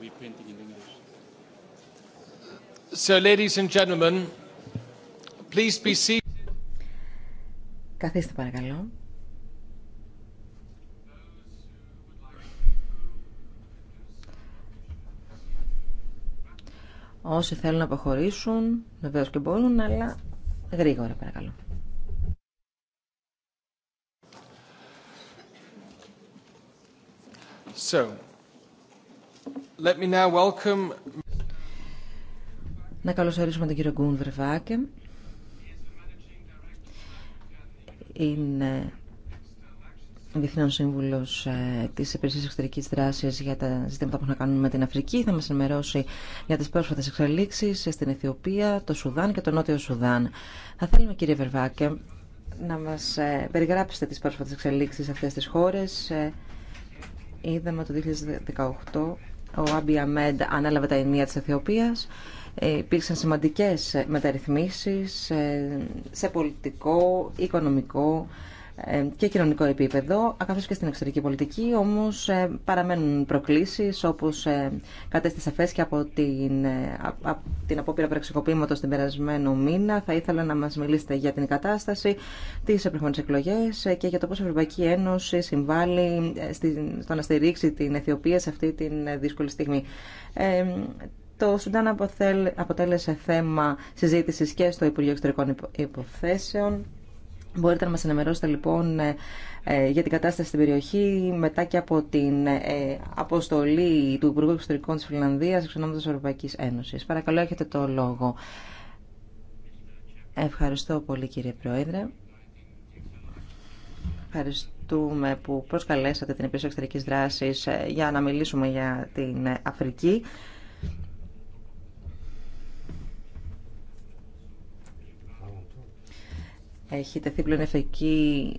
we painting in English? So, ladies and gentlemen, please be seated. Καθίστε παρακαλώ. Όσοι θέλουν να αποχωρήσουν, βεβαίω και μπορούν, αλλά γρήγορα παρακαλώ. So, να καλωσορίσουμε τον κύριο Γκούν Βερβάκε. Είναι Διεθνών Σύμβουλο ε, τη Υπηρεσία Εξωτερική Δράση για τα ζητήματα που έχουν να κάνουν με την Αφρική. Θα μα ενημερώσει για τι πρόσφατε εξελίξει στην Αιθιοπία, το Σουδάν και το Νότιο Σουδάν. Θα θέλουμε, κύριε Βερβάκε, να μα ε, περιγράψετε τι πρόσφατε εξελίξει σε αυτέ τι χώρε. Ε, είδαμε το 2018 ο Άμπι Αμέντ ανέλαβε τα ενία της Αιθιοπίας. Ε, υπήρξαν σημαντικές μεταρρυθμίσεις ε, σε πολιτικό, οικονομικό, ε, και κοινωνικό επίπεδο, καθώ και στην εξωτερική πολιτική, όμω, ε, παραμένουν προκλήσεις όπως ε, κατέστη σαφές και από την, από την απόπειρα πραξικοπήματο την περασμένο μήνα. Θα ήθελα να μα μιλήσετε για την κατάσταση, τις επερχόμενε εκλογέ και για το πώ η Ευρωπαϊκή Ένωση συμβάλλει στο να στηρίξει την Αιθιοπία σε αυτή τη δύσκολη στιγμή. Το Σουντάν αποτέλεσε θέμα συζήτησης και στο Υπουργείο Εξωτερικών Υποθέσεων Μπορείτε να μας ενημερώσετε λοιπόν ε, ε, για την κατάσταση στην περιοχή μετά και από την ε, αποστολή του Υπουργού Εξωτερικών της Φιλανδίας εξ ονόματος Ευρωπαϊκής Ένωσης. Παρακαλώ, έχετε το λόγο. Ευχαριστώ πολύ κύριε Πρόεδρε. Ευχαριστούμε που προσκαλέσατε την Υπηρεσία Εξωτερικής Δράσης για να μιλήσουμε για την Αφρική. έχει τεθεί πλειονεφική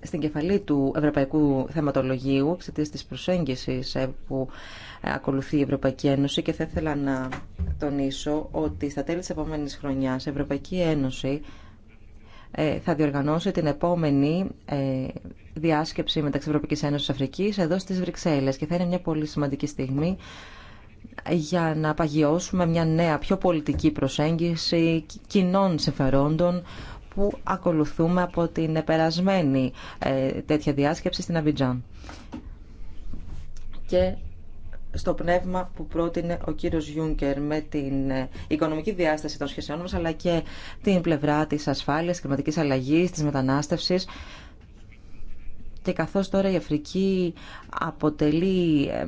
στην κεφαλή του Ευρωπαϊκού Θεματολογίου εξαιτία της προσέγγισης ε, που ε, ακολουθεί η Ευρωπαϊκή Ένωση και θα ήθελα να τονίσω ότι στα τέλη της επόμενης χρονιάς η Ευρωπαϊκή Ένωση ε, θα διοργανώσει την επόμενη διάσκεψη μεταξύ Ευρωπαϊκής Ένωσης και Αφρικής εδώ στις Βρυξέλλες και θα είναι μια πολύ σημαντική στιγμή για να παγιώσουμε μια νέα, πιο πολιτική προσέγγιση κοινών συμφερόντων που ακολουθούμε από την περασμένη ε, τέτοια διάσκεψη στην Αβιτζάν. Και στο πνεύμα που πρότεινε ο κύριος Γιούνκερ με την ε, οικονομική διάσταση των σχεσιών μας αλλά και την πλευρά της ασφάλειας, κλιματικής αλλαγής, της μετανάστευσης και καθώς τώρα η Αφρική αποτελεί ε,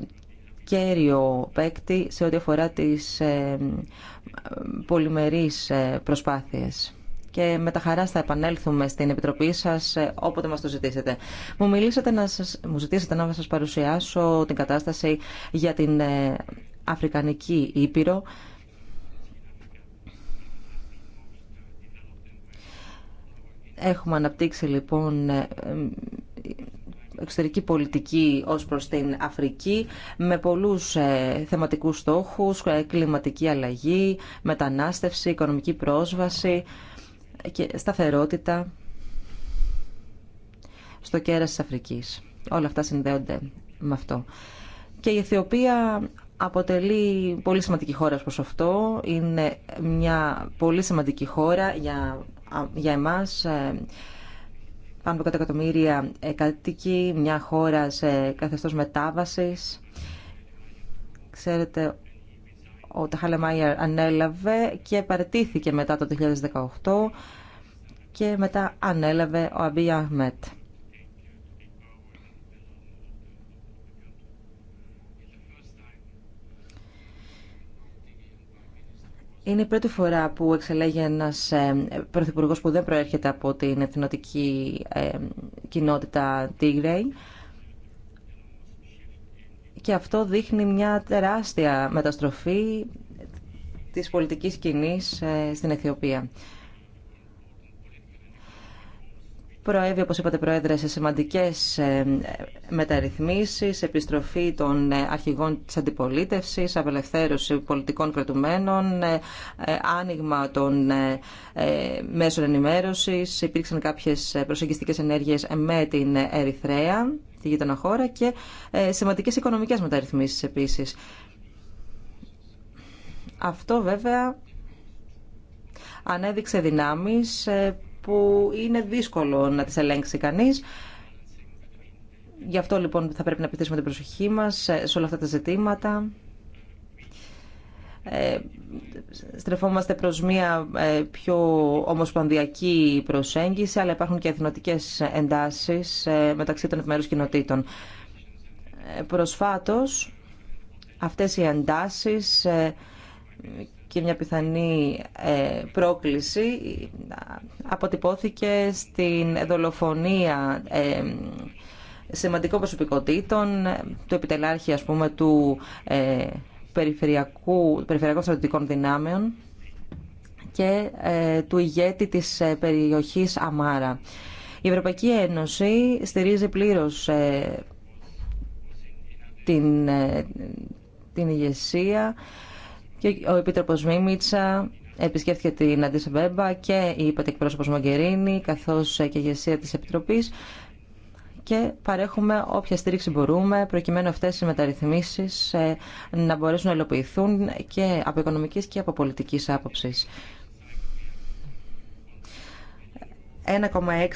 κέριο παίκτη σε ό,τι αφορά τις ε, πολυμερείς ε, προσπάθειες και με τα χαρά θα επανέλθουμε στην Επιτροπή σας ε, όποτε μας το ζητήσετε. Μου, μιλήσατε να σας, μου ζητήσατε να σας παρουσιάσω την κατάσταση για την Αφρικανική Ήπειρο. Έχουμε αναπτύξει λοιπόν εξωτερική πολιτική ως προς την Αφρική με πολλούς ε, θεματικούς στόχους, ε, κλιματική αλλαγή, μετανάστευση, οικονομική πρόσβαση και σταθερότητα στο κέρας της Αφρικής. Όλα αυτά συνδέονται με αυτό. Και η Αιθιοπία αποτελεί πολύ σημαντική χώρα προς αυτό. Είναι μια πολύ σημαντική χώρα για, για εμάς ε, πάνω από 100 εκατομμύρια κατοίκοι, μια χώρα σε καθεστώς μετάβασης. Ξέρετε, ο Ταχάλε ανέλαβε και παρετήθηκε μετά το 2018 και μετά ανέλαβε ο Αμπί Αχμέτ. Είναι η πρώτη φορά που εξελέγει ένας ε, πρωθυπουργό που δεν προέρχεται από την εθνοτική ε, κοινότητα Τίγρεϊ και αυτό δείχνει μια τεράστια μεταστροφή της πολιτικής σκηνής ε, στην Αιθιοπία προέβη, όπως είπατε Πρόεδρε, σε σημαντικές ε, μεταρρυθμίσεις, επιστροφή των ε, αρχηγών της αντιπολίτευσης, απελευθέρωση πολιτικών κρατουμένων, ε, άνοιγμα των μέσων ενημέρωσης, υπήρξαν κάποιες προσεγγιστικές ενέργειες με την Ερυθρέα, τη γείτονα χώρα και σημαντικές οικονομικές μεταρρυθμίσεις επίσης. Αυτό βέβαια ανέδειξε δυνάμεις που είναι δύσκολο να τις ελέγξει κανείς. Γι' αυτό λοιπόν θα πρέπει να επιθέσουμε την προσοχή μας σε όλα αυτά τα ζητήματα. Ε, στρεφόμαστε προς μία ε, πιο ομοσπονδιακή προσέγγιση, αλλά υπάρχουν και εθνοτικές εντάσεις ε, μεταξύ των ευμέρους κοινοτήτων. Ε, προσφάτως, αυτές οι εντάσεις και μια πιθανή ε, πρόκληση αποτυπώθηκε στην δολοφονία ε, σημαντικών προσωπικότητων, ε, του επιτελάρχη ας πούμε του περιφερειακού, περιφερειακών στρατιωτικών δυνάμεων και του ηγέτη της περιοχής Αμάρα. Η Ευρωπαϊκή Ένωση στηρίζει πλήρως την, την ηγεσία και ο Επίτροπο Μίμητσα επισκέφθηκε την Μπέμπα και η υπατεκπρόσωπος Μογκερίνη καθώς και η ηγεσία της Επιτροπής και παρέχουμε όποια στήριξη μπορούμε προκειμένου αυτές οι μεταρρυθμίσεις ε, να μπορέσουν να υλοποιηθούν και από οικονομικής και από πολιτικής άποψης.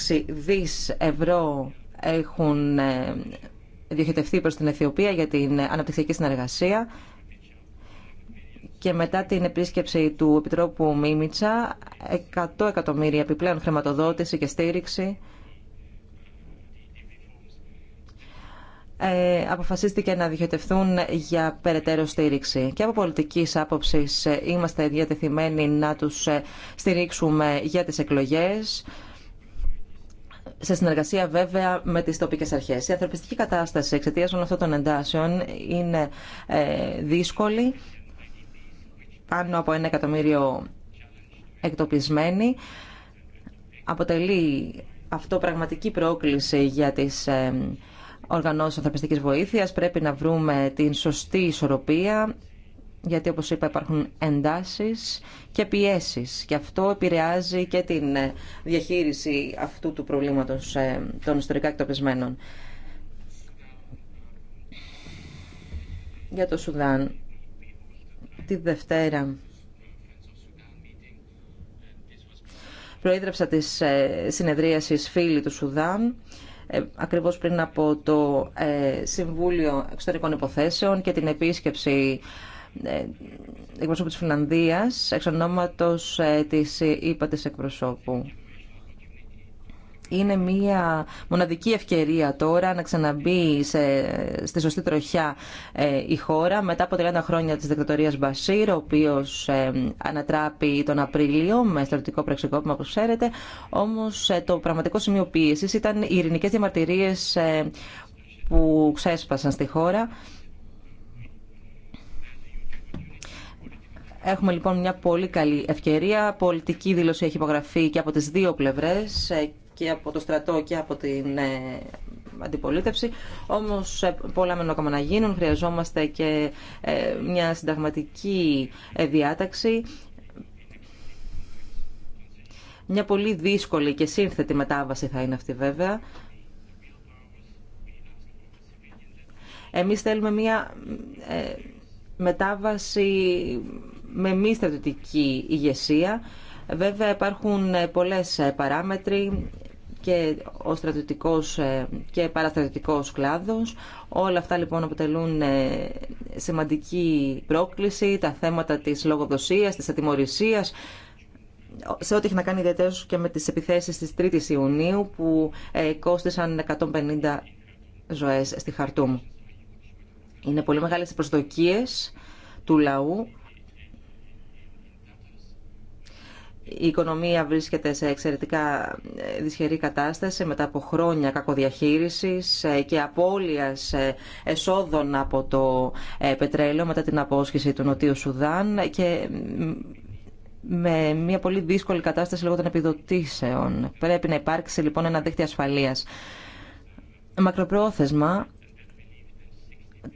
1,6 δις ευρώ έχουν ε, διοχετευτεί προς την Αιθιοπία για την αναπτυξιακή συνεργασία και μετά την επίσκεψη του Επιτρόπου Μίμητσα 100 εκατομμύρια επιπλέον χρηματοδότηση και στήριξη ε, αποφασίστηκε να διοχετευθούν για περαιτέρω στήριξη. Και από πολιτική άποψη ε, είμαστε διατεθειμένοι να τους ε, στηρίξουμε για τις εκλογές σε συνεργασία βέβαια με τις τοπικές αρχές. Η ανθρωπιστική κατάσταση εξαιτία όλων αυτών των εντάσεων είναι δύσκολη πάνω από ένα εκατομμύριο εκτοπισμένοι. Αποτελεί αυτό πραγματική πρόκληση για τις ε, οργανώσεις ανθρωπιστικής βοήθειας. Πρέπει να βρούμε την σωστή ισορροπία, γιατί όπως είπα υπάρχουν εντάσεις και πιέσεις. Και αυτό επηρεάζει και την ε, διαχείριση αυτού του προβλήματος ε, των ιστορικά εκτοπισμένων. Για το Σουδάν τη Δευτέρα. τη της ε, συνεδρίασης φίλη του Σουδάν ε, ακριβώς πριν από το ε, Συμβούλιο Εξωτερικών Υποθέσεων και την επίσκεψη εκπροσώπου της Φιλανδίας εξ ονόματος της ΥΠΑ της εκπροσώπου είναι μια μοναδική ευκαιρία τώρα να ξαναμπεί σε, στη σωστή τροχιά ε, η χώρα μετά από 30 χρόνια της δικτατορίας Μπασίρ, ο οποίος ε, ανατράπει τον Απρίλιο με στρατιωτικό πραξικόπημα, όπως ξέρετε. Όμως ε, το πραγματικό σημείο πίεσης ήταν οι ειρηνικές διαμαρτυρίες που ξέσπασαν στη χώρα. Έχουμε λοιπόν μια πολύ καλή ευκαιρία. Πολιτική δήλωση έχει υπογραφεί και από τις δύο πλευρές και από το στρατό και από την ε, αντιπολίτευση. Όμως ε, πολλά μένουν ακόμα να γίνουν. Χρειαζόμαστε και ε, μια συνταγματική διάταξη. Μια πολύ δύσκολη και σύνθετη μετάβαση θα είναι αυτή βέβαια. Εμείς θέλουμε μια μετάβαση με μη στρατιωτική ηγεσία. Βέβαια υπάρχουν πολλές παράμετροι και ο στρατιωτικός ε, και παραστρατιωτικός κλάδος. Όλα αυτά λοιπόν αποτελούν ε, σημαντική πρόκληση, τα θέματα της λογοδοσίας, της ατιμορρησίας, σε ό,τι έχει να κάνει ιδιαίτερως και με τις επιθέσεις της 3ης Ιουνίου που ε, κόστησαν 150 ζωές στη Χαρτούμ. Είναι πολύ μεγάλες οι προσδοκίες του λαού η οικονομία βρίσκεται σε εξαιρετικά ε, δυσχερή κατάσταση μετά από χρόνια κακοδιαχείρισης ε, και απώλειας ε, εσόδων από το πετρέλαιο μετά την απόσχηση του Νοτίου Σουδάν και με μια πολύ δύσκολη κατάσταση λόγω των επιδοτήσεων. Πρέπει να υπάρξει λοιπόν ένα δίκτυο ασφαλείας. Μακροπρόθεσμα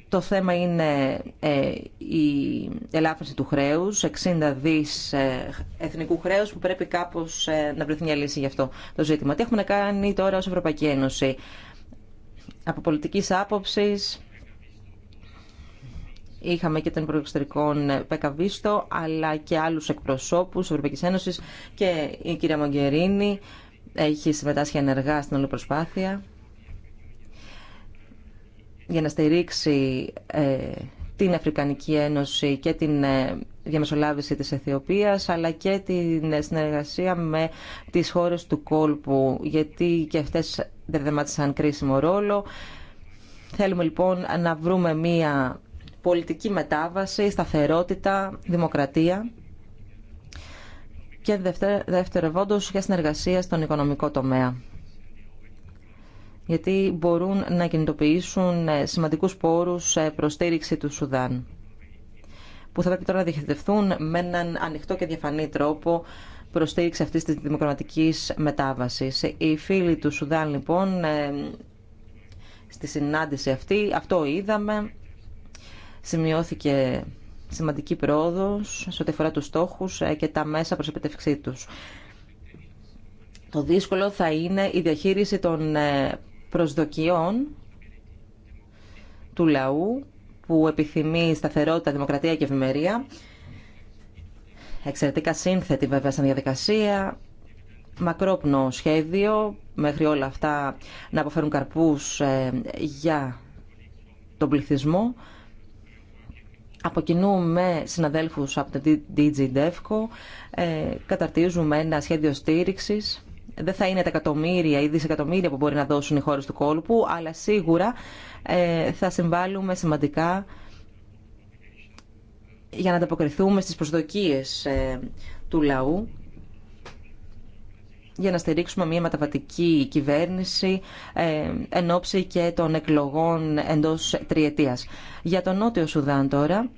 το θέμα είναι ε, η ελάφρυνση του χρέους, 60 δις ε, εθνικού χρέους που πρέπει κάπως ε, να βρεθεί μια λύση για αυτό το ζήτημα. Τι έχουμε να κάνει τώρα ως Ευρωπαϊκή Ένωση. Από πολιτικής άποψης είχαμε και τον Υπουργό Εξωτερικών Πέκα Βίστο, αλλά και άλλους εκπροσώπους της Ευρωπαϊκής Ένωσης και η κυρία Μογκερίνη έχει συμμετάσχει ενεργά στην όλη προσπάθεια για να στηρίξει ε, την Αφρικανική Ένωση και την ε, διαμεσολάβηση της Αιθιοπίας αλλά και την συνεργασία με τις χώρες του κόλπου γιατί και αυτές δεμάτισαν κρίσιμο ρόλο. Θέλουμε λοιπόν να βρούμε μία πολιτική μετάβαση, σταθερότητα, δημοκρατία και δεύτερο βόντος για συνεργασία στον οικονομικό τομέα γιατί μπορούν να κινητοποιήσουν ε, σημαντικούς πόρους προστήριξη του Σουδάν που θα πρέπει τώρα να διοχετευτούν με έναν ανοιχτό και διαφανή τρόπο προ αυτής της δημοκρατικής μετάβασης. Οι φίλοι του Σουδάν λοιπόν ε, στη συνάντηση αυτή, αυτό είδαμε, σημειώθηκε σημαντική πρόοδος σε ό,τι αφορά τους στόχους ε, και τα μέσα προς επιτευξή τους. Το δύσκολο θα είναι η διαχείριση των προσδοκιών του λαού που επιθυμεί σταθερότητα, δημοκρατία και ευημερία. Εξαιρετικά σύνθετη βέβαια σαν διαδικασία, μακρόπνο σχέδιο, μέχρι όλα αυτά να αποφέρουν καρπούς ε, για τον πληθυσμό. Αποκινούμε συναδέλφους από την DG ε, καταρτίζουμε ένα σχέδιο στήριξης δεν θα είναι τα εκατομμύρια ή δισεκατομμύρια που μπορεί να δώσουν οι χώρες του κόλπου, αλλά σίγουρα ε, θα συμβάλλουμε σημαντικά για να ανταποκριθούμε στις προσδοκίες ε, του λαού για να στηρίξουμε μια μεταβατική κυβέρνηση ε, εν ώψη και των εκλογών εντός τριετίας. Για τον Νότιο Σουδάν τώρα,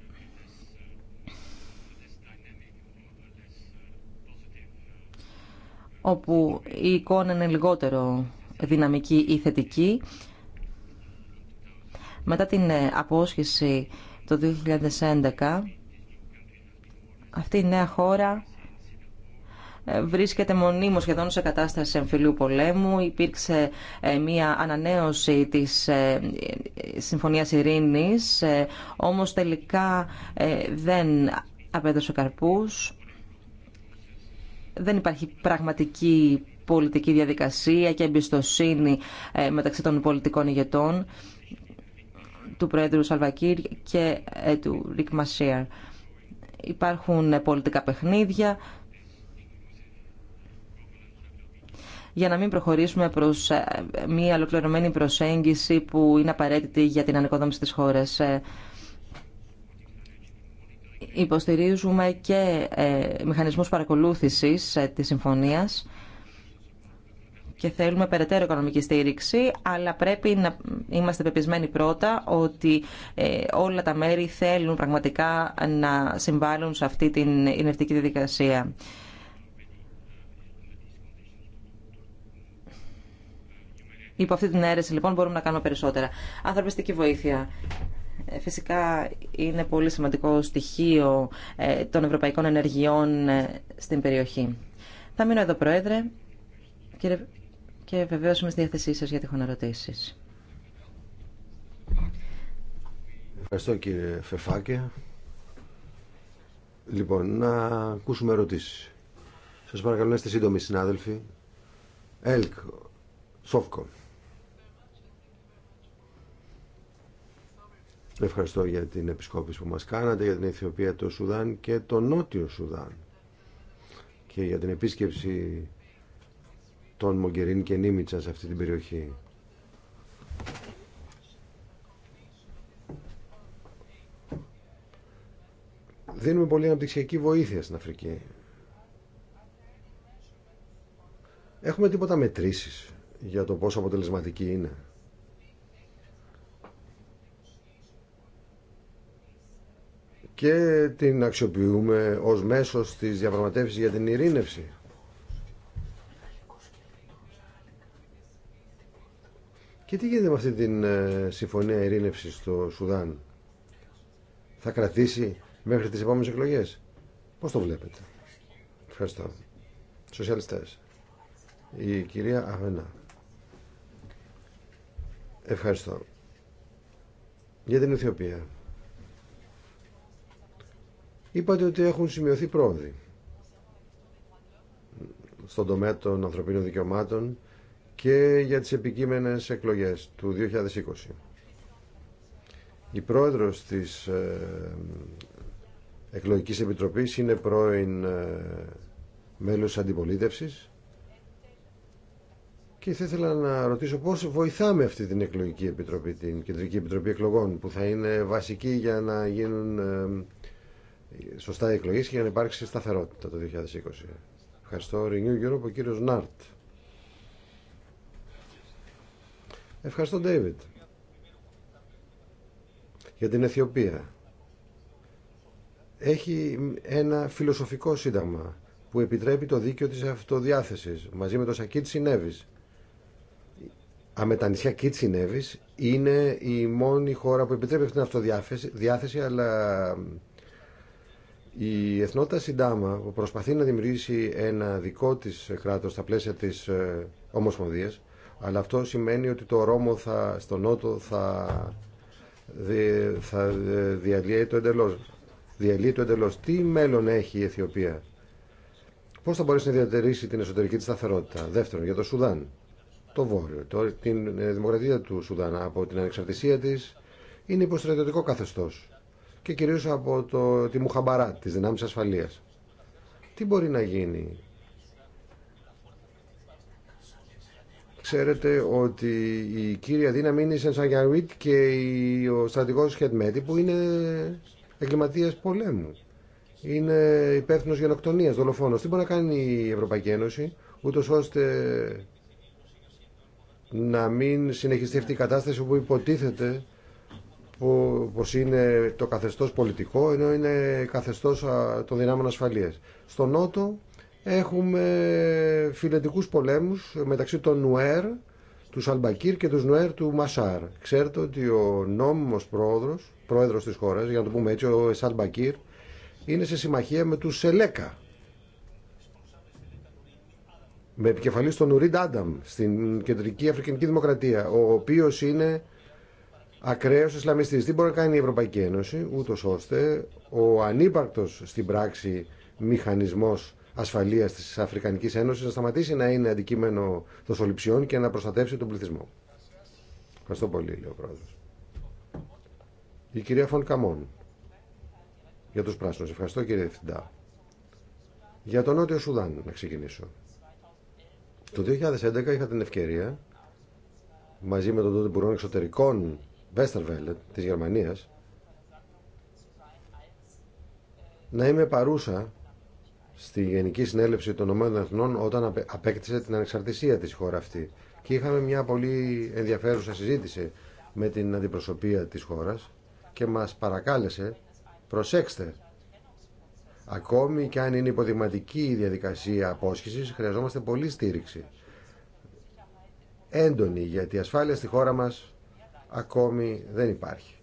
όπου η εικόνα είναι λιγότερο δυναμική ή θετική. Μετά την ε, απόσχεση το 2011, αυτή η νέα χώρα ε, βρίσκεται μονίμως σχεδόν σε κατάσταση εμφυλίου πολέμου. Υπήρξε ε, μια ανανέωση της Συμφωνίας Ειρήνης, όμως τελικά δεν απέδωσε καρπούς δεν υπάρχει πραγματική πολιτική διαδικασία και εμπιστοσύνη ε, μεταξύ των πολιτικών ηγετών του Πρόεδρου Σαλβακίρ και ε, του Ρικ Μασίαρ. Υπάρχουν ε, πολιτικά παιχνίδια για να μην προχωρήσουμε προς μία ολοκληρωμένη προσέγγιση που είναι απαραίτητη για την ανοικοδόμηση της χώρας. Υποστηρίζουμε και ε, μηχανισμούς παρακολούθησης ε, της συμφωνίας και θέλουμε περαιτέρω οικονομική στήριξη, αλλά πρέπει να είμαστε πεπισμένοι πρώτα ότι ε, όλα τα μέρη θέλουν πραγματικά να συμβάλλουν σε αυτή την ενευτική διαδικασία. Υπό αυτή την αίρεση λοιπόν μπορούμε να κάνουμε περισσότερα. Ανθρωπιστική βοήθεια. Ε, φυσικά είναι πολύ σημαντικό στοιχείο ε, των ευρωπαϊκών ενεργειών ε, στην περιοχή. Θα μείνω εδώ, Πρόεδρε, και βεβαίω είμαι στη διάθεσή σα για τυχόν ερωτήσει. Ευχαριστώ κύριε Φεφάκε. Λοιπόν, να ακούσουμε ερωτήσει. Σας παρακαλώ να είστε σύντομοι συνάδελφοι. ΕΛΚ, Ευχαριστώ για την επισκόπηση που μας κάνατε, για την Αιθιοπία, το Σουδάν και το Νότιο Σουδάν και για την επίσκεψη των Μογκερίν και Νίμιτσα σε αυτή την περιοχή. Δίνουμε πολύ αναπτυξιακή βοήθεια στην Αφρική. Έχουμε τίποτα μετρήσεις για το πόσο αποτελεσματική είναι. και την αξιοποιούμε ως μέσο της διαπραγματεύσεις για την ειρήνευση. Και τι γίνεται με αυτή την ε, συμφωνία ειρήνευση στο Σουδάν. Θα κρατήσει μέχρι τις επόμενες εκλογές. Πώς το βλέπετε. Ευχαριστώ. Σοσιαλιστές. Η κυρία Αβενά. Ευχαριστώ. Για την Αιθιοπία. Είπατε ότι έχουν σημειωθεί πρόοδοι στον τομέα των ανθρωπίνων δικαιωμάτων και για τις επικείμενες εκλογές του 2020. Η πρόεδρος της ε, Εκλογικής Επιτροπής είναι πρώην ε, μέλος αντιπολίτευσης και θα ήθελα να ρωτήσω πώς βοηθάμε αυτή την Εκλογική Επιτροπή, την Κεντρική Επιτροπή Εκλογών που θα είναι βασική για να γίνουν ε, σωστά οι εκλογέ και για να υπάρξει σταθερότητα το 2020. Ευχαριστώ. Renew Europe, ο κύριος Νάρτ. Ευχαριστώ, David. Για την Αιθιοπία. Έχει ένα φιλοσοφικό σύνταγμα που επιτρέπει το δίκαιο της αυτοδιάθεσης μαζί με το Σακίτ Συνέβης. με τα νησιά είναι η μόνη χώρα που επιτρέπει αυτήν την αυτοδιάθεση αλλά η εθνότητα Συντάμα προσπαθεί να δημιουργήσει ένα δικό της κράτος στα πλαίσια της ε, Ομοσπονδίας, αλλά αυτό σημαίνει ότι το Ρώμο θα, στο Νότο θα, θα ε, διαλύει το εντελώς. Διαλύει το εντελώς. Τι μέλλον έχει η Αιθιοπία. Πώς θα μπορέσει να διατηρήσει την εσωτερική της σταθερότητα. Δεύτερον, για το Σουδάν, το Βόρειο, το, την ε, δημοκρατία του Σουδάν από την ανεξαρτησία της είναι υποστρατιωτικό καθεστώς και κυρίως από το, τη Μουχαμπαρά, τις δυνάμεις ασφαλείας. Τι μπορεί να γίνει. Ξέρετε ότι η κύρια δύναμη είναι η Σενσαγιαρουίτ και ο στρατηγός Χετμέτη που είναι εγκληματίας πολέμου. Είναι υπεύθυνο γενοκτονίας, δολοφόνος. Τι μπορεί να κάνει η Ευρωπαϊκή Ένωση ούτως ώστε να μην συνεχιστεί αυτή η κατάσταση που υποτίθεται πως είναι το καθεστώς πολιτικό ενώ είναι καθεστώς των δυνάμεων ασφαλείας. Στο Νότο έχουμε φιλετικούς πολέμους μεταξύ των Νουέρ, του Σαλμπακύρ και τους Νουέρ του Μασάρ. Ξέρετε ότι ο νόμιμος πρόεδρος, πρόεδρος της χώρας, για να το πούμε έτσι, ο Σαλμπακίρ, είναι σε συμμαχία με τους Σελέκα. Με επικεφαλής τον Ουρίντ Άνταμ στην Κεντρική Αφρικανική Δημοκρατία, ο οποίος είναι ακραίο Ισλαμιστή. Τι μπορεί να κάνει η Ευρωπαϊκή Ένωση, ούτω ώστε ο ανύπαρκτο στην πράξη μηχανισμό ασφαλεία τη Αφρικανική Ένωση να σταματήσει να είναι αντικείμενο των δοσοληψιών και να προστατεύσει τον πληθυσμό. Ευχαριστώ πολύ, λέει ο πρόεδρο. Η κυρία Φων Καμών. Για του πράσινου. Ευχαριστώ, κύριε Διευθυντά. Για τον Νότιο Σουδάν να ξεκινήσω. Το 2011 είχα την ευκαιρία μαζί με τον τότε Υπουργό Εξωτερικών Βέστερβελλε της Γερμανίας να είμαι παρούσα στη Γενική Συνέλευση των Ηνωμένων Εθνών όταν απέκτησε την ανεξαρτησία της χώρα αυτή και είχαμε μια πολύ ενδιαφέρουσα συζήτηση με την αντιπροσωπεία της χώρας και μας παρακάλεσε προσέξτε ακόμη και αν είναι υποδειγματική η διαδικασία απόσχησης χρειαζόμαστε πολλή στήριξη έντονη γιατί η ασφάλεια στη χώρα μας ακόμη δεν υπάρχει.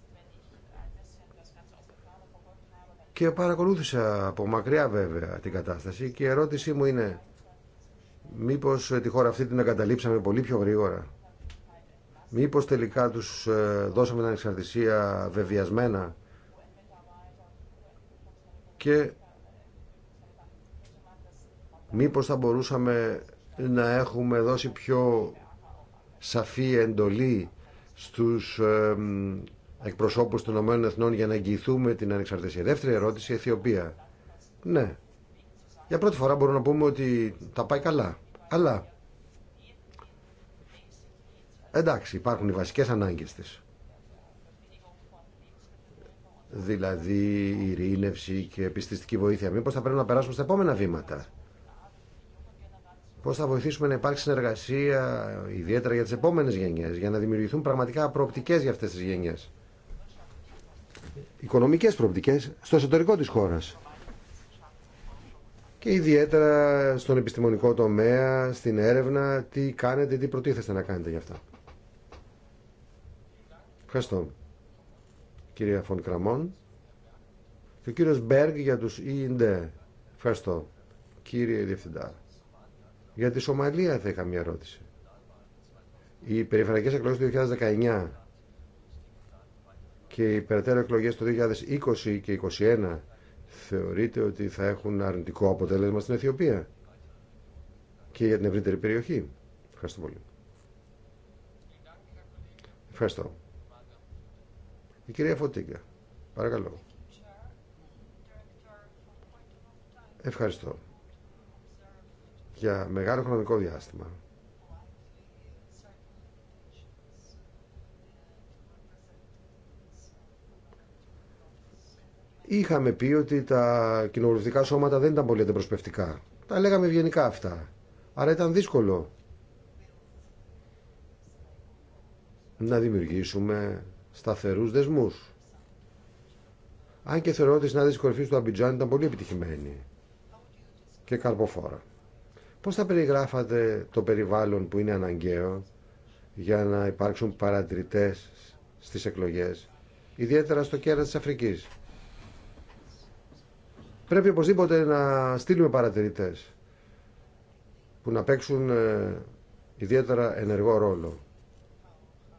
Και παρακολούθησα από μακριά βέβαια την κατάσταση και η ερώτησή μου είναι μήπως ε, τη χώρα αυτή την εγκαταλείψαμε πολύ πιο γρήγορα. Μήπως τελικά τους ε, δώσαμε την ανεξαρτησία βεβιασμένα και μήπως θα μπορούσαμε να έχουμε δώσει πιο σαφή εντολή στους εκπροσώπους των ΗΠΑ για να εγγυηθούμε την ανεξαρτησία. Δεύτερη ερώτηση, η Αιθιοπία. Ναι, για πρώτη φορά μπορούμε να πούμε ότι τα πάει καλά. Αλλά, εντάξει, υπάρχουν οι βασικές ανάγκες της. Δηλαδή, ειρήνευση και επιστηστική βοήθεια. Μήπως θα πρέπει να περάσουμε στα επόμενα βήματα. Πώς θα βοηθήσουμε να υπάρξει συνεργασία, ιδιαίτερα για τις επόμενες γενιές, για να δημιουργηθούν πραγματικά προοπτικές για αυτές τις γενιές. Οικονομικές προοπτικές στο εσωτερικό της χώρας. Και ιδιαίτερα στον επιστημονικό τομέα, στην έρευνα, τι κάνετε, τι προτίθεστε να κάνετε για αυτά. Ευχαριστώ. Κύριε Φων Κραμών. Και ο κύριος Μπέργκ για τους ΙΙΝΤΕ. Ευχαριστώ. Κύριε Διευθυντά. Για τη Σομαλία θα είχα μια ερώτηση. Οι περιφερειακές εκλογές του 2019 και οι περαιτέρω εκλογές του 2020 και 2021 θεωρείτε ότι θα έχουν αρνητικό αποτέλεσμα στην Αιθιοπία και για την ευρύτερη περιοχή. Ευχαριστώ πολύ. Ευχαριστώ. Η κυρία Φωτίγκα. Παρακαλώ. Ευχαριστώ για μεγάλο χρονικό διάστημα. Είχαμε πει ότι τα κοινοβουλευτικά σώματα δεν ήταν πολύ αντιπροσπευτικά. Τα λέγαμε ευγενικά αυτά. Άρα ήταν δύσκολο να δημιουργήσουμε σταθερούς δεσμούς. Αν και θεωρώ ότι η συνάντηση κορυφή του Αμπιτζάν ήταν πολύ επιτυχημένη και καρποφόρα. Πώς θα περιγράφατε το περιβάλλον που είναι αναγκαίο για να υπάρξουν παρατηρητές στις εκλογές, ιδιαίτερα στο κέρα της Αφρικής. Πρέπει οπωσδήποτε να στείλουμε παρατηρητές που να παίξουν ε, ιδιαίτερα ενεργό ρόλο.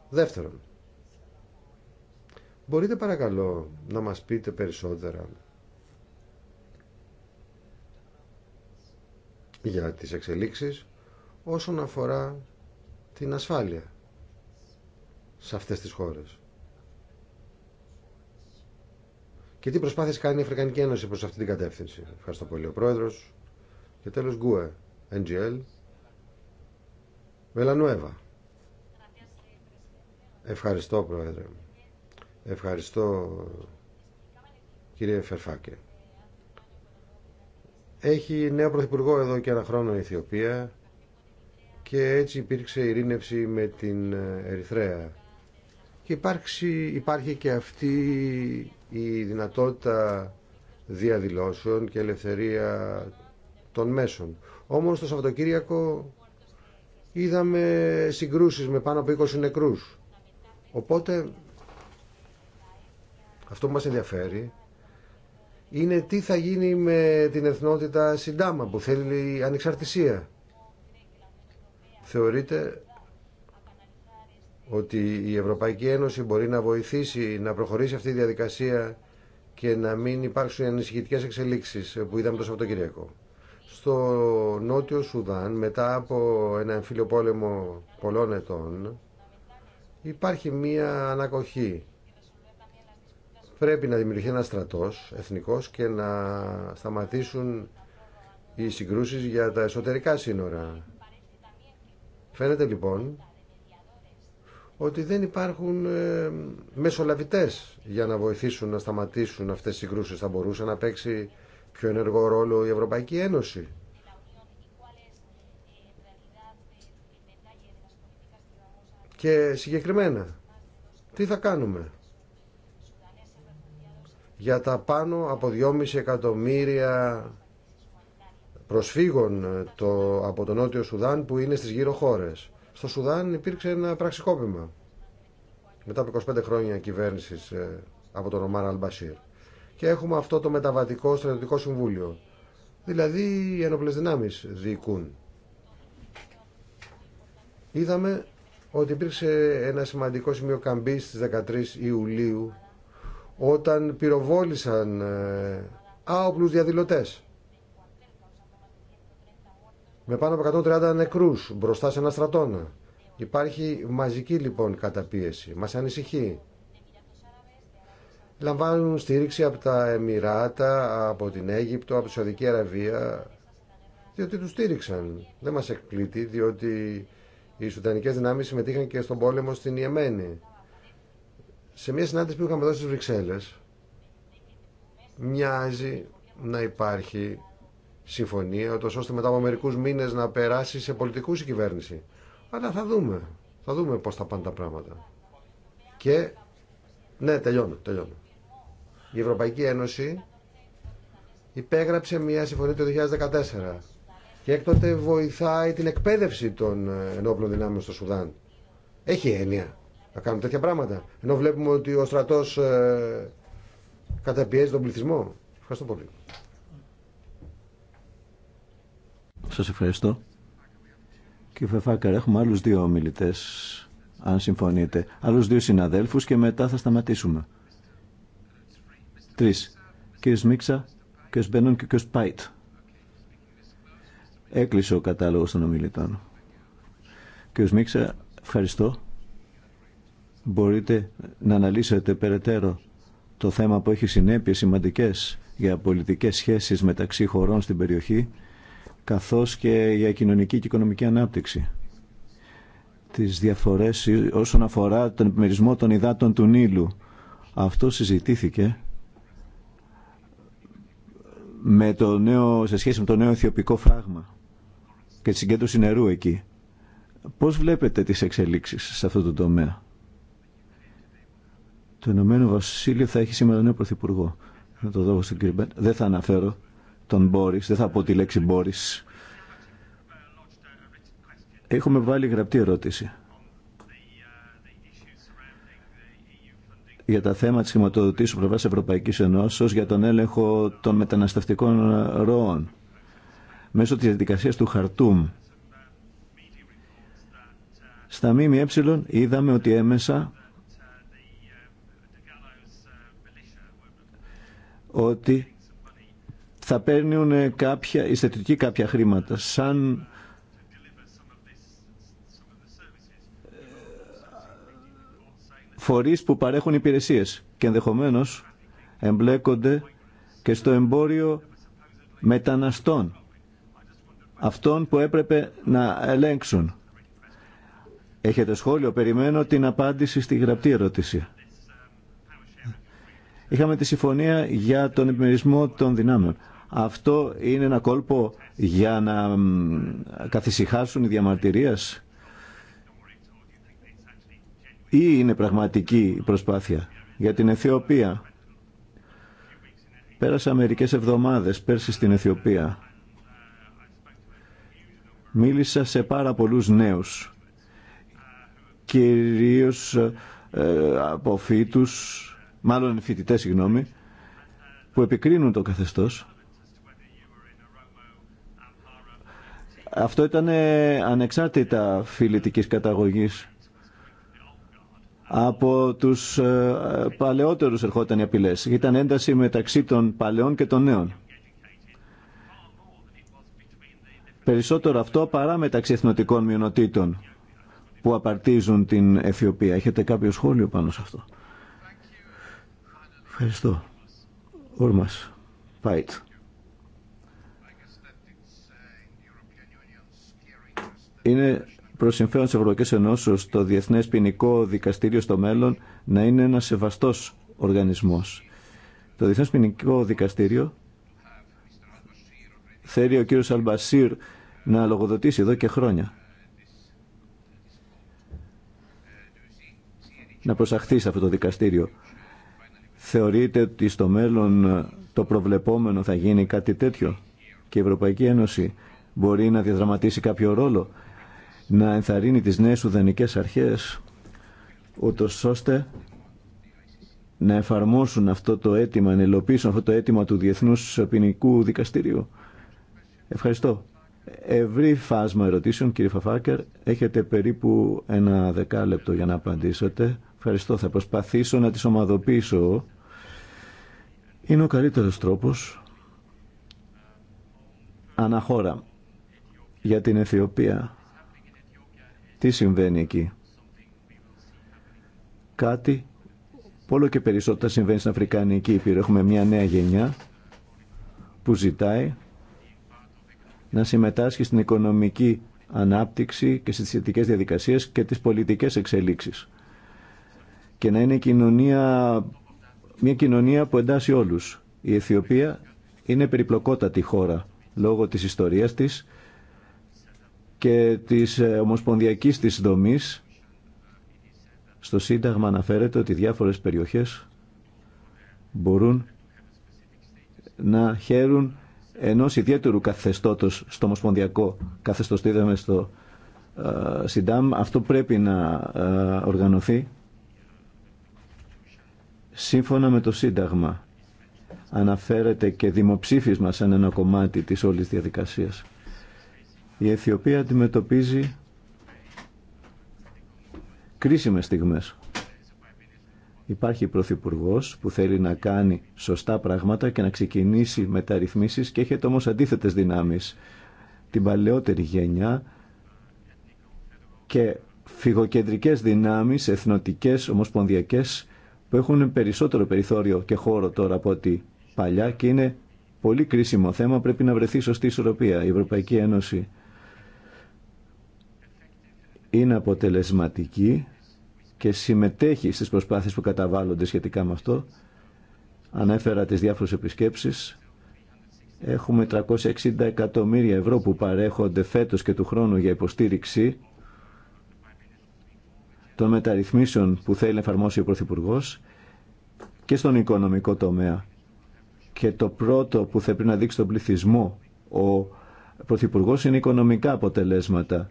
Δεύτερον, μπορείτε παρακαλώ να μας πείτε περισσότερα για τις εξελίξεις όσον αφορά την ασφάλεια σε αυτές τις χώρες. Και τι προσπάθειες κάνει η Αφρικανική Ένωση προς αυτή την κατεύθυνση. Ευχαριστώ πολύ ο Πρόεδρος. Και τέλος Γκουε, NGL, Βελανουέβα. Ευχαριστώ Πρόεδρε. Ευχαριστώ κύριε Φερφάκε. Έχει νέο πρωθυπουργό εδώ και ένα χρόνο η Αιθιοπία και έτσι υπήρξε ειρήνευση με την ε, Ερυθρέα. Και υπάρχει και αυτή η δυνατότητα διαδηλώσεων και ελευθερία των μέσων. Όμως το Σαββατοκύριακο είδαμε συγκρούσεις με πάνω από 20 νεκρούς. Οπότε αυτό που μας ενδιαφέρει είναι τι θα γίνει με την εθνότητα Συντάμα που θέλει ανεξαρτησία. Θεωρείτε ότι η Ευρωπαϊκή Ένωση μπορεί να βοηθήσει να προχωρήσει αυτή η διαδικασία και να μην υπάρξουν ανησυχητικέ εξελίξεις που είδαμε το Σαββατοκυριακό. Στο Νότιο Σουδάν, μετά από ένα εμφύλιο πόλεμο πολλών ετών, υπάρχει μία ανακοχή Πρέπει να δημιουργηθεί ένα στρατός εθνικός και να σταματήσουν οι συγκρούσει για τα εσωτερικά σύνορα. Φαίνεται λοιπόν ότι δεν υπάρχουν ε, μεσολαβητές για να βοηθήσουν να σταματήσουν αυτές τις συγκρούσεις. Θα μπορούσε να παίξει πιο ενεργό ρόλο η Ευρωπαϊκή Ένωση. Και συγκεκριμένα, τι θα κάνουμε για τα πάνω από 2,5 εκατομμύρια προσφύγων ε, το, από τον Νότιο Σουδάν που είναι στις γύρω χώρες. Στο Σουδάν υπήρξε ένα πραξικόπημα μετά από 25 χρόνια κυβέρνησης ε, από τον Ομάρα Αλμπασίρ. Και έχουμε αυτό το μεταβατικό στρατιωτικό συμβούλιο. Δηλαδή οι ενόπλες δυνάμεις διοικούν. Είδαμε ότι υπήρξε ένα σημαντικό σημείο καμπής στις 13 Ιουλίου όταν πυροβόλησαν ε, άοπλους διαδηλωτές με πάνω από 130 νεκρούς μπροστά σε ένα στρατόνα. Υπάρχει μαζική λοιπόν καταπίεση, μας ανησυχεί. Λαμβάνουν στήριξη από τα Εμμυράτα, από την Αίγυπτο, από τη Σαουδική Αραβία, διότι τους στήριξαν. Δεν μας εκπλήττει, διότι οι σουτανικές δυνάμεις συμμετείχαν και στον πόλεμο στην Ιεμένη σε μια συνάντηση που είχαμε εδώ στις Βρυξέλλες μοιάζει να υπάρχει συμφωνία ώστε μετά από μερικούς μήνες να περάσει σε πολιτικούς η κυβέρνηση. Αλλά θα δούμε. Θα δούμε πώς θα πάνε τα πράγματα. Και ναι, τελειώνω, τελειώνω. Η Ευρωπαϊκή Ένωση υπέγραψε μια συμφωνία το 2014 και έκτοτε βοηθάει την εκπαίδευση των ε, ενόπλων δυνάμεων στο Σουδάν. Έχει έννοια να κάνουν τέτοια πράγματα. Ενώ βλέπουμε ότι ο στρατός ε, καταπιέζει τον πληθυσμό. Ευχαριστώ πολύ. Σα ευχαριστώ. Κύριε Φεφάκαρ, έχουμε άλλου δύο ομιλητέ. αν συμφωνείτε. Άλλους δύο συναδέλφους και μετά θα σταματήσουμε. Τρει. Κύριε Μίξα, Κύριε Μπένον και κύριε Πάιτ. Έκλεισε ο κατάλογο των ομιλητών. Κύριε Μίξα, ευχαριστώ μπορείτε να αναλύσετε περαιτέρω το θέμα που έχει συνέπειες σημαντικές για πολιτικές σχέσεις μεταξύ χωρών στην περιοχή, καθώς και για κοινωνική και οικονομική ανάπτυξη. Τις διαφορές όσον αφορά τον επιμερισμό των υδάτων του Νείλου. Αυτό συζητήθηκε με το νέο, σε σχέση με το νέο αιθιοπικό φράγμα και τη συγκέντρωση νερού εκεί. Πώς βλέπετε τις εξελίξεις σε αυτό το τομέα. Το Ηνωμένο Βασίλειο θα έχει σήμερα νέο πρωθυπουργό. το στον Δεν θα αναφέρω τον Μπόρις, δεν θα πω τη λέξη Μπόρις. Έχουμε βάλει γραπτή ερώτηση. για τα θέματα της χρηματοδοτήσης πλευράς Ευρωπαϊκής Ενώσεως για τον έλεγχο των μεταναστευτικών ροών μέσω της διαδικασίας του Χαρτούμ. Στα ΜΜΕ είδαμε ότι έμεσα ότι θα παίρνουν κάποια, εισθετική κάποια χρήματα. Σαν ε, φορείς που παρέχουν υπηρεσίες και ενδεχομένως εμπλέκονται και στο εμπόριο μεταναστών, αυτών που έπρεπε να ελέγξουν. Έχετε σχόλιο, περιμένω την απάντηση στη γραπτή ερώτηση είχαμε τη συμφωνία για τον επιμερισμό των δυνάμεων. Αυτό είναι ένα κόλπο για να καθησυχάσουν οι διαμαρτυρίες ή είναι πραγματική η ειναι πραγματικη προσπαθεια για την Αιθιοπία. Πέρασα μερικές εβδομάδες πέρσι στην Αιθιοπία. Μίλησα σε πάρα πολλούς νέους, κυρίως ε, από φύτους μάλλον φοιτητέ, συγγνώμη, που επικρίνουν το καθεστώς. Αυτό ήταν ανεξάρτητα φιλητικής καταγωγής. Από τους ε, παλαιότερους ερχόταν οι απειλές. Ήταν ένταση μεταξύ των παλαιών και των νέων. Περισσότερο αυτό παρά μεταξύ εθνοτικών μειονοτήτων που απαρτίζουν την Αιθιοπία. Έχετε κάποιο σχόλιο πάνω σε αυτό. Ευχαριστώ. Όρμας. Πάιτ. Είναι προ συμφέρον τη Ευρωπαϊκή Ενώσεω το Διεθνέ Ποινικό Δικαστήριο στο μέλλον να είναι ένα σεβαστό οργανισμός. Το Διεθνέ Ποινικό Δικαστήριο θέλει ο κύριος Αλμπασίρ να λογοδοτήσει εδώ και χρόνια. Να προσαχθεί σε αυτό το δικαστήριο. Θεωρείτε ότι στο μέλλον ε, το προβλεπόμενο θα γίνει κάτι τέτοιο και η Ευρωπαϊκή Ένωση μπορεί να διαδραματίσει κάποιο ρόλο να ενθαρρύνει τις νέες ουδανικές αρχές ούτω ώστε να εφαρμόσουν αυτό το αίτημα, να υλοποιήσουν αυτό το αίτημα του Διεθνούς Ποινικού Δικαστηρίου. Ευχαριστώ. Ευρύ φάσμα ερωτήσεων, κύριε Φαφάκερ. Έχετε περίπου ένα δεκάλεπτο για να απαντήσετε. Ευχαριστώ. Θα προσπαθήσω να τις ομαδοποιήσω. Είναι ο καλύτερος τρόπος αναχώρα για την Αιθιοπία. Τι συμβαίνει εκεί. Κάτι που όλο και περισσότερα συμβαίνει στην Αφρικανική Ήπειρο. Έχουμε μια νέα γενιά που ζητάει να συμμετάσχει στην οικονομική ανάπτυξη και στις θετικές διαδικασίες και τις πολιτικές εξελίξεις και να είναι κοινωνία, μια κοινωνία που εντάσσει όλους. Η Αιθιοπία είναι περιπλοκότατη χώρα λόγω της ιστορίας της και της ε, ομοσπονδιακής της δομής. Στο Σύνταγμα αναφέρεται ότι διάφορες περιοχές μπορούν να χαίρουν ενός ιδιαίτερου καθεστώτος στο ομοσπονδιακό καθεστώς. Το είδαμε στο ε, Συντάμ. Αυτό πρέπει να ε, οργανωθεί σύμφωνα με το Σύνταγμα. Αναφέρεται και δημοψήφισμα σαν ένα κομμάτι της όλης διαδικασίας. Η Αιθιοπία αντιμετωπίζει κρίσιμες στιγμές. Υπάρχει πρωθυπουργό που θέλει να κάνει σωστά πράγματα και να ξεκινήσει μεταρρυθμίσεις και έχετε όμως αντίθετες δυνάμεις. Την παλαιότερη γενιά και φυγοκεντρικές δυνάμεις, εθνοτικές, ομοσπονδιακές που έχουν περισσότερο περιθώριο και χώρο τώρα από ότι παλιά και είναι πολύ κρίσιμο θέμα, πρέπει να βρεθεί σωστή ισορροπία. Η Ευρωπαϊκή Ένωση είναι αποτελεσματική και συμμετέχει στις προσπάθειες που καταβάλλονται σχετικά με αυτό. Ανέφερα τις διάφορες επισκέψεις. Έχουμε 360 εκατομμύρια ευρώ που παρέχονται φέτος και του χρόνου για υποστήριξη των μεταρρυθμίσεων που θέλει να εφαρμόσει ο Πρωθυπουργό και στον οικονομικό τομέα. Και το πρώτο που θα πρέπει να δείξει τον πληθυσμό ο Πρωθυπουργό είναι οικονομικά αποτελέσματα.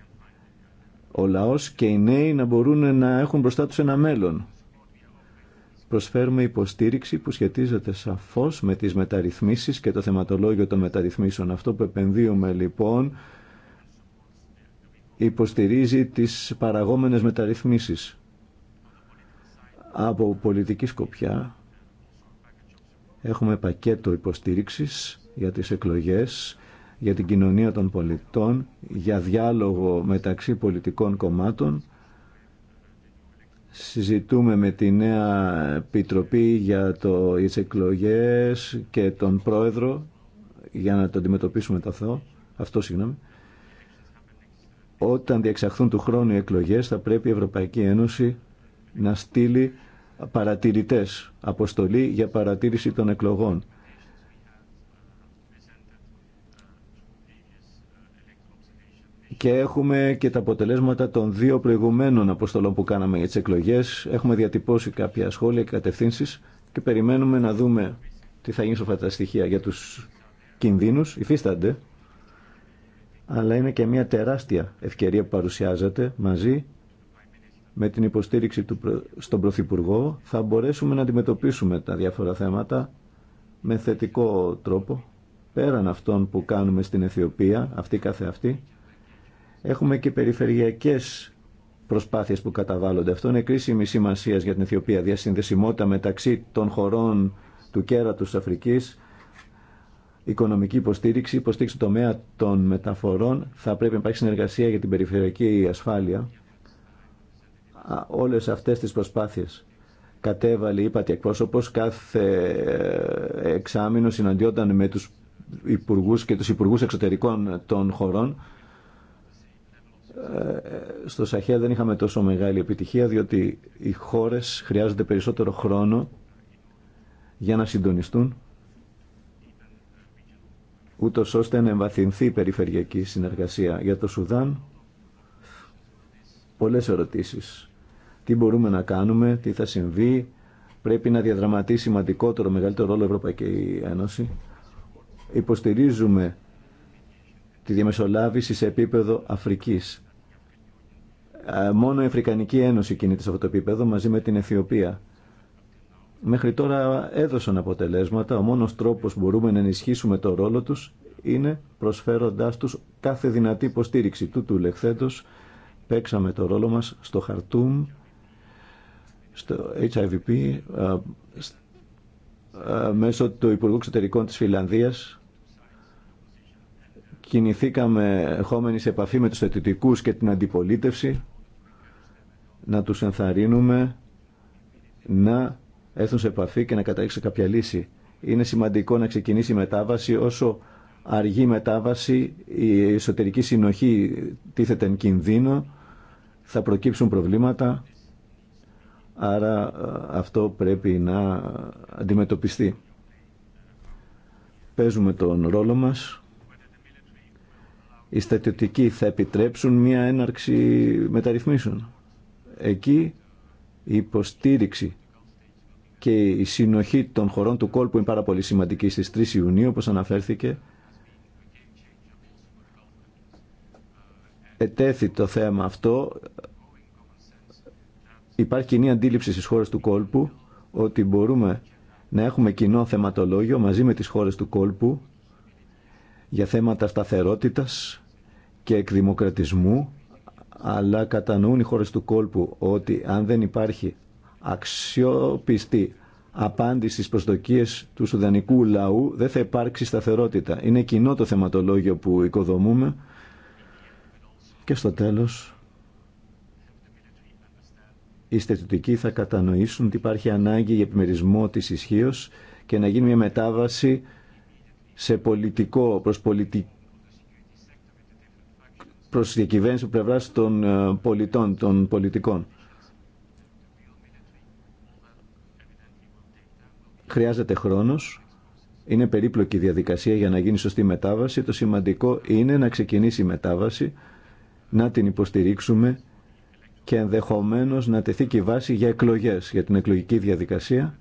Ο λαός και οι νέοι να μπορούν να έχουν μπροστά του ένα μέλλον. Προσφέρουμε υποστήριξη που σχετίζεται σαφώς με τις μεταρρυθμίσεις και το θεματολόγιο των μεταρρυθμίσεων. Αυτό που επενδύουμε λοιπόν υποστηρίζει τις παραγόμενες μεταρρυθμίσεις. Από πολιτική σκοπιά έχουμε πακέτο υποστήριξης για τις εκλογές, για την κοινωνία των πολιτών, για διάλογο μεταξύ πολιτικών κομμάτων. Συζητούμε με τη νέα επιτροπή για το, τις εκλογές και τον πρόεδρο για να το αντιμετωπίσουμε αυτό. αυτό συγγνώμη. Όταν διεξαχθούν του χρόνου οι εκλογές θα πρέπει η Ευρωπαϊκή Ένωση να στείλει παρατηρητές, αποστολή για παρατήρηση των εκλογών. Και έχουμε και τα αποτελέσματα των δύο προηγουμένων αποστολών που κάναμε για τις εκλογές. Έχουμε διατυπώσει κάποια σχόλια και κατευθύνσεις και περιμένουμε να δούμε τι θα γίνει σε τα στοιχεία για τους κινδύνους. Υφίστανται αλλά είναι και μια τεράστια ευκαιρία που παρουσιάζεται μαζί με την υποστήριξη του, στον Πρωθυπουργό θα μπορέσουμε να αντιμετωπίσουμε τα διάφορα θέματα με θετικό τρόπο πέραν αυτών που κάνουμε στην Αιθιοπία, αυτή κάθε αυτή. Έχουμε και περιφερειακές προσπάθειες που καταβάλλονται. Αυτό είναι κρίσιμη σημασία για την Αιθιοπία. Διασυνδεσιμότητα μεταξύ των χωρών του κέρατος Αφρικής οικονομική υποστήριξη, υποστήριξη τομέα των μεταφορών. Θα πρέπει να υπάρχει συνεργασία για την περιφερειακή ασφάλεια. Όλες αυτές τις προσπάθειες κατέβαλε, είπατε εκπρόσωπος, κάθε ε, εξάμεινο συναντιόταν με τους υπουργούς και τους υπουργούς εξωτερικών των χωρών. Ε, στο Σαχέα δεν είχαμε τόσο μεγάλη επιτυχία, διότι οι χώρες χρειάζονται περισσότερο χρόνο για να συντονιστούν ούτω ώστε να εμβαθυνθεί η περιφερειακή συνεργασία. Για το Σουδάν, πολλές ερωτήσεις. Τι μπορούμε να κάνουμε, τι θα συμβεί, πρέπει να διαδραματίσει σημαντικότερο, μεγαλύτερο ρόλο η Ευρωπαϊκή Ένωση. Υποστηρίζουμε τη διαμεσολάβηση σε επίπεδο Αφρικής. Μόνο η Αφρικανική Ένωση κινείται σε αυτό το επίπεδο μαζί με την Αιθιοπία μέχρι τώρα έδωσαν αποτελέσματα. Ο μόνος τρόπος που μπορούμε να ενισχύσουμε το ρόλο τους είναι προσφέροντάς τους κάθε δυνατή υποστήριξη του του λεχθέντος. Παίξαμε το ρόλο μας στο Χαρτούμ, στο HIVP, μέσω του Υπουργού Εξωτερικών της Φιλανδίας. Κινηθήκαμε ερχόμενοι σε επαφή με τους θετητικούς και την αντιπολίτευση, να τους ενθαρρύνουμε να έρθουν σε επαφή και να καταλήξουν κάποια λύση. Είναι σημαντικό να ξεκινήσει η μετάβαση όσο αργή μετάβαση, η εσωτερική συνοχή τίθεται εν κινδύνο, θα προκύψουν προβλήματα, άρα ε, αυτό πρέπει να αντιμετωπιστεί. Παίζουμε τον ρόλο μας. Οι στατιωτικοί θα επιτρέψουν μια έναρξη μεταρρυθμίσεων. Εκεί η υποστήριξη και η συνοχή των χωρών του κόλπου είναι πάρα πολύ σημαντική στις 3 Ιουνίου όπως αναφέρθηκε ετέθη το θέμα αυτό υπάρχει κοινή αντίληψη στις χώρες του κόλπου ότι μπορούμε να έχουμε κοινό θεματολόγιο μαζί με τις χώρες του κόλπου για θέματα σταθερότητας και εκδημοκρατισμού αλλά κατανοούν οι χώρες του κόλπου ότι αν δεν υπάρχει αξιοπιστή απάντηση στις προσδοκίε του Σουδανικού λαού δεν θα υπάρξει σταθερότητα. Είναι κοινό το θεματολόγιο που οικοδομούμε και στο τέλος οι στερετικοί θα κατανοήσουν ότι υπάρχει ανάγκη για επιμερισμό τη ισχύω και να γίνει μια μετάβαση σε πολιτικό, προς πολιτικό προς διακυβέρνηση πλευράς των ε, πολιτών, των πολιτικών. Χρειάζεται χρόνος, είναι περίπλοκη η διαδικασία για να γίνει σωστή μετάβαση. Το σημαντικό είναι να ξεκινήσει η μετάβαση, να την υποστηρίξουμε και ενδεχομένως να τεθεί και η βάση για εκλογές, για την εκλογική διαδικασία.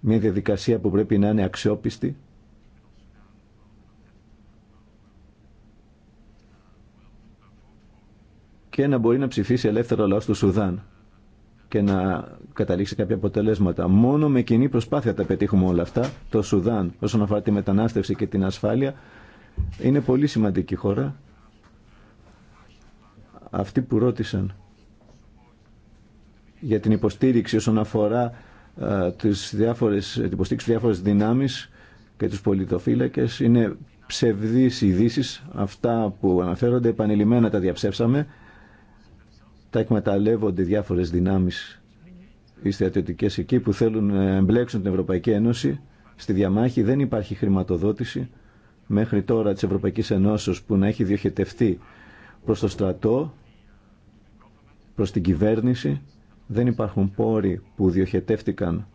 Μια διαδικασία που πρέπει να είναι αξιόπιστη. και να μπορεί να ψηφίσει ελεύθερο λαό του Σουδάν και να καταλήξει κάποια αποτελέσματα. Μόνο με κοινή προσπάθεια τα πετύχουμε όλα αυτά. Το Σουδάν, όσον αφορά τη μετανάστευση και την ασφάλεια, είναι πολύ σημαντική χώρα. Αυτοί που ρώτησαν για την υποστήριξη όσον αφορά ε, τις διάφορες, υποστήριξη διάφορες δυνάμεις και τους πολιτοφύλακες είναι ψευδείς ειδήσει αυτά που αναφέρονται επανειλημμένα τα διαψεύσαμε τα εκμεταλλεύονται διάφορες δυνάμεις οι στρατιωτικές εκεί που θέλουν να εμπλέξουν την Ευρωπαϊκή Ένωση στη διαμάχη. Δεν υπάρχει χρηματοδότηση μέχρι τώρα της Ευρωπαϊκής Ενώσης... που να έχει διοχετευτεί προς το στρατό, προς την κυβέρνηση. Δεν υπάρχουν πόροι που διοχετεύτηκαν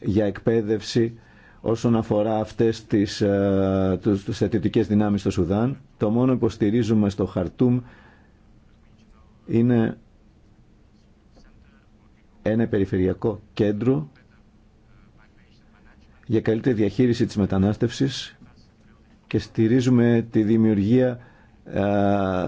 για εκπαίδευση όσον αφορά αυτές τις, ε, τους, δυνάμει δυνάμεις στο Σουδάν. Το μόνο υποστηρίζουμε στο Χαρτούμ είναι ένα περιφερειακό κέντρο για καλύτερη διαχείριση της μετανάστευσης και στηρίζουμε τη δημιουργία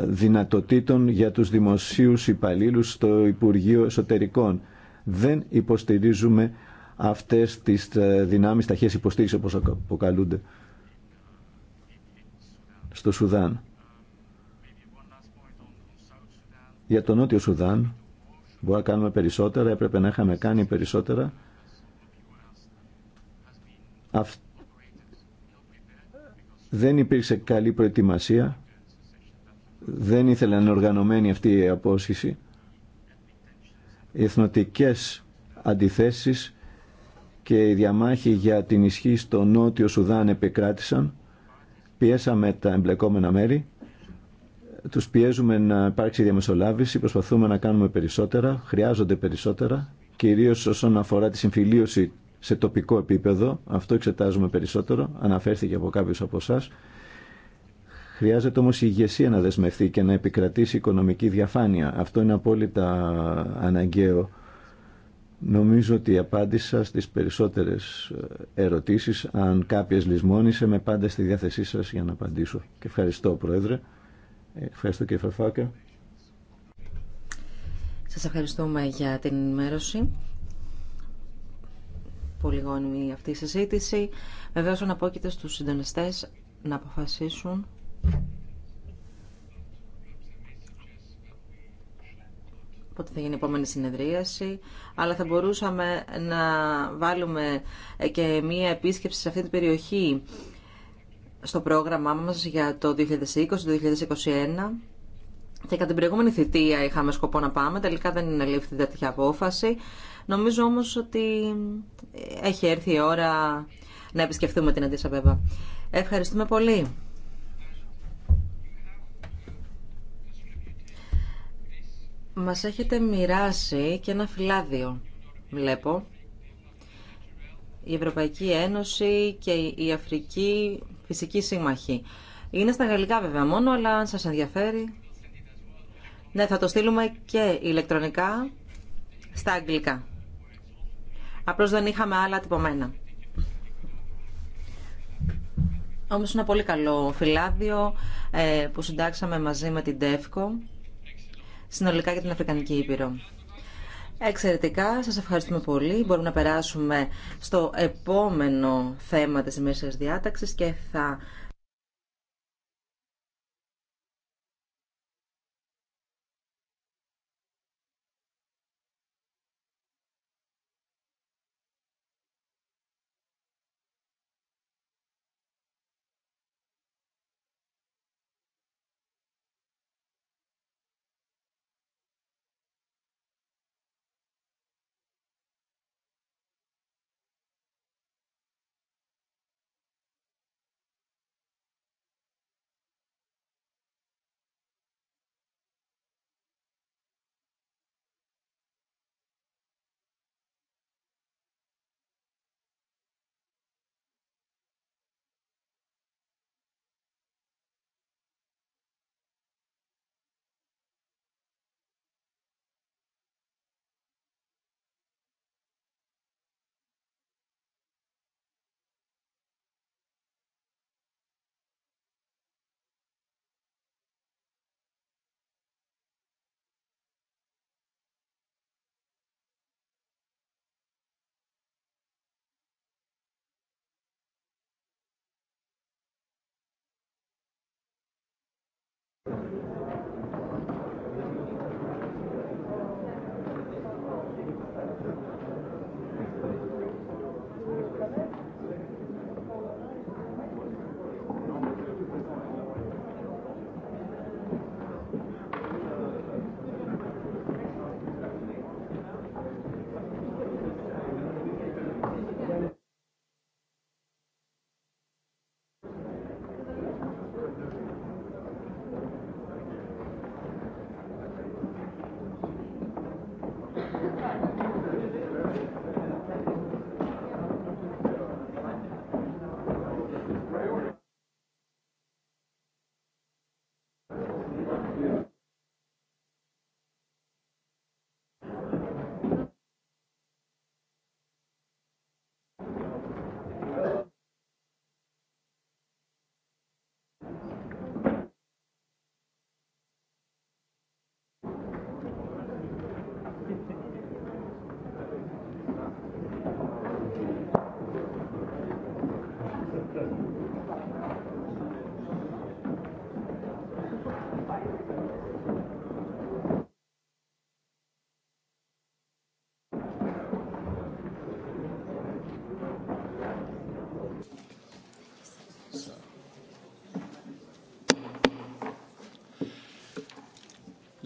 δυνατοτήτων για τους δημοσίους υπαλλήλους στο Υπουργείο Εσωτερικών. Δεν υποστηρίζουμε αυτές τις δυνάμεις ταχείας υποστήριξης όπως αποκαλούνται στο Σουδάν. Για τον Νότιο Σουδάν μπορούμε να κάνουμε περισσότερα, έπρεπε να είχαμε κάνει περισσότερα. Δεν υπήρξε καλή προετοιμασία, δεν ήθελαν να οργανωμένη αυτή η απόσχηση. Οι εθνοτικές αντιθέσεις και η διαμάχη για την ισχύ στο Νότιο Σουδάν επικράτησαν. Πιέσαμε τα εμπλεκόμενα μέρη τους πιέζουμε να υπάρξει διαμεσολάβηση, προσπαθούμε να κάνουμε περισσότερα, χρειάζονται περισσότερα, κυρίως όσον αφορά τη συμφιλίωση σε τοπικό επίπεδο, αυτό εξετάζουμε περισσότερο, αναφέρθηκε από κάποιους από εσά. Χρειάζεται όμως η ηγεσία να δεσμευτεί και να επικρατήσει οικονομική διαφάνεια. Αυτό είναι απόλυτα αναγκαίο. Νομίζω ότι απάντησα στις περισσότερες ε, ερωτήσεις. Αν κάποιες λησμόνησε, με πάντα στη διάθεσή σας για να απαντήσω. Και ευχαριστώ, Πρόεδρε. Ευχαριστώ κύριε Φαρφάκα. Σας ευχαριστούμε για την ενημέρωση. Πολύ γόνιμη αυτή η συζήτηση. Βεβαίως αναπόκειται στους συντονιστές να αποφασίσουν πότε θα γίνει η επόμενη συνεδρίαση, αλλά θα μπορούσαμε να βάλουμε και μία επίσκεψη σε αυτή την περιοχή στο πρόγραμμά μας για το 2020-2021 και κατά την προηγούμενη θητεία είχαμε σκοπό να πάμε, τελικά δεν είναι λήφθη τέτοια απόφαση. Νομίζω όμως ότι έχει έρθει η ώρα να επισκεφθούμε την Αντίσα Ευχαριστούμε πολύ. Μας έχετε μοιράσει και ένα φυλάδιο, βλέπω. Η Ευρωπαϊκή Ένωση και η Αφρική Φυσική σύμμαχή. Είναι στα γαλλικά βέβαια μόνο, αλλά αν σας ενδιαφέρει... Ναι, θα το στείλουμε και ηλεκτρονικά στα αγγλικά. Απλώς δεν είχαμε άλλα τυπωμένα. Όμως είναι ένα πολύ καλό φυλάδιο ε, που συντάξαμε μαζί με την ΤΕΦΚΟ συνολικά για την Αφρικανική Ήπειρο. Εξαιρετικά, σας ευχαριστούμε πολύ. Μπορούμε να περάσουμε στο επόμενο θέμα της ημέρας διάταξης και θα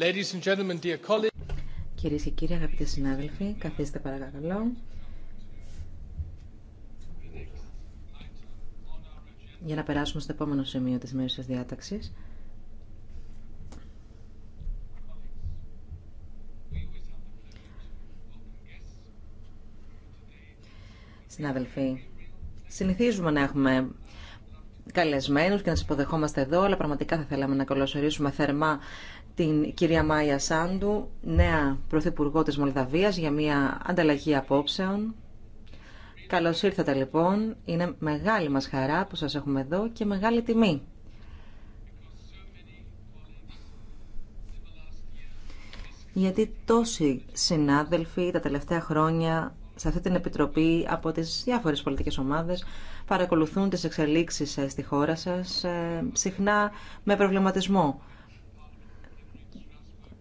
Ladies and gentlemen, dear colleagues. Κυρίες και κύριοι, αγαπητοί συνάδελφοι, καθίστε παρακαλώ. Για να περάσουμε στο επόμενο σημείο της μέρη της διάταξης. Συνάδελφοι, συνηθίζουμε να έχουμε καλεσμένους και να σας υποδεχόμαστε εδώ, αλλά πραγματικά θα θέλαμε να καλωσορίσουμε θερμά την κυρία Μάια Σάντου, νέα Πρωθυπουργό της Μολδαβίας, για μια ανταλλαγή απόψεων. Καλώς ήρθατε λοιπόν. Είναι μεγάλη μας χαρά που σας έχουμε εδώ και μεγάλη τιμή. Γιατί τόσοι συνάδελφοι τα τελευταία χρόνια σε αυτή την επιτροπή από τις διάφορες πολιτικές ομάδες παρακολουθούν τις εξελίξεις ε, στη χώρα σας ε, συχνά με προβληματισμό.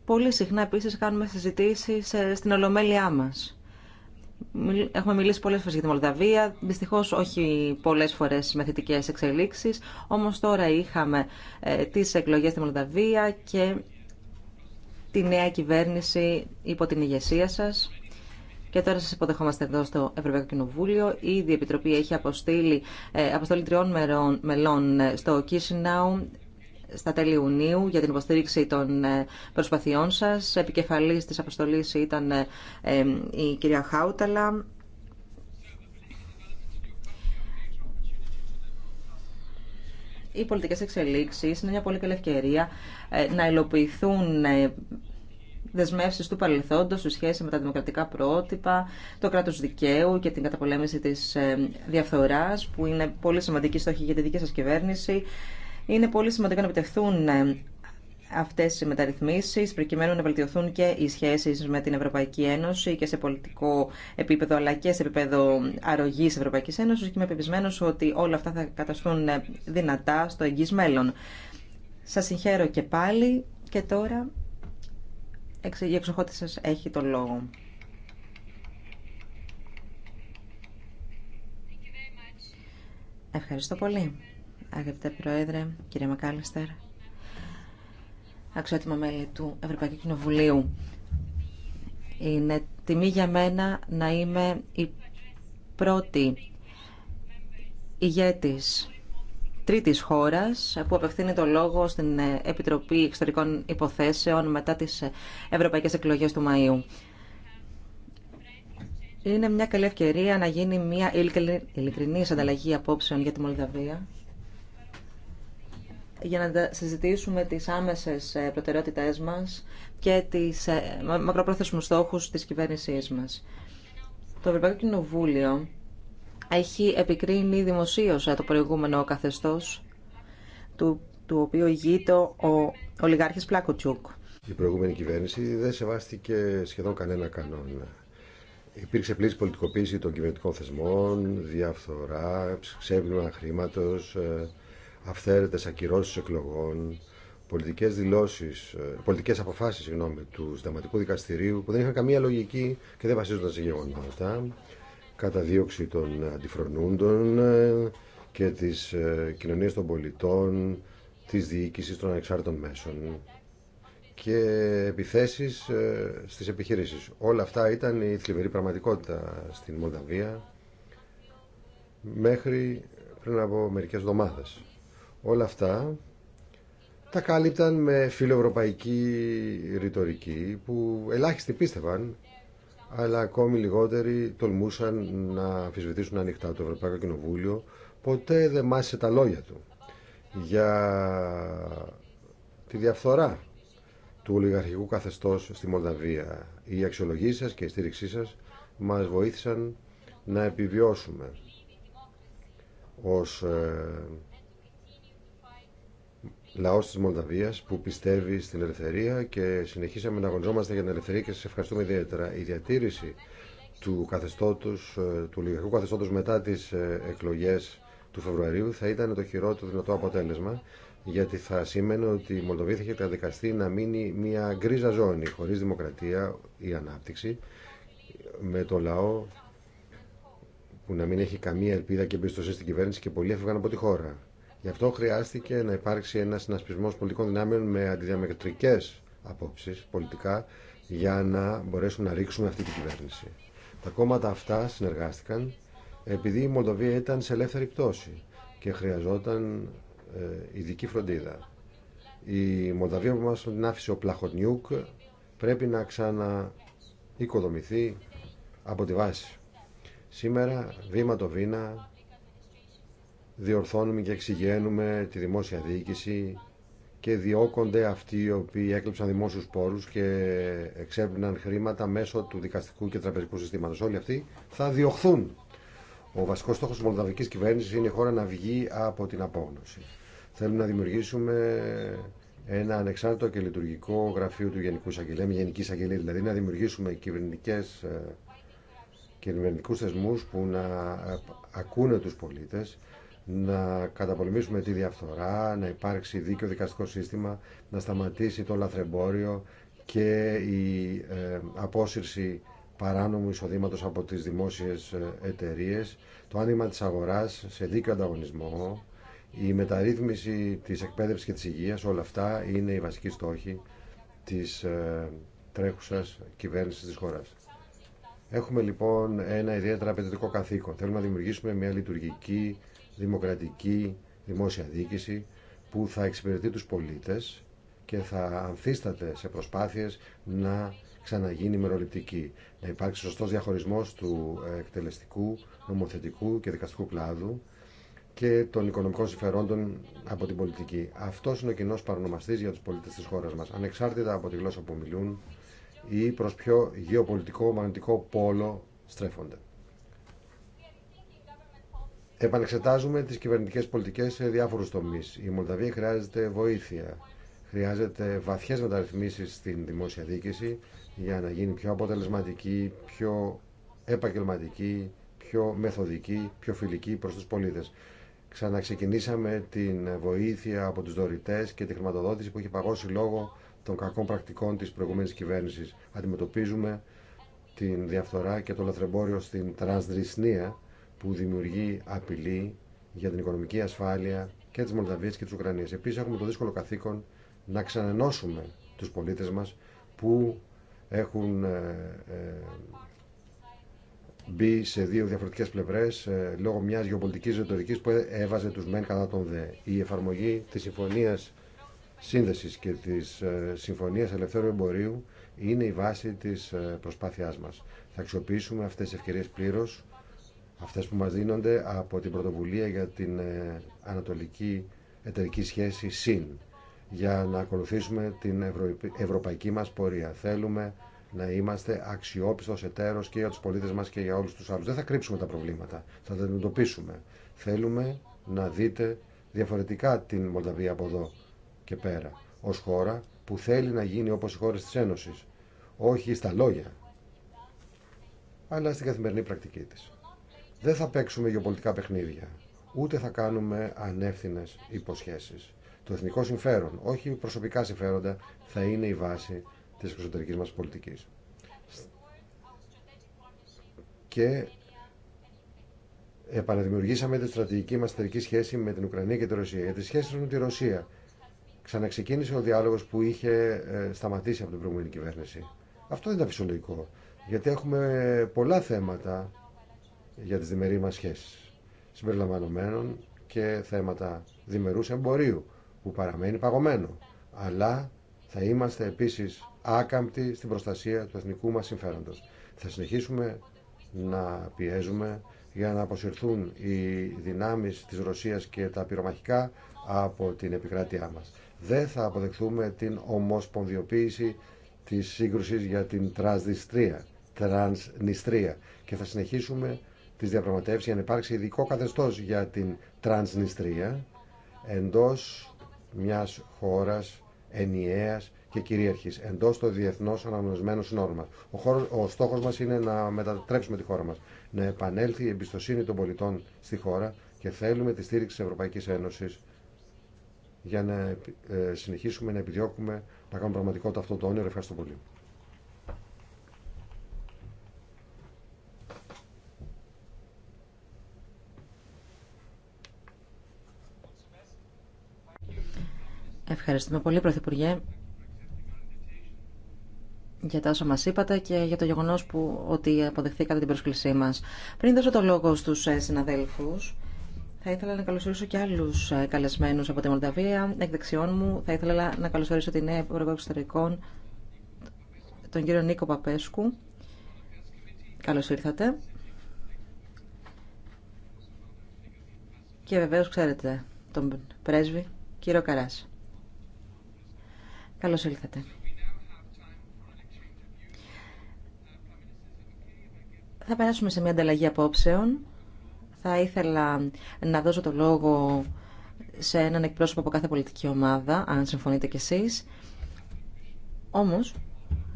Πολύ συχνά επίσης κάνουμε συζητήσει ε, στην ολομέλειά μας. Έχουμε μιλήσει πολλές φορές για τη Μολδαβία, δυστυχώς όχι πολλές φορές με θετικέ εξελίξεις, όμως τώρα είχαμε τις εκλογές στη Μολδαβία και τη νέα κυβέρνηση υπό την ηγεσία σας και τώρα σας υποδεχόμαστε εδώ στο Ευρωπαϊκό Κοινοβούλιο. η Επιτροπή έχει αποστείλει ε, αποστολή τριών μελών ε, στο Κίσιναου στα τέλη Ιουνίου για την υποστήριξη των ε, προσπαθειών σας. Επικεφαλής της αποστολής ήταν η κυρία Χάουταλα. Οι πολιτικές εξελίξεις είναι μια πολύ καλή ευκαιρία να υλοποιηθούν Δεσμεύσει του παρελθόντο σε σχέση με τα δημοκρατικά πρότυπα, το κράτο δικαίου και την καταπολέμηση τη ε, διαφθορά, που είναι πολύ σημαντική στόχη για τη δική σα κυβέρνηση. Είναι πολύ σημαντικό να επιτευχθούν ε, αυτέ οι μεταρρυθμίσει, προκειμένου να βελτιωθούν και οι σχέσει με την Ευρωπαϊκή Ένωση και σε πολιτικό επίπεδο αλλά και σε επίπεδο αρρωγή Ευρωπαϊκή Ένωση και είμαι πεπισμένο ότι όλα αυτά θα καταστούν ε, δυνατά στο εγγύ μέλλον. Σας συγχαίρω και πάλι και τώρα η εξοχότητα σας έχει τον λόγο. Ευχαριστώ πολύ, αγαπητέ Πρόεδρε, κύριε Μακάλιστερ, αξιότιμα μέλη του Ευρωπαϊκού Κοινοβουλίου. Είναι τιμή για μένα να είμαι η πρώτη ηγέτης τρίτη χώρας που απευθύνει το λόγο στην ε, Επιτροπή Εξωτερικών Υποθέσεων μετά τις ε, ευρωπαϊκές εκλογέ του Μαΐου. Είναι μια καλή ευκαιρία να γίνει μια ειλικρινή ανταλλαγή απόψεων για τη Μολδαβία για να συζητήσουμε τις άμεσες ε, προτεραιότητές μας και τις μακροπρόθεσμους στόχους της κυβέρνησής μας. Το Ευρωπαϊκό Κοινοβούλιο έχει επικρίνει δημοσίως το προηγούμενο καθεστώς του, του οποίου ηγείται ο Ολιγάρχης Πλάκοτσουκ. Η προηγούμενη κυβέρνηση δεν σεβάστηκε σχεδόν κανένα κανόνα. Υπήρξε πλήρη πολιτικοποίηση των κυβερνητικών θεσμών, διαφθορά, ξέπλυμα χρήματο, ε, αυθαίρετε ακυρώσει εκλογών, πολιτικέ δηλώσεις, ε, πολιτικές αποφάσεις συγγνώμη, του συνταγματικού δικαστηρίου που δεν είχαν καμία λογική και δεν βασίζονταν σε γεγονότα καταδίωξη των αντιφρονούντων ε, και της ε, κοινωνίας των πολιτών, της διοίκησης των ανεξάρτητων μέσων και επιθέσεις ε, στις επιχειρήσεις. Όλα αυτά ήταν η θλιβερή πραγματικότητα στην Μολδαβία μέχρι πριν από μερικές εβδομάδες. Όλα αυτά τα κάλυπταν με φιλοευρωπαϊκή ρητορική που ελάχιστοι πίστευαν αλλά ακόμη λιγότεροι τολμούσαν να αμφισβητήσουν ανοιχτά το Ευρωπαϊκό Κοινοβούλιο. Ποτέ δεν μάσησε τα λόγια του για τη διαφθορά του ολιγαρχικού καθεστώς στη Μολδαβία. Οι αξιολογή σας και η στήριξή σας μας βοήθησαν να επιβιώσουμε ως ε, λαός της Μολδαβίας που πιστεύει στην ελευθερία και συνεχίσαμε να αγωνιζόμαστε για την ελευθερία και σας ευχαριστούμε ιδιαίτερα. Η διατήρηση του καθεστώτος, ε, του λιγαρικού καθεστώτος μετά τις ε, εκλογές του Φεβρουαρίου θα ήταν το χειρότερο δυνατό αποτέλεσμα γιατί θα σήμαινε ότι η Μολδοβία θα είχε καταδικαστεί να μείνει μια γκρίζα ζώνη χωρίς δημοκρατία ή ανάπτυξη με το λαό που να μην έχει καμία ελπίδα και εμπιστοσύνη στην κυβέρνηση και πολλοί έφυγαν από τη χώρα. Γι' αυτό χρειάστηκε να υπάρξει ένα συνασπισμό πολιτικών δυνάμεων με αντιδιαμετρικέ απόψει πολιτικά για να μπορέσουμε να ρίξουμε αυτή την κυβέρνηση. Τα κόμματα αυτά συνεργάστηκαν επειδή η Μολδοβία ήταν σε ελεύθερη πτώση και χρειαζόταν ε, ειδική φροντίδα. Η Μολδαβία που μας την άφησε ο Πλαχονιούκ πρέπει να ξαναοικοδομηθεί από τη βάση. Σήμερα, βήμα το βήμα, διορθώνουμε και εξηγαίνουμε τη δημόσια διοίκηση και διώκονται αυτοί οι οποίοι έκλειψαν δημόσιους πόρους και εξέπλυναν χρήματα μέσω του δικαστικού και τραπεζικού συστήματος. Όλοι αυτοί θα διωχθούν. Ο βασικός στόχος της Μολδαβικής κυβέρνησης είναι η χώρα να βγει από την απόγνωση. Θέλουμε να δημιουργήσουμε ένα ανεξάρτητο και λειτουργικό γραφείο του Γενικού Εισαγγελέα, με Γενική δηλαδή να δημιουργήσουμε κυβερνητικές ε, κυβερνητικού θεσμού που να ε, ακούνε του πολίτε να καταπολεμήσουμε τη διαφθορά, να υπάρξει δίκαιο δικαστικό σύστημα, να σταματήσει το λαθρεμπόριο και η ε, απόσυρση παράνομου εισοδήματο από τις δημόσιες ε, εταιρείες, το άνοιγμα της αγοράς σε δίκαιο ανταγωνισμό, η μεταρρύθμιση της εκπαίδευσης και της υγείας, όλα αυτά είναι οι βασικοί στόχοι της ε, τρέχουσας κυβέρνησης της χώρας. Έχουμε λοιπόν ένα ιδιαίτερα απαιτητικό καθήκον. Θέλουμε να δημιουργήσουμε μια λειτουργική δημοκρατική δημόσια διοίκηση που θα εξυπηρετεί τους πολίτες και θα ανθίσταται σε προσπάθειες να ξαναγίνει μεροληπτική. Να υπάρξει σωστός διαχωρισμός του εκτελεστικού, νομοθετικού και δικαστικού κλάδου και των οικονομικών συμφερόντων από την πολιτική. Αυτό είναι ο κοινό παρονομαστή για του πολίτε τη χώρα μα. Ανεξάρτητα από τη γλώσσα που μιλούν ή προ ποιο γεωπολιτικό μαγνητικό πόλο στρέφονται. Επανεξετάζουμε τις κυβερνητικές πολιτικές σε διάφορους τομείς. Η Μολδαβία χρειάζεται βοήθεια. Χρειάζεται βαθιές μεταρρυθμίσεις στην δημόσια διοίκηση για να γίνει πιο αποτελεσματική, πιο επαγγελματική, πιο μεθοδική, πιο φιλική προς τους πολίτες. Ξαναξεκινήσαμε την βοήθεια από τους δωρητές και τη χρηματοδότηση που έχει παγώσει λόγω των κακών πρακτικών της προηγούμενης κυβέρνησης. Αντιμετωπίζουμε την διαφθορά και το λαθρεμπόριο στην Τρανσδρισνία που δημιουργεί απειλή για την οικονομική ασφάλεια και τη Μολδαβία και τη Ουκρανία. Επίση, έχουμε το δύσκολο καθήκον να ξανενώσουμε του πολίτε μα που έχουν ε, ε, μπει σε δύο διαφορετικέ πλευρέ ε, λόγω μια γεωπολιτική ρητορική που έβαζε του μεν κατά τον δε. Η εφαρμογή τη συμφωνία σύνδεση και τη συμφωνία ελευθέρου εμπορίου είναι η βάση τη προσπάθειά μα. Θα αξιοποιήσουμε αυτέ τι ευκαιρίε πλήρω αυτές που μας δίνονται από την πρωτοβουλία για την ε, ανατολική εταιρική σχέση ΣΥΝ για να ακολουθήσουμε την ευρωπαϊκή μας πορεία. Θέλουμε να είμαστε αξιόπιστος εταίρος και για τους πολίτες μας και για όλους τους άλλους. Δεν θα κρύψουμε τα προβλήματα, θα τα αντιμετωπίσουμε. Θέλουμε να δείτε διαφορετικά την Μολδαβία από εδώ και πέρα, ως χώρα που θέλει να γίνει όπως οι χώρες της Ένωσης, όχι στα λόγια, αλλά στην καθημερινή πρακτική της. Δεν θα παίξουμε γεωπολιτικά παιχνίδια, ούτε θα κάνουμε ανεύθυνες υποσχέσεις. Το εθνικό συμφέρον, όχι προσωπικά συμφέροντα, θα είναι η βάση της εξωτερική μας πολιτικής. Και επαναδημιουργήσαμε τη στρατηγική μας εταιρική σχέση με την Ουκρανία και τη Ρωσία. Για σχέση σχέσεις με τη Ρωσία ξαναξεκίνησε ο διάλογο που είχε ε, σταματήσει από την προηγούμενη κυβέρνηση. Αυτό δεν ήταν φυσιολογικό, γιατί έχουμε πολλά θέματα για τις διμερεί μας σχέσεις, συμπεριλαμβανομένων και θέματα διμερούς εμπορίου, που παραμένει παγωμένο. Αλλά θα είμαστε επίσης άκαμπτοι στην προστασία του εθνικού μας συμφέροντος. Θα συνεχίσουμε να πιέζουμε για να αποσυρθούν οι δυνάμεις της Ρωσίας και τα πυρομαχικά από την επικράτειά μας. Δεν θα αποδεχθούμε την ομοσπονδιοποίηση της σύγκρουσης για την Τρανσνιστρία και θα συνεχίσουμε τις διαπραγματεύσει για να υπάρξει ειδικό καθεστώς για την Τρανσνιστρία εντός μιας χώρας ενιαία και κυρίαρχης, εντός των διεθνών αναγνωρισμένων συνόρων μας. Ο, ο στόχος μας είναι να μετατρέψουμε τη χώρα μας, να επανέλθει η εμπιστοσύνη των πολιτών στη χώρα και θέλουμε τη στήριξη της Ευρωπαϊκής Ένωσης για να ε, συνεχίσουμε να επιδιώκουμε να κάνουμε πραγματικότητα αυτό το όνειρο. Ευχαριστώ πολύ. Ευχαριστούμε πολύ, Πρωθυπουργέ, για τα όσα μας είπατε και για το γεγονός που ότι αποδεχθήκατε την πρόσκλησή μας. Πριν δώσω το λόγο στους ε, συναδέλφους, θα ήθελα να καλωσορίσω και άλλου ε, καλεσμένου από τη Μολδαβία. Εκ δεξιών μου θα ήθελα να καλωσορίσω την νέα Υπουργό Εξωτερικών, τον κύριο Νίκο Παπέσκου. Καλώ ήρθατε. Και βεβαίω ξέρετε τον πρέσβη, κύριο Καρά. Καλώς ήλθατε. Θα περάσουμε σε μια ανταλλαγή απόψεων. Θα ήθελα να δώσω το λόγο σε έναν εκπρόσωπο από κάθε πολιτική ομάδα, αν συμφωνείτε κι εσείς. Όμως,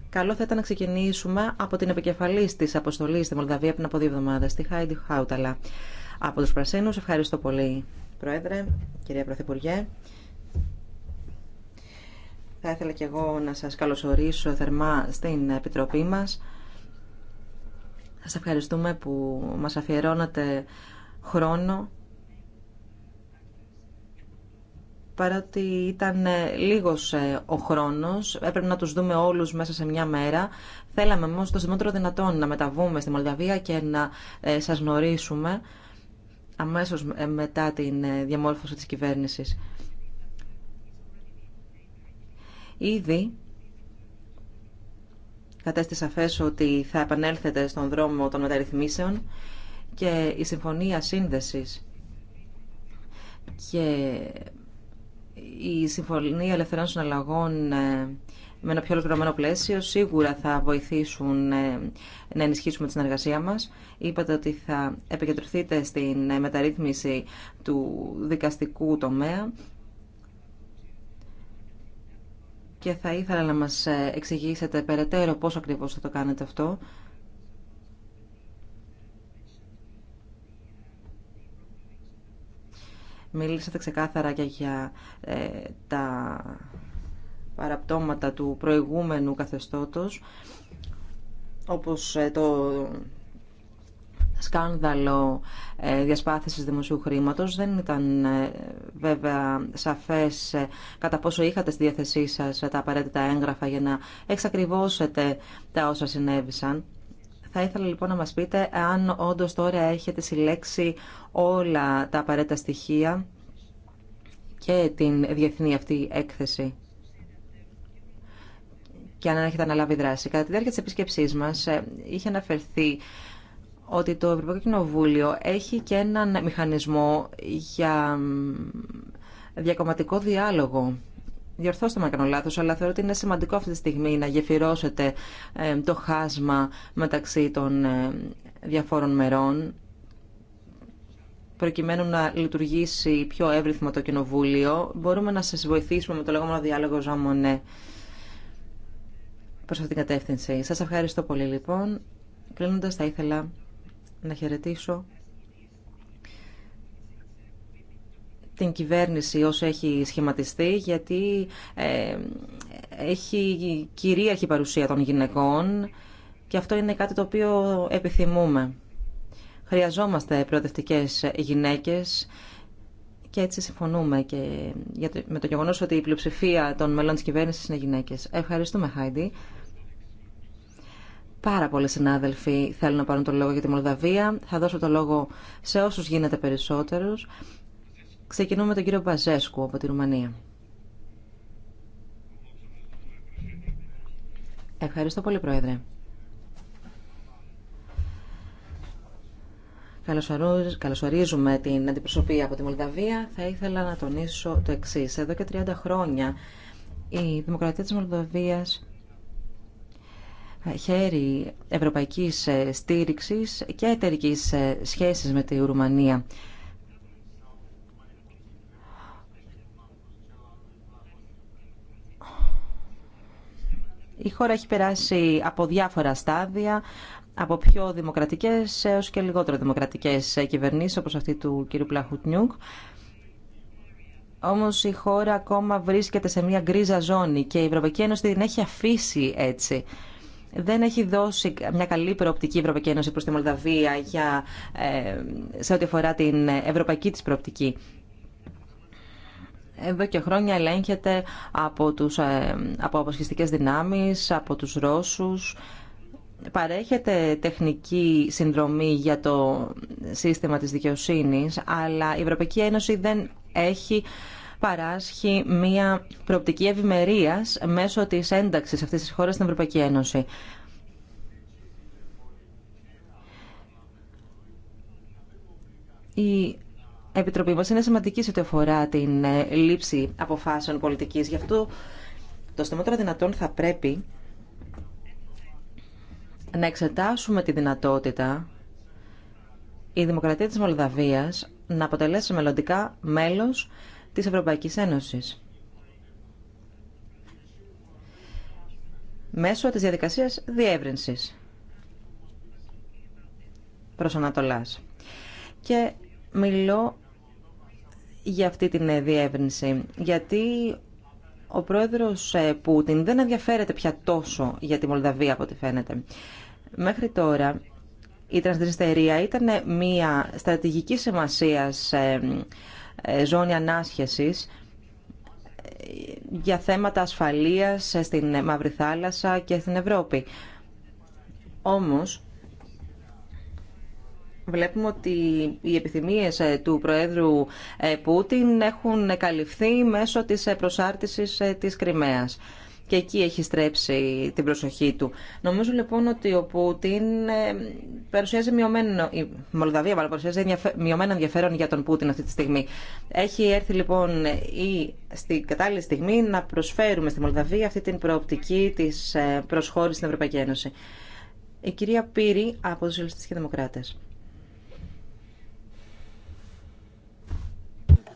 καλό θα ήταν να ξεκινήσουμε από την επικεφαλή τη αποστολή στη Μολδαβία πριν από δύο εβδομάδε, τη Χάιντι Χάουταλα. Από του Πρασίνου, ευχαριστώ πολύ, Πρόεδρε, κυρία Πρωθυπουργέ. Θα ήθελα και εγώ να σας καλωσορίσω θερμά στην Επιτροπή μας. Σας ευχαριστούμε που μας αφιερώνατε χρόνο. Παρότι ήταν ε, λίγος ε, ο χρόνος, έπρεπε να τους δούμε όλους μέσα σε μια μέρα. Θέλαμε όμως το σημαντικό δυνατόν να μεταβούμε στη Μολδαβία και να ε, σας γνωρίσουμε αμέσως μετά την διαμόρφωση της κυβέρνησης. Ήδη κατέστησα σαφές ότι θα επανέλθετε στον δρόμο των μεταρρυθμίσεων και η συμφωνία σύνδεσης και η συμφωνία ελευθερών συναλλαγών ε, με ένα πιο ολοκληρωμένο πλαίσιο σίγουρα θα βοηθήσουν ε, να ενισχύσουμε τη συνεργασία μας. Είπατε ότι θα επικεντρωθείτε στην μεταρρύθμιση του δικαστικού τομέα και θα ήθελα να μας ε, εξηγήσετε περαιτέρω πώς ακριβώς θα το κάνετε αυτό. Μίλησατε ξεκάθαρα και για ε, τα παραπτώματα του προηγούμενου καθεστώτος, όπως ε, το σκάνδαλο ε, διασπάθησης δημοσίου χρήματος. Δεν ήταν ε, βέβαια σαφές ε, κατά πόσο είχατε στη διάθεσή σας τα απαραίτητα έγγραφα για να εξακριβώσετε τα όσα συνέβησαν. Θα ήθελα λοιπόν να μας πείτε αν όντως τώρα έχετε συλλέξει όλα τα απαραίτητα στοιχεία και την διεθνή αυτή έκθεση και αν έχετε αναλάβει δράση. Κατά τη διάρκεια της επισκεψής μας είχε αναφερθεί ότι το Ευρωπαϊκό Κοινοβούλιο έχει και έναν μηχανισμό για διακομματικό διάλογο. Διορθώστε με να κάνω λάθος, αλλά θεωρώ ότι είναι σημαντικό αυτή τη στιγμή να γεφυρώσετε ε, το χάσμα μεταξύ των ε, διαφόρων μερών προκειμένου να λειτουργήσει πιο εύρυθμα το κοινοβούλιο, μπορούμε να σας βοηθήσουμε με το λεγόμενο διάλογο Ζαμονέ προς αυτήν την κατεύθυνση. Σας ευχαριστώ πολύ λοιπόν. Κλείνοντας θα ήθελα να χαιρετήσω την κυβέρνηση όσο έχει σχηματιστεί γιατί ε, έχει κυρίαρχη παρουσία των γυναικών και αυτό είναι κάτι το οποίο επιθυμούμε. Χρειαζόμαστε προοδευτικές γυναίκες και έτσι συμφωνούμε και με το γεγονός ότι η πλειοψηφία των μελών της κυβέρνησης είναι γυναίκες. Ευχαριστούμε Χάιντι. Πάρα πολλοί συνάδελφοι θέλουν να πάρουν το λόγο για τη Μολδαβία. Θα δώσω το λόγο σε όσους γίνεται περισσότερους. Ξεκινούμε με τον κύριο Μπαζέσκου από τη Ρουμανία. Ευχαριστώ πολύ, Πρόεδρε. Καλωσορίζουμε την αντιπροσωπεία από τη Μολδαβία. Θα ήθελα να τονίσω το εξής. Εδώ και 30 χρόνια η δημοκρατία της Μολδαβίας χέρι ευρωπαϊκής ε, στήριξης και εταιρικής ε, σχέσης με τη Ρουμανία. Η χώρα έχει περάσει από διάφορα στάδια, από πιο δημοκρατικές έως και λιγότερο δημοκρατικές ε, κυβερνήσεις, όπως αυτή του κ. Πλαχουτνιούκ. Όμως η χώρα ακόμα βρίσκεται σε μια γκρίζα ζώνη και η Ευρωπαϊκή Ένωση την έχει αφήσει έτσι δεν έχει δώσει μια καλή προοπτική η Ευρωπαϊκή Ένωση προς τη Μολδαβία για, ε, σε ό,τι αφορά την ευρωπαϊκή της προοπτική. Εδώ και χρόνια ελέγχεται από, τους, ε, από δυνάμεις, από τους Ρώσους. Παρέχεται τεχνική συνδρομή για το σύστημα της δικαιοσύνης, αλλά η Ευρωπαϊκή Ένωση δεν έχει παράσχει μια προοπτική ευημερία μέσω της ένταξης αυτής της χώρας στην Ευρωπαϊκή Ένωση. Η Επιτροπή μας είναι σημαντική σε ό,τι αφορά την ε, λήψη αποφάσεων πολιτικής. Γι' αυτό το των δυνατόν θα πρέπει να εξετάσουμε τη δυνατότητα η Δημοκρατία της Μολδαβίας να αποτελέσει μελλοντικά μέλος της Ευρωπαϊκής Ένωσης. Μέσω της διαδικασίας διεύρυνσης προς Ανατολάς. Και μιλώ για αυτή την ε, διεύρυνση, γιατί ο πρόεδρος ε, Πούτιν δεν ενδιαφέρεται πια τόσο για τη Μολδαβία από ό,τι φαίνεται. Μέχρι τώρα η Τρανσδριστερία ήταν ε, μια στρατηγική σημασίας ε, ζώνη ανάσχεσης ε, για θέματα ασφαλείας ε, στην Μαύρη Θάλασσα και στην Ευρώπη. Όμως, Βλέπουμε ότι οι επιθυμίες του Προέδρου Πούτιν έχουν καλυφθεί μέσω της προσάρτησης της Κρυμαίας και εκεί έχει στρέψει την προσοχή του. Νομίζω λοιπόν ότι ο Πούτιν ε, παρουσιάζει μειωμένο, η Μολδαβία μάλλον παρουσιάζει μειωμένο ενδιαφέρον για τον Πούτιν αυτή τη στιγμή. Έχει έρθει λοιπόν η, στην κατάλληλη στιγμή να προσφέρουμε στη Μολδαβία αυτή την προοπτική της ε, προσχώρησης στην Ευρωπαϊκή Ένωση. Η κυρία Πύρη από τους Ελληνιστές και Δημοκράτες.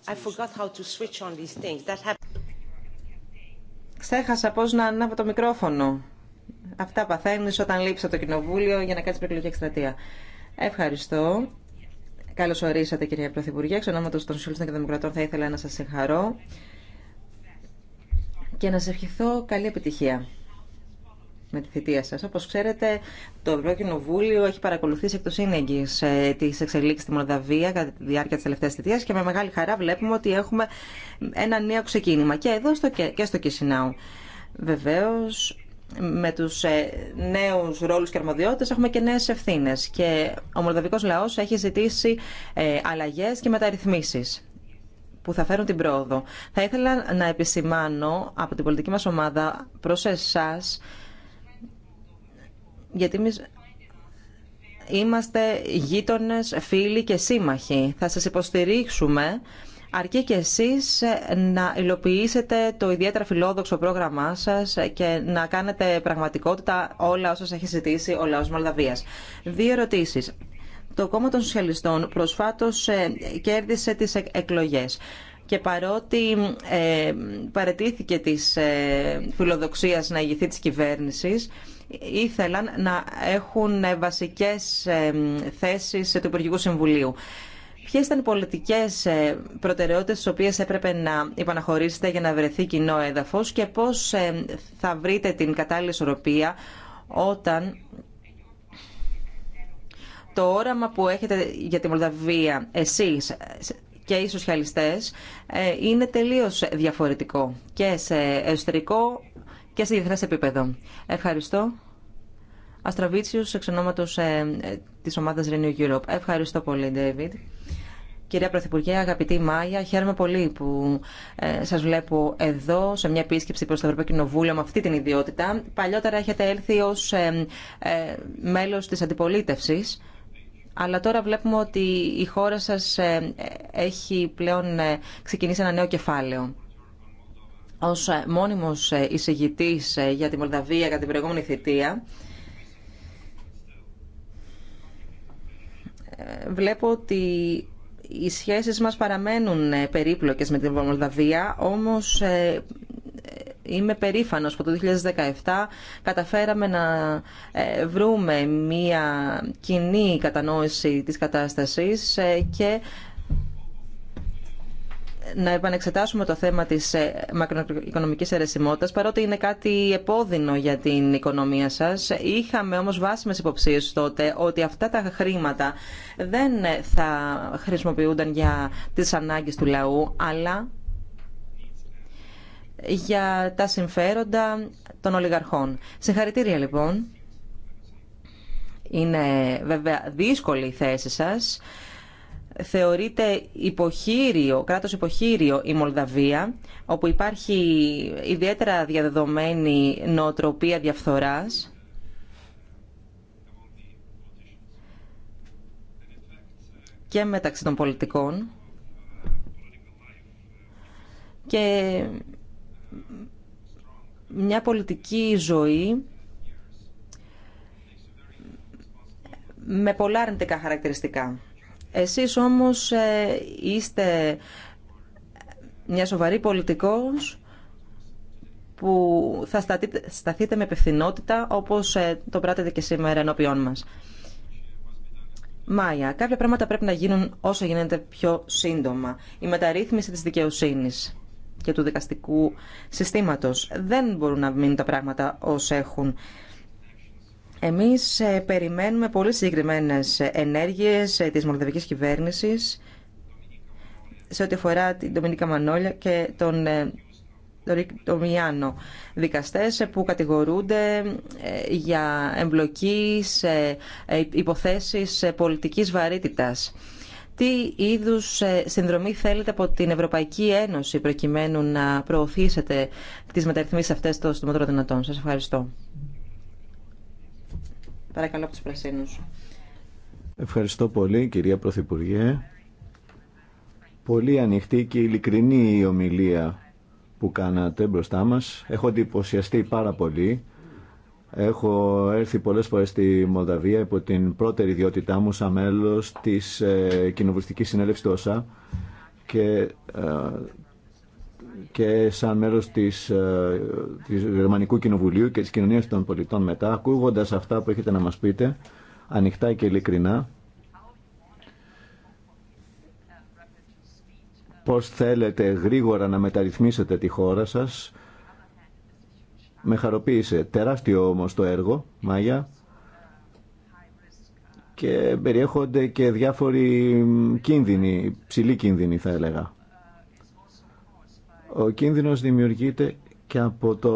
I Ξέχασα πω να ανάβω το μικρόφωνο. Αυτά παθαίνει όταν λείψα το κοινοβούλιο για να κάτσει προεκλογική εκστρατεία. Ευχαριστώ. Καλώ ορίσατε, κυρία Πρωθυπουργέ. Εξ ονόματο των Σούλτσων και Δημοκρατών θα ήθελα να σα συγχαρώ και να σα ευχηθώ καλή επιτυχία με τη θητεία σας. Όπως ξέρετε, το Ευρωπαϊκό Βούλιο έχει παρακολουθήσει εκ του σύνεγγυς ε, τις εξελίξεις στη Μολδαβία κατά τη διάρκεια της τελευταίας θητείας και με μεγάλη χαρά βλέπουμε ότι έχουμε ένα νέο ξεκίνημα και εδώ στο, και στο Κισινάου. Βεβαίως, με τους ε, νέους ρόλους και αρμοδιότητες έχουμε και νέες ευθύνες και ο μολδαβικό λαός έχει ζητήσει ε, αλλαγές και μεταρρυθμίσεις που θα φέρουν την πρόοδο. Θα ήθελα να επισημάνω από την πολιτική μας ομάδα προς εσάς γιατί εμεί είμαστε γείτονες, φίλοι και σύμμαχοι. Θα σας υποστηρίξουμε αρκεί και εσείς να υλοποιήσετε το ιδιαίτερα φιλόδοξο πρόγραμμά σας και να κάνετε πραγματικότητα όλα όσα έχει ζητήσει ο λαός Μολδαβίας. Δύο ερωτήσεις. Το κόμμα των Σοσιαλιστών προσφάτως ε, κέρδισε τις εκλογές και παρότι ε, παρετήθηκε της ε, φιλοδοξίας να ηγηθεί της κυβέρνησης, ήθελαν να έχουν ε, βασικές ε, θέσεις του Υπουργικού Συμβουλίου. Ποιε ήταν οι πολιτικέ ε, προτεραιότητε τι οποίε έπρεπε να υπαναχωρήσετε για να βρεθεί κοινό έδαφο και πώ θα βρείτε την κατάλληλη ισορροπία όταν το όραμα που έχετε για τη Μολδαβία εσείς και οι σοσιαλιστές ε, είναι τελείως διαφορετικό και σε εσωτερικό και σε διεθνές επίπεδο. Ευχαριστώ. Αστραβίτσιος, εξ ονόματος ε, της ομάδας Renew Europe. Ευχαριστώ πολύ, David. Κυρία Πρωθυπουργέ, αγαπητή Μάγια, χαίρομαι πολύ που ε, σας βλέπω εδώ σε μια επίσκεψη προς το Ευρωπαϊκό Κοινοβούλιο με αυτή την ιδιότητα. Παλιότερα έχετε έλθει ως ε, ε, μέλος της αντιπολίτευσης αλλά τώρα βλέπουμε ότι η χώρα σας ε, έχει πλέον ε, ξεκινήσει ένα νέο κεφάλαιο. Ως ε, μόνιμος εισηγητής για τη Μολδαβία κατά την προηγούμενη θητεία, βλέπω ότι οι σχέσεις μας παραμένουν περίπλοκες με την Μολδαβία, όμως Είμαι περήφανος που το 2017 καταφέραμε να ε, βρούμε μια κοινή κατανόηση της κατάστασης ε, και να επανεξετάσουμε το θέμα της ε, μακροοικονομικής αιρεσιμότητας, παρότι είναι κάτι επώδυνο για την οικονομία σας. Είχαμε όμως βάσιμες υποψίες τότε ότι αυτά τα χρήματα δεν θα χρησιμοποιούνταν για τις ανάγκες του λαού, αλλά για τα συμφέροντα των ολιγαρχών. Συγχαρητήρια λοιπόν. Είναι βέβαια δύσκολη η θέση σας. Θεωρείται υποχείριο, κράτος υποχείριο η Μολδαβία, όπου υπάρχει ιδιαίτερα διαδεδομένη νοοτροπία διαφθοράς. και μεταξύ των πολιτικών και μια πολιτική ζωή με πολλά αρνητικά χαρακτηριστικά. Εσείς όμως ε, είστε μια σοβαρή πολιτικός που θα σταθείτε, με υπευθυνότητα όπως ε, το πράτετε και σήμερα ενώπιόν μας. Μάια, κάποια πράγματα πρέπει να γίνουν όσο γίνεται πιο σύντομα. Η μεταρρύθμιση της δικαιοσύνης και του δικαστικού συστήματος. Δεν μπορούν να μείνουν τα πράγματα ως έχουν. Εμείς ε, περιμένουμε πολύ συγκεκριμένες ενέργειες ε, της μολδαβικής κυβέρνησης σε ό,τι αφορά την Ντομινίκα Μανόλια και τον ε, Μιάνο. δικαστές που κατηγορούνται για εμπλοκή σε υποθέσεις πολιτικής βαρύτητας τι είδους ε, συνδρομή θέλετε από την Ευρωπαϊκή Ένωση προκειμένου να προωθήσετε τις μεταρρυθμίσεις αυτές των συντομότερο δυνατών. Σας ευχαριστώ. Παρακαλώ από τους Πρασίνους. Ευχαριστώ πολύ κυρία Πρωθυπουργέ. Πολύ ανοιχτή και ειλικρινή η ομιλία που κάνατε μπροστά μας. Έχω εντυπωσιαστεί πάρα πολύ. Έχω έρθει πολλές φορές στη Μολδαβία υπό την πρώτη ιδιότητά μου σαν μέλος της ε, Κοινοβουλευτικής Συνέλευσης του ΩΣΑ και, ε, και σαν μέλος της, ε, της Γερμανικού Κοινοβουλίου και της Κοινωνίας των Πολιτών μετά, ακούγοντας αυτά που έχετε να μας πείτε, ανοιχτά και ειλικρινά, πώς θέλετε γρήγορα να μεταρρυθμίσετε τη χώρα σας, με χαροποίησε. Τεράστιο όμως το έργο, Μάγια. Και περιέχονται και διάφοροι κίνδυνοι, ψηλοί κίνδυνοι θα έλεγα. Ο κίνδυνος δημιουργείται και από, το,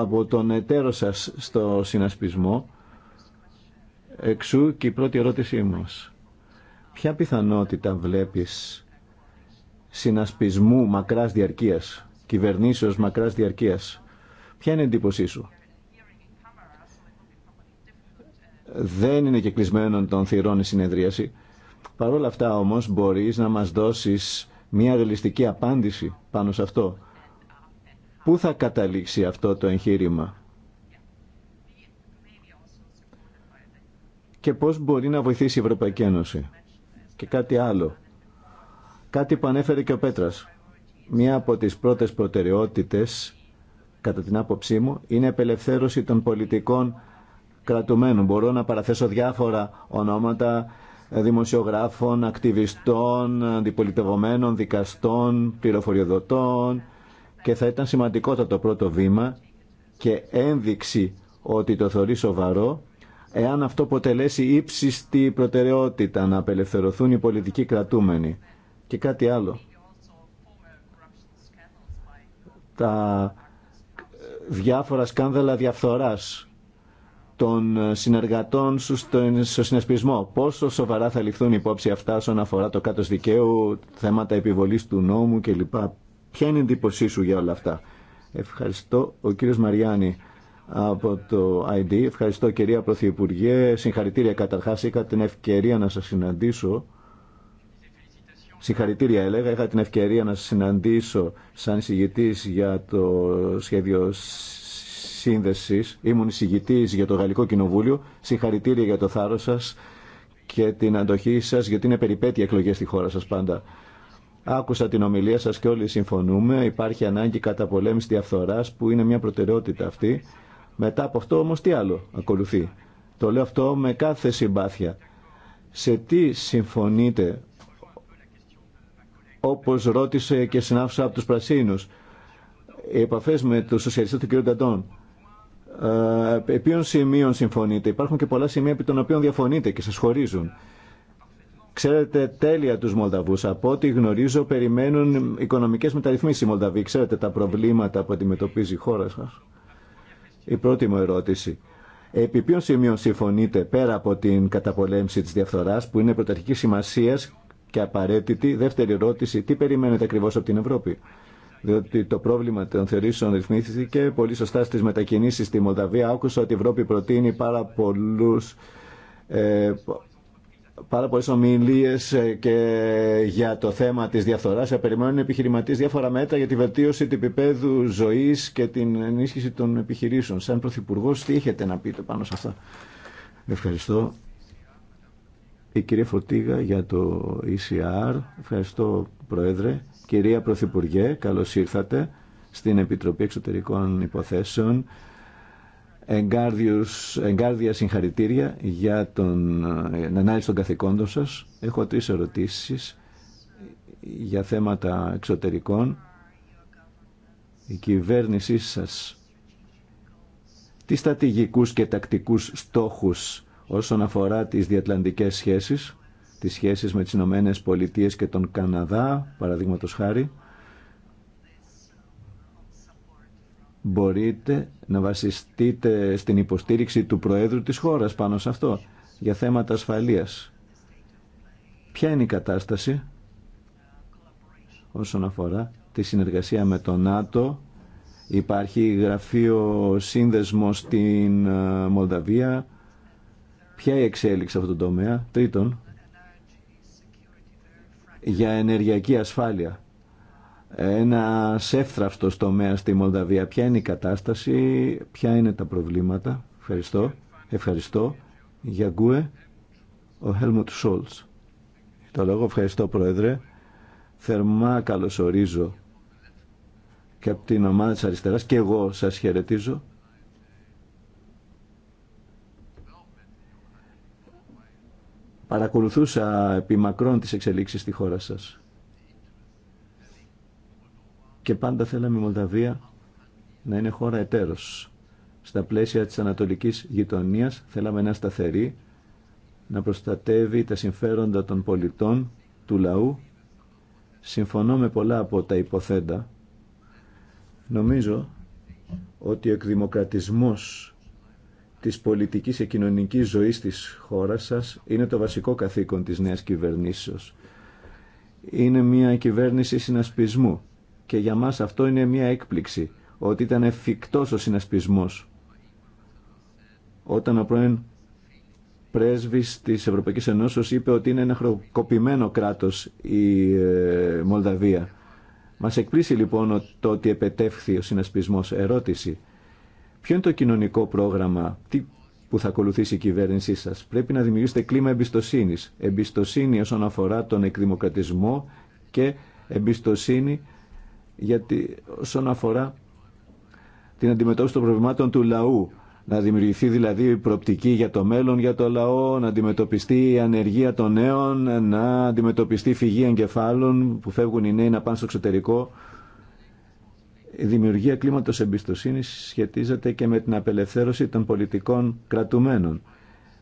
από τον εταίρο σας στο συνασπισμό. Εξού και η πρώτη ερώτησή μας. Ποια πιθανότητα βλέπεις συνασπισμού μακράς διαρκείας κυβερνήσεως μακράς διαρκείας. Ποια είναι η εντύπωσή σου. Δεν είναι και κλεισμένον των θυρών η συνεδρίαση. Παρ' όλα αυτά όμως μπορείς να μας δώσεις μια ρελιστική απάντηση πάνω σε αυτό. Πού θα καταλήξει αυτό το εγχείρημα. Και πώς μπορεί να βοηθήσει η Ευρωπαϊκή Ένωση. Και κάτι άλλο. Κάτι που ανέφερε και ο Πέτρας. Μία από τις πρώτες προτεραιότητες, κατά την άποψή μου, είναι η απελευθέρωση των πολιτικών κρατουμένων. Μπορώ να παραθέσω διάφορα ονόματα ε, δημοσιογράφων, ακτιβιστών, αντιπολιτευομένων, δικαστών, πληροφοριοδοτών και θα ήταν σημαντικότατο το πρώτο βήμα και ένδειξη ότι το θεωρεί σοβαρό εάν αυτό αποτελέσει ύψιστη προτεραιότητα να απελευθερωθούν οι πολιτικοί κρατούμενοι. Και κάτι άλλο. τα διάφορα σκάνδαλα διαφθοράς των συνεργατών σου στο συνασπισμό. Πόσο σοβαρά θα ληφθούν υπόψη αυτά όσον αφορά το κάτω δικαίου, θέματα επιβολής του νόμου κλπ. Ποια είναι η εντύπωσή σου για όλα αυτά. Ευχαριστώ. Ο κύριος Μαριάννη από το ID. Ευχαριστώ κυρία Πρωθυπουργέ. Συγχαρητήρια καταρχάς. Είχα την ευκαιρία να σας συναντήσω Συγχαρητήρια έλεγα, είχα την ευκαιρία να συναντήσω σαν εισηγητής για το σχέδιο σύνδεσης. Ήμουν εισηγητής για το Γαλλικό Κοινοβούλιο. Συγχαρητήρια για το θάρρος σας και την αντοχή σας, γιατί είναι περιπέτεια εκλογές στη χώρα σας πάντα. Άκουσα την ομιλία σας και όλοι συμφωνούμε. Υπάρχει ανάγκη κατά πολέμηση διαφθοράς που είναι μια προτεραιότητα αυτή. Μετά από αυτό όμως τι άλλο ακολουθεί. Το λέω αυτό με κάθε συμπάθεια. Σε τι συμφωνείτε όπως ρώτησε και συνάφωσα από τους Πρασίνους. Οι επαφές με τους σοσιαλιστές του κ. Νταντών. Ε, επί ποιων σημείων συμφωνείτε. Υπάρχουν και πολλά σημεία επί των οποίων διαφωνείτε και σας χωρίζουν. Ξέρετε τέλεια τους Μολδαβούς. Από ό,τι γνωρίζω περιμένουν οικονομικές μεταρρυθμίσεις οι Μολδαβοί. Ξέρετε τα προβλήματα που αντιμετωπίζει η χώρα σας. Η πρώτη μου ερώτηση. Επί ποιων σημείων συμφωνείτε πέρα από την καταπολέμηση της διαφθοράς που είναι πρωταρχική σημασία, και απαραίτητη. Δεύτερη ερώτηση, τι περιμένετε ακριβώς από την Ευρώπη. Διότι το πρόβλημα των θεωρήσεων ρυθμίστηκε πολύ σωστά στις μετακινήσεις στη Μολδαβία. Άκουσα ότι η Ευρώπη προτείνει πάρα πολλούς ε, πάρα πολλέ ομιλίε ε, και για το θέμα τη διαφθορά. περιμένουν επιχειρηματίε διάφορα μέτρα για τη βελτίωση του επίπεδου ζωή και την ενίσχυση των επιχειρήσεων. Σαν Πρωθυπουργό, τι έχετε να πείτε πάνω σε αυτά. Ευχαριστώ. Η κυρία Φωτίγα για το ECR. Ευχαριστώ, Πρόεδρε. Κυρία Πρωθυπουργέ, καλώς ήρθατε στην Επιτροπή Εξωτερικών Υποθέσεων. Εγκάρδιους, εγκάρδια συγχαρητήρια για τον, ε, την ανάλυση των καθηκόντων σας. Έχω τρεις ερωτήσεις για θέματα εξωτερικών. Η κυβέρνησή σας τι στρατηγικούς και τακτικούς στόχους όσον αφορά τις διατλαντικές σχέσεις, τις σχέσεις με τις Ηνωμένε Πολιτείες και τον Καναδά, παραδείγματο χάρη, μπορείτε να βασιστείτε στην υποστήριξη του Προέδρου της χώρας πάνω σε αυτό, για θέματα ασφαλείας. Ποια είναι η κατάσταση όσον αφορά τη συνεργασία με το ΝΑΤΟ, υπάρχει γραφείο σύνδεσμο στην ε, Μολδαβία, Ποια η εξέλιξη αυτό το τομέα. Τρίτον, για ενεργειακή ασφάλεια. Ένα εύθραυστο τομέα στη Μολδαβία. Ποια είναι η κατάσταση, ποια είναι τα προβλήματα. Ευχαριστώ. Ευχαριστώ. Για Γκουε, ο Χέλμουτ Σόλτ. Το λόγο ευχαριστώ Πρόεδρε. Θερμά καλωσορίζω και από την ομάδα της αριστεράς και εγώ σας χαιρετίζω Παρακολουθούσα επιμακρών τις εξελίξεις στη χώρα σας. Και πάντα θέλαμε η Μολδαβία να είναι χώρα εταίρος. Στα πλαίσια της ανατολικής γειτονίας θέλαμε να σταθερή, να προστατεύει τα συμφέροντα των πολιτών, του λαού. Συμφωνώ με πολλά από τα υποθέντα. Νομίζω ότι ο εκδημοκρατισμός της πολιτικής και κοινωνικής ζωής της χώρας σας είναι το βασικό καθήκον της νέας κυβερνήσεως. Είναι μια κυβέρνηση συνασπισμού και για μας αυτό είναι μια έκπληξη ότι ήταν εφικτός ο συνασπισμός όταν ο πρώην πρέσβης της Ευρωπαϊκής Ενώσεως είπε ότι είναι ένα χροκοπημένο κράτος η ε, Μολδαβία. Μας εκπλήσει λοιπόν το ότι επετεύχθη ο συνασπισμός. Ερώτηση. Ποιο είναι το κοινωνικό πρόγραμμα τι, που θα ακολουθήσει η κυβέρνησή σα. Πρέπει να δημιουργήσετε κλίμα εμπιστοσύνη. Εμπιστοσύνη όσον αφορά τον εκδημοκρατισμό και εμπιστοσύνη γιατί όσον αφορά την αντιμετώπιση των προβλημάτων του λαού. Να δημιουργηθεί δηλαδή η προοπτική για το μέλλον, για το λαό, να αντιμετωπιστεί η ανεργία των νέων, να αντιμετωπιστεί η φυγή εγκεφάλων που φεύγουν οι νέοι να πάνε στο εξωτερικό, η δημιουργία κλίματος εμπιστοσύνης σχετίζεται και με την απελευθέρωση των πολιτικών κρατουμένων.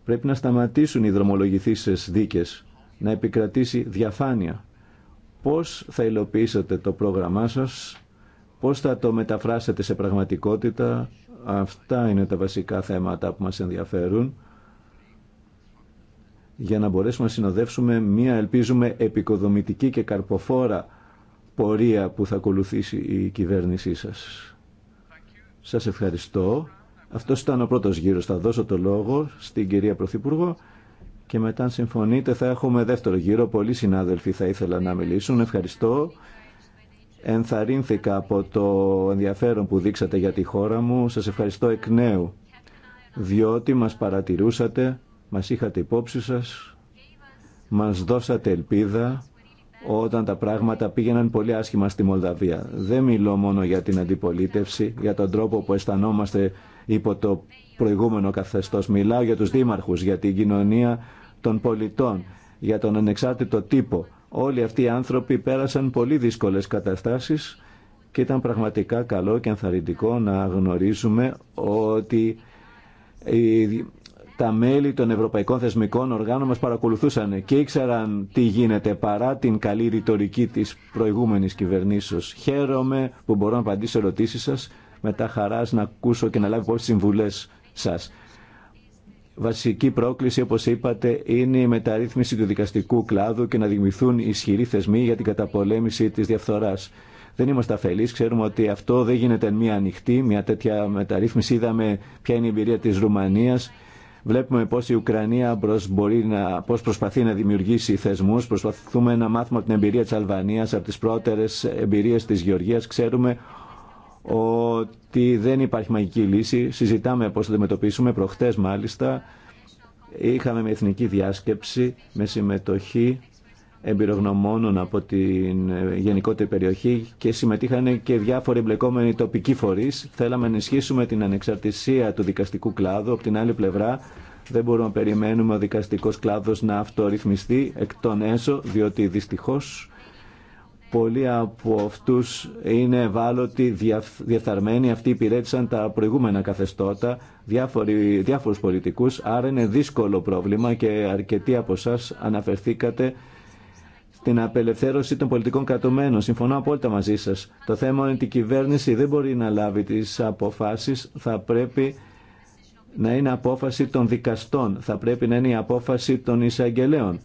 Πρέπει να σταματήσουν οι δρομολογηθήσεις δίκες, να επικρατήσει διαφάνεια. Πώς θα υλοποιήσετε το πρόγραμμά σας, πώς θα το μεταφράσετε σε πραγματικότητα, αυτά είναι τα βασικά θέματα που μας ενδιαφέρουν για να μπορέσουμε να συνοδεύσουμε μία, ελπίζουμε, επικοδομητική και καρποφόρα πορεία που θα ακολουθήσει η κυβέρνησή σας. Σας ευχαριστώ. Αυτό ήταν ο πρώτος γύρος. Θα δώσω το λόγο στην κυρία Πρωθυπουργό και μετά αν συμφωνείτε θα έχουμε δεύτερο γύρο. Πολλοί συνάδελφοι θα ήθελα να μιλήσουν. Ευχαριστώ. Ενθαρρύνθηκα από το ενδιαφέρον που δείξατε για τη χώρα μου. Σας ευχαριστώ εκ νέου, διότι μας παρατηρούσατε, μας είχατε υπόψη σας, μας δώσατε ελπίδα όταν τα πράγματα πήγαιναν πολύ άσχημα στη Μολδαβία. Δεν μιλώ μόνο για την αντιπολίτευση, για τον τρόπο που αισθανόμαστε υπό το προηγούμενο καθεστώς. Μιλάω για τους δήμαρχους, για την κοινωνία των πολιτών, για τον ανεξάρτητο τύπο. Όλοι αυτοί οι άνθρωποι πέρασαν πολύ δύσκολες καταστάσεις και ήταν πραγματικά καλό και ενθαρρυντικό να γνωρίζουμε ότι τα μέλη των ευρωπαϊκών θεσμικών οργάνων μας παρακολουθούσαν και ήξεραν τι γίνεται παρά την καλή ρητορική της προηγούμενης κυβερνήσεως. Χαίρομαι που μπορώ να απαντήσω ερωτήσεις σας μετά χαράς να ακούσω και να λάβω υπόψη συμβουλές σας. Βασική πρόκληση, όπως είπατε, είναι η μεταρρύθμιση του δικαστικού κλάδου και να δημιουργηθούν ισχυροί θεσμοί για την καταπολέμηση της διαφθοράς. Δεν είμαστε αφελείς, ξέρουμε ότι αυτό δεν γίνεται μία ανοιχτή, μια τέτοια μεταρρύθμιση. Είδαμε ποια είναι η εμπειρία της Ρουμανίας Βλέπουμε πώς η Ουκρανία προς πώς προσπαθεί να δημιουργήσει θεσμούς. Προσπαθούμε να μάθουμε από την εμπειρία της Αλβανίας, από τι πρώτερε εμπειρίες της Γεωργίας. Ξέρουμε ότι δεν υπάρχει μαγική λύση. Συζητάμε πώ θα αντιμετωπίσουμε. Προχτέ, μάλιστα είχαμε μια εθνική διάσκεψη με συμμετοχή εμπειρογνωμόνων από την ε, γενικότερη περιοχή και συμμετείχαν και διάφοροι εμπλεκόμενοι τοπικοί φορείς. Θέλαμε να ενισχύσουμε την ανεξαρτησία του δικαστικού κλάδου. Από την άλλη πλευρά δεν μπορούμε να περιμένουμε ο δικαστικός κλάδος να αυτορυθμιστεί εκ των έσω, διότι δυστυχώς πολλοί από αυτούς είναι ευάλωτοι, διαφθαρμένοι, αυτοί υπηρέτησαν τα προηγούμενα καθεστώτα, διάφοροι, διάφορους πολιτικούς, άρα είναι δύσκολο πρόβλημα και αρκετοί από εσά αναφερθήκατε την απελευθέρωση των πολιτικών κρατουμένων. Συμφωνώ απόλυτα μαζί σα. Το θέμα είναι ότι η κυβέρνηση δεν μπορεί να λάβει τι αποφάσει. Θα πρέπει να είναι απόφαση των δικαστών. Θα πρέπει να είναι η απόφαση των εισαγγελέων.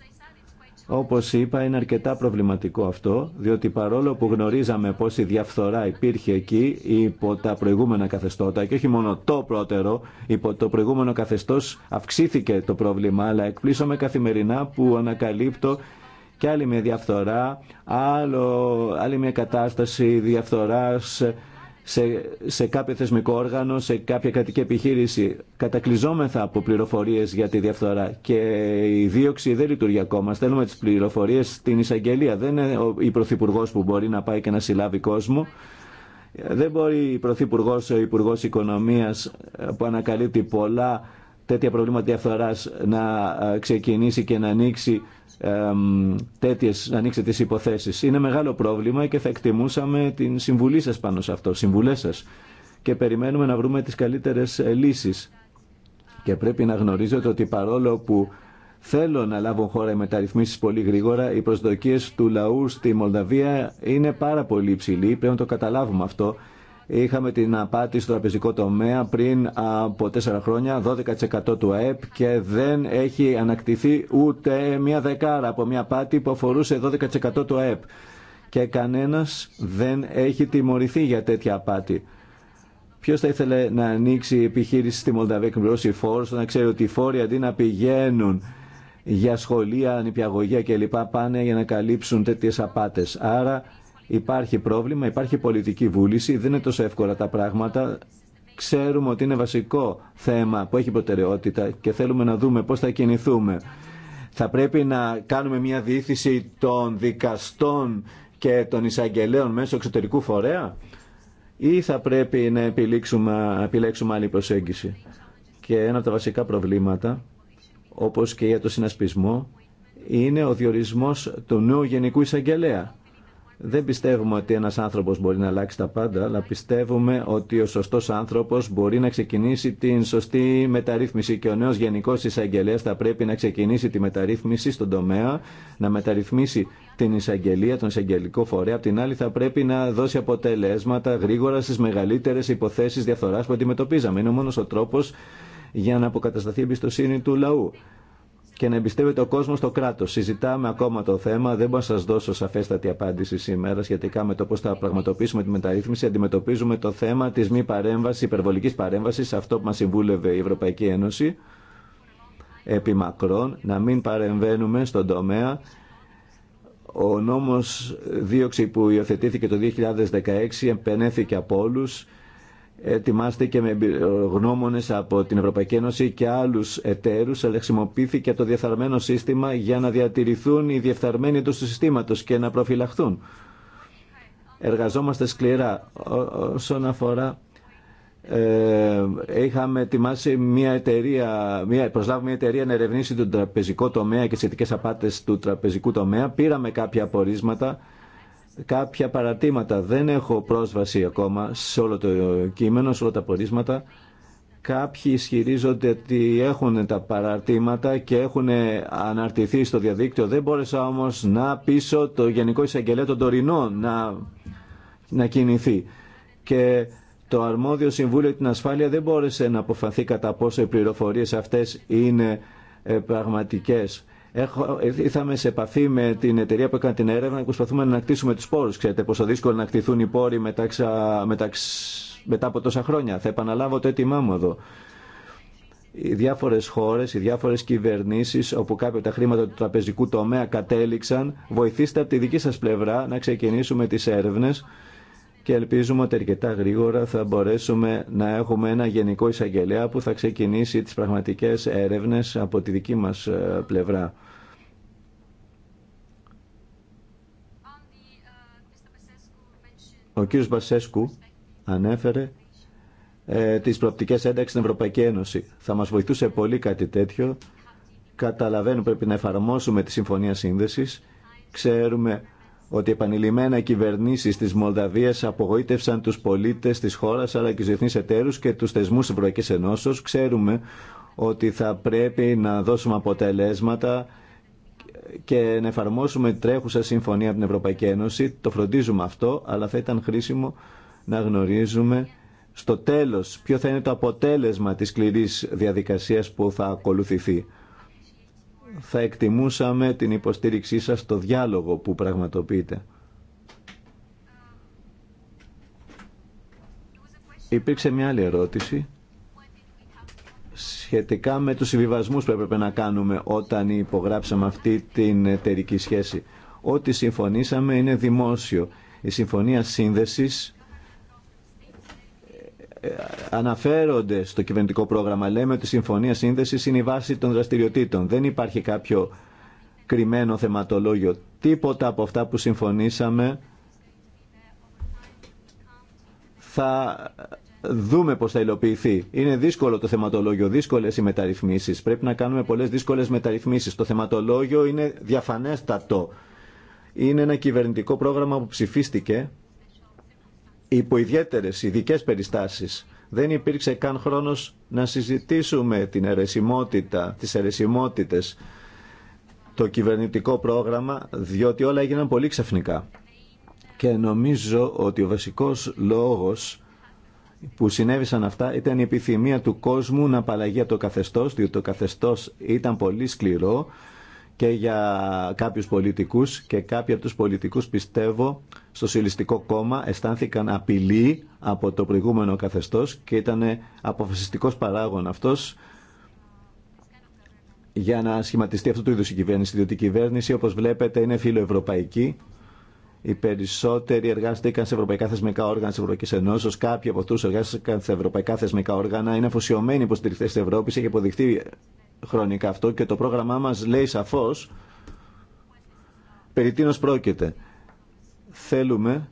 Όπω είπα είναι αρκετά προβληματικό αυτό, διότι παρόλο που γνωρίζαμε η διαφθορά υπήρχε εκεί υπό τα προηγούμενα καθεστώτα και όχι μόνο το πρώτερο, υπό το προηγούμενο καθεστώς αυξήθηκε το πρόβλημα, αλλά εκπλήσωμε καθημερινά που ανακαλύπτω και άλλη μια διαφθορά, άλλο, άλλη μια κατάσταση διαφθοράς σε, σε κάποιο θεσμικό όργανο, σε κάποια κρατική επιχείρηση. Κατακλυζόμεθα από πληροφορίες για τη διαφθορά και η δίωξη δεν λειτουργεί ακόμα. Στέλνουμε τις πληροφορίες στην εισαγγελία. Δεν είναι ο, η που μπορεί να πάει και να συλλάβει κόσμο. Δεν μπορεί η Πρωθυπουργό, ο Υπουργό Οικονομία που ανακαλύπτει πολλά τέτοια προβλήματα διαφθοράς να ε, ξεκινήσει και να ανοίξει τέτοιες, να ανοίξει τις υποθέσεις. Είναι μεγάλο πρόβλημα και θα εκτιμούσαμε την συμβουλή σας πάνω σε αυτό, συμβουλές σας. Και περιμένουμε να βρούμε τις καλύτερες ε, λύσεις. Και πρέπει να γνωρίζετε ότι παρόλο που θέλω να λάβουν χώρα οι μεταρρυθμίσεις πολύ γρήγορα, οι προσδοκίες του λαού στη Μολδαβία είναι πάρα πολύ υψηλοί, πρέπει να το καταλάβουμε αυτό Είχαμε την απάτη στο τραπεζικό τομέα πριν από τέσσερα χρόνια, 12% του ΑΕΠ και δεν έχει ανακτηθεί ούτε μια δεκάρα από μια απάτη που αφορούσε 12% του ΑΕΠ. Και κανένας δεν έχει τιμωρηθεί για τέτοια απάτη. Ποιο θα ήθελε να ανοίξει η επιχείρηση στη Μολδαβία και πληρώσει φόρου, να ξέρει ότι οι φόροι αντί να πηγαίνουν για σχολεία, νηπιαγωγεία κλπ. πάνε για να καλύψουν τέτοιε απάτε. Άρα Υπάρχει πρόβλημα, υπάρχει πολιτική βούληση, δεν είναι τόσο εύκολα τα πράγματα. Ξέρουμε ότι είναι βασικό θέμα που έχει προτεραιότητα και θέλουμε να δούμε πώς θα κινηθούμε. Θα πρέπει να κάνουμε μια διήθηση των δικαστών και των εισαγγελέων μέσω εξωτερικού φορέα ή θα πρέπει να επιλέξουμε, επιλέξουμε άλλη προσέγγιση. Και ένα από τα βασικά προβλήματα, όπως και για το συνασπισμό, είναι ο διορισμός του νέου Γενικού Εισαγγελέα. Δεν πιστεύουμε ότι ένας άνθρωπος μπορεί να αλλάξει τα πάντα, αλλά πιστεύουμε ότι ο σωστός άνθρωπος μπορεί να ξεκινήσει την σωστή μεταρρύθμιση και ο νέος γενικός εισαγγελέα θα πρέπει να ξεκινήσει τη μεταρρύθμιση στον τομέα, να μεταρρυθμίσει την εισαγγελία, τον εισαγγελικό φορέα. Απ' την άλλη θα πρέπει να δώσει αποτελέσματα γρήγορα στις μεγαλύτερες υποθέσεις διαφθοράς που αντιμετωπίζαμε. Είναι ο μόνος ο τρόπος για να αποκατασταθεί η εμπιστοσύνη του λαού και να εμπιστεύεται ο κόσμο το κράτο. Συζητάμε ακόμα το θέμα. Δεν μπορώ να σα δώσω σαφέστατη απάντηση σήμερα σχετικά με το πώ θα πραγματοποιήσουμε τη μεταρρύθμιση. Αντιμετωπίζουμε το θέμα τη μη παρέμβαση, υπερβολική παρέμβαση, αυτό που μα συμβούλευε η Ευρωπαϊκή Ένωση. Επί μακρόν, να μην παρεμβαίνουμε στον τομέα. Ο νόμος δίωξη που υιοθετήθηκε το 2016 επενέθηκε από όλους ετοιμάστε με γνώμονες από την Ευρωπαϊκή Ένωση και άλλους εταίρους, αλλά χρησιμοποιήθηκε το διεφθαρμένο σύστημα για να διατηρηθούν οι διεφθαρμένοι του συστήματος και να προφυλαχθούν. Εργαζόμαστε σκληρά όσον αφορά... Ε, είχαμε ετοιμάσει μια εταιρεία, μια, προσλάβουμε μια εταιρεία να ερευνήσει τον τραπεζικό τομέα και σχετικέ απάτε του τραπεζικού τομέα. Πήραμε κάποια απορίσματα κάποια παρατήματα. Δεν έχω πρόσβαση ακόμα σε όλο το κείμενο, σε όλα τα πορίσματα. Κάποιοι ισχυρίζονται ότι έχουν τα παρατήματα και έχουν αναρτηθεί στο διαδίκτυο. Δεν μπόρεσα όμως να πείσω το Γενικό Εισαγγελέα των Τωρινό να, να κινηθεί. Και το αρμόδιο Συμβούλιο για την Ασφάλεια δεν μπόρεσε να αποφανθεί κατά πόσο οι πληροφορίες αυτές είναι ε, πραγματικές Έχω, ήρθαμε σε επαφή με την εταιρεία που έκανε την έρευνα και προσπαθούμε να ανακτήσουμε του πόρου. Ξέρετε πόσο δύσκολο να κτηθούν οι πόροι μετά από τόσα χρόνια. Θα επαναλάβω το έτοιμά μου εδώ. Οι διάφορε χώρε, οι διάφορε κυβερνήσει όπου κάποια τα χρήματα του τραπεζικού τομέα κατέληξαν, βοηθήστε από τη δική σα πλευρά να ξεκινήσουμε τι έρευνε και ελπίζουμε ότι αρκετά γρήγορα θα μπορέσουμε να έχουμε ένα γενικό εισαγγελέα που θα ξεκινήσει τις πραγματικές έρευνες από τη δική μας ε, πλευρά. Uh, Ο κύριος Μπασέσκου ανέφερε ε, τις προοπτικές ένταξης στην Ευρωπαϊκή Ένωση. Θα μας βοηθούσε πολύ κάτι τέτοιο. Καταλαβαίνουμε πρέπει να εφαρμόσουμε τη Συμφωνία Σύνδεσης. Ξέρουμε ότι επανειλημμένα οι κυβερνήσει της Μολδαβίας απογοήτευσαν τους πολίτες της χώρας αλλά και του διεθνεί εταίρου και του θεσμού τη Ευρωπαϊκή Ενώσεω. Ξέρουμε ότι θα πρέπει να δώσουμε αποτελέσματα και να εφαρμόσουμε τρέχουσα συμφωνία από την Ευρωπαϊκή Ένωση. Το φροντίζουμε αυτό, αλλά θα ήταν χρήσιμο να γνωρίζουμε στο τέλος ποιο θα είναι το αποτέλεσμα της σκληρής διαδικασίας που θα ακολουθηθεί θα εκτιμούσαμε την υποστήριξή σας στο διάλογο που πραγματοποιείτε. Υπήρξε μια άλλη ερώτηση σχετικά με τους συμβιβασμούς που έπρεπε να κάνουμε όταν υπογράψαμε αυτή την εταιρική σχέση. Ό,τι συμφωνήσαμε είναι δημόσιο. Η συμφωνία σύνδεσης αναφέρονται στο κυβερνητικό πρόγραμμα. Λέμε ότι η Συμφωνία Σύνδεση είναι η βάση των δραστηριοτήτων. Δεν υπάρχει κάποιο κρυμμένο θεματολόγιο. Τίποτα από αυτά που συμφωνήσαμε θα δούμε πώς θα υλοποιηθεί. Είναι δύσκολο το θεματολόγιο, δύσκολες οι μεταρρυθμίσεις. Πρέπει να κάνουμε πολλές δύσκολες μεταρρυθμίσεις. Το θεματολόγιο είναι διαφανέστατο. Είναι ένα κυβερνητικό πρόγραμμα που ψηφίστηκε υπό ιδιαίτερε ειδικέ περιστάσεις. Δεν υπήρξε καν χρόνος να συζητήσουμε την αιρεσιμότητα, τις αιρεσιμότητες, το κυβερνητικό πρόγραμμα, διότι όλα έγιναν πολύ ξαφνικά. Και νομίζω ότι ο βασικός λόγος που συνέβησαν αυτά ήταν η επιθυμία του κόσμου να απαλλαγεί από το καθεστώς, διότι το καθεστώς ήταν πολύ σκληρό και για κάποιους πολιτικούς και κάποιοι από τους πολιτικούς πιστεύω στο Συλλιστικό Κόμμα αισθάνθηκαν απειλή από το προηγούμενο καθεστώς και ήταν αποφασιστικός παράγων αυτός για να σχηματιστεί αυτού του είδους η κυβέρνηση, διότι η κυβέρνηση όπως βλέπετε είναι φιλοευρωπαϊκή οι περισσότεροι εργάστηκαν σε ευρωπαϊκά θεσμικά όργανα τη Ευρωπαϊκή Ένωση. Κάποιοι από αυτού εργάστηκαν σε ευρωπαϊκά θεσμικά όργανα. Είναι αφοσιωμένοι υποστηριχτέ τη Ευρώπη. Έχει αποδειχθεί χρονικά αυτό και το πρόγραμμά μας λέει σαφώς περί τίνος πρόκειται. Θέλουμε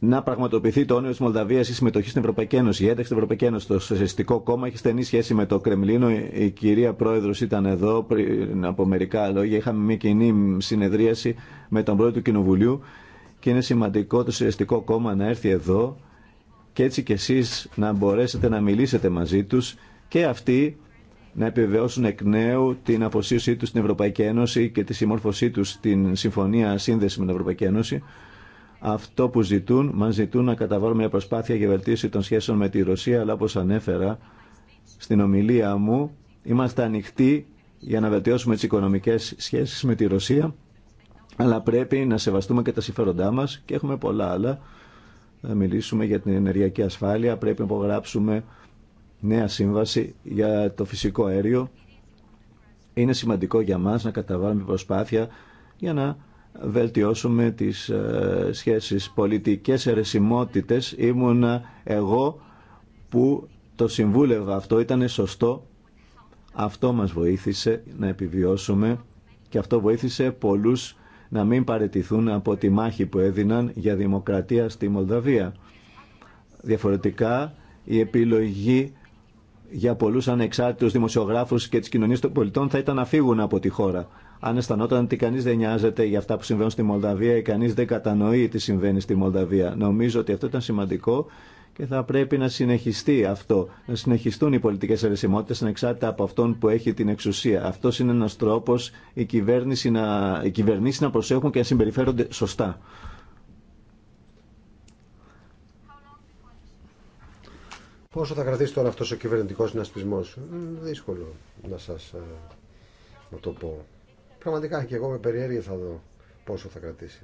να πραγματοποιηθεί το όνειρο τη Μολδαβία η συμμετοχή στην Ευρωπαϊκή Ένωση, η ένταξη στην Ευρωπαϊκή Ένωση. Το Σοσιαλιστικό Κόμμα έχει στενή σχέση με το Κρεμλίνο. Η κυρία Πρόεδρο ήταν εδώ πριν από μερικά λόγια. Είχαμε μια κοινή συνεδρίαση με τον Πρόεδρο του Κοινοβουλίου και είναι σημαντικό το Σοσιαλιστικό Κόμμα να έρθει εδώ και έτσι κι εσεί να μπορέσετε να μιλήσετε μαζί του και αυτοί να επιβεβαιώσουν εκ νέου την αποσύρωσή του στην Ευρωπαϊκή Ένωση και τη συμμόρφωσή του στην Συμφωνία Σύνδεση με την Ευρωπαϊκή Ένωση. Αυτό που ζητούν, μα ζητούν να καταβάλουμε μια προσπάθεια για βελτίωση των σχέσεων με τη Ρωσία, αλλά όπω ανέφερα στην ομιλία μου, είμαστε ανοιχτοί για να βελτιώσουμε τι οικονομικέ σχέσει με τη Ρωσία, αλλά πρέπει να σεβαστούμε και τα συμφέροντά μα και έχουμε πολλά άλλα. Θα μιλήσουμε για την ενεργειακή ασφάλεια, πρέπει να υπογράψουμε νέα σύμβαση για το φυσικό αέριο. Είναι σημαντικό για μας να καταβάλουμε προσπάθεια για να βελτιώσουμε τις ε, σχέσεις πολιτικές αιρεσιμότητες. Ήμουν εγώ που το συμβούλευα αυτό, ήταν σωστό. Αυτό μας βοήθησε να επιβιώσουμε και αυτό βοήθησε πολλούς να μην παρετηθούν από τη μάχη που έδιναν για δημοκρατία στη Μολδαβία. Διαφορετικά η επιλογή για πολλούς ανεξάρτητους δημοσιογράφους και τις κοινωνίες των πολιτών θα ήταν να φύγουν από τη χώρα. Αν αισθανόταν ότι κανείς δεν νοιάζεται για αυτά που συμβαίνουν στη Μολδαβία ή κανείς δεν κατανοεί τι συμβαίνει στη Μολδαβία. Νομίζω ότι αυτό ήταν σημαντικό και θα πρέπει να συνεχιστεί αυτό, να συνεχιστούν οι πολιτικές αιρεσιμότητες ανεξάρτητα από αυτόν που έχει την εξουσία. Αυτός είναι ένας τρόπος οι, κυβέρνηση οι κυβερνήσεις να προσέχουν και να συμπεριφέρονται σωστά. Πόσο θα κρατήσει τώρα αυτός ο κυβερνητικός συνασπισμός. Δύσκολο να σας ε, να το πω. Πραγματικά και εγώ με περιέργεια θα δω πόσο θα κρατήσει.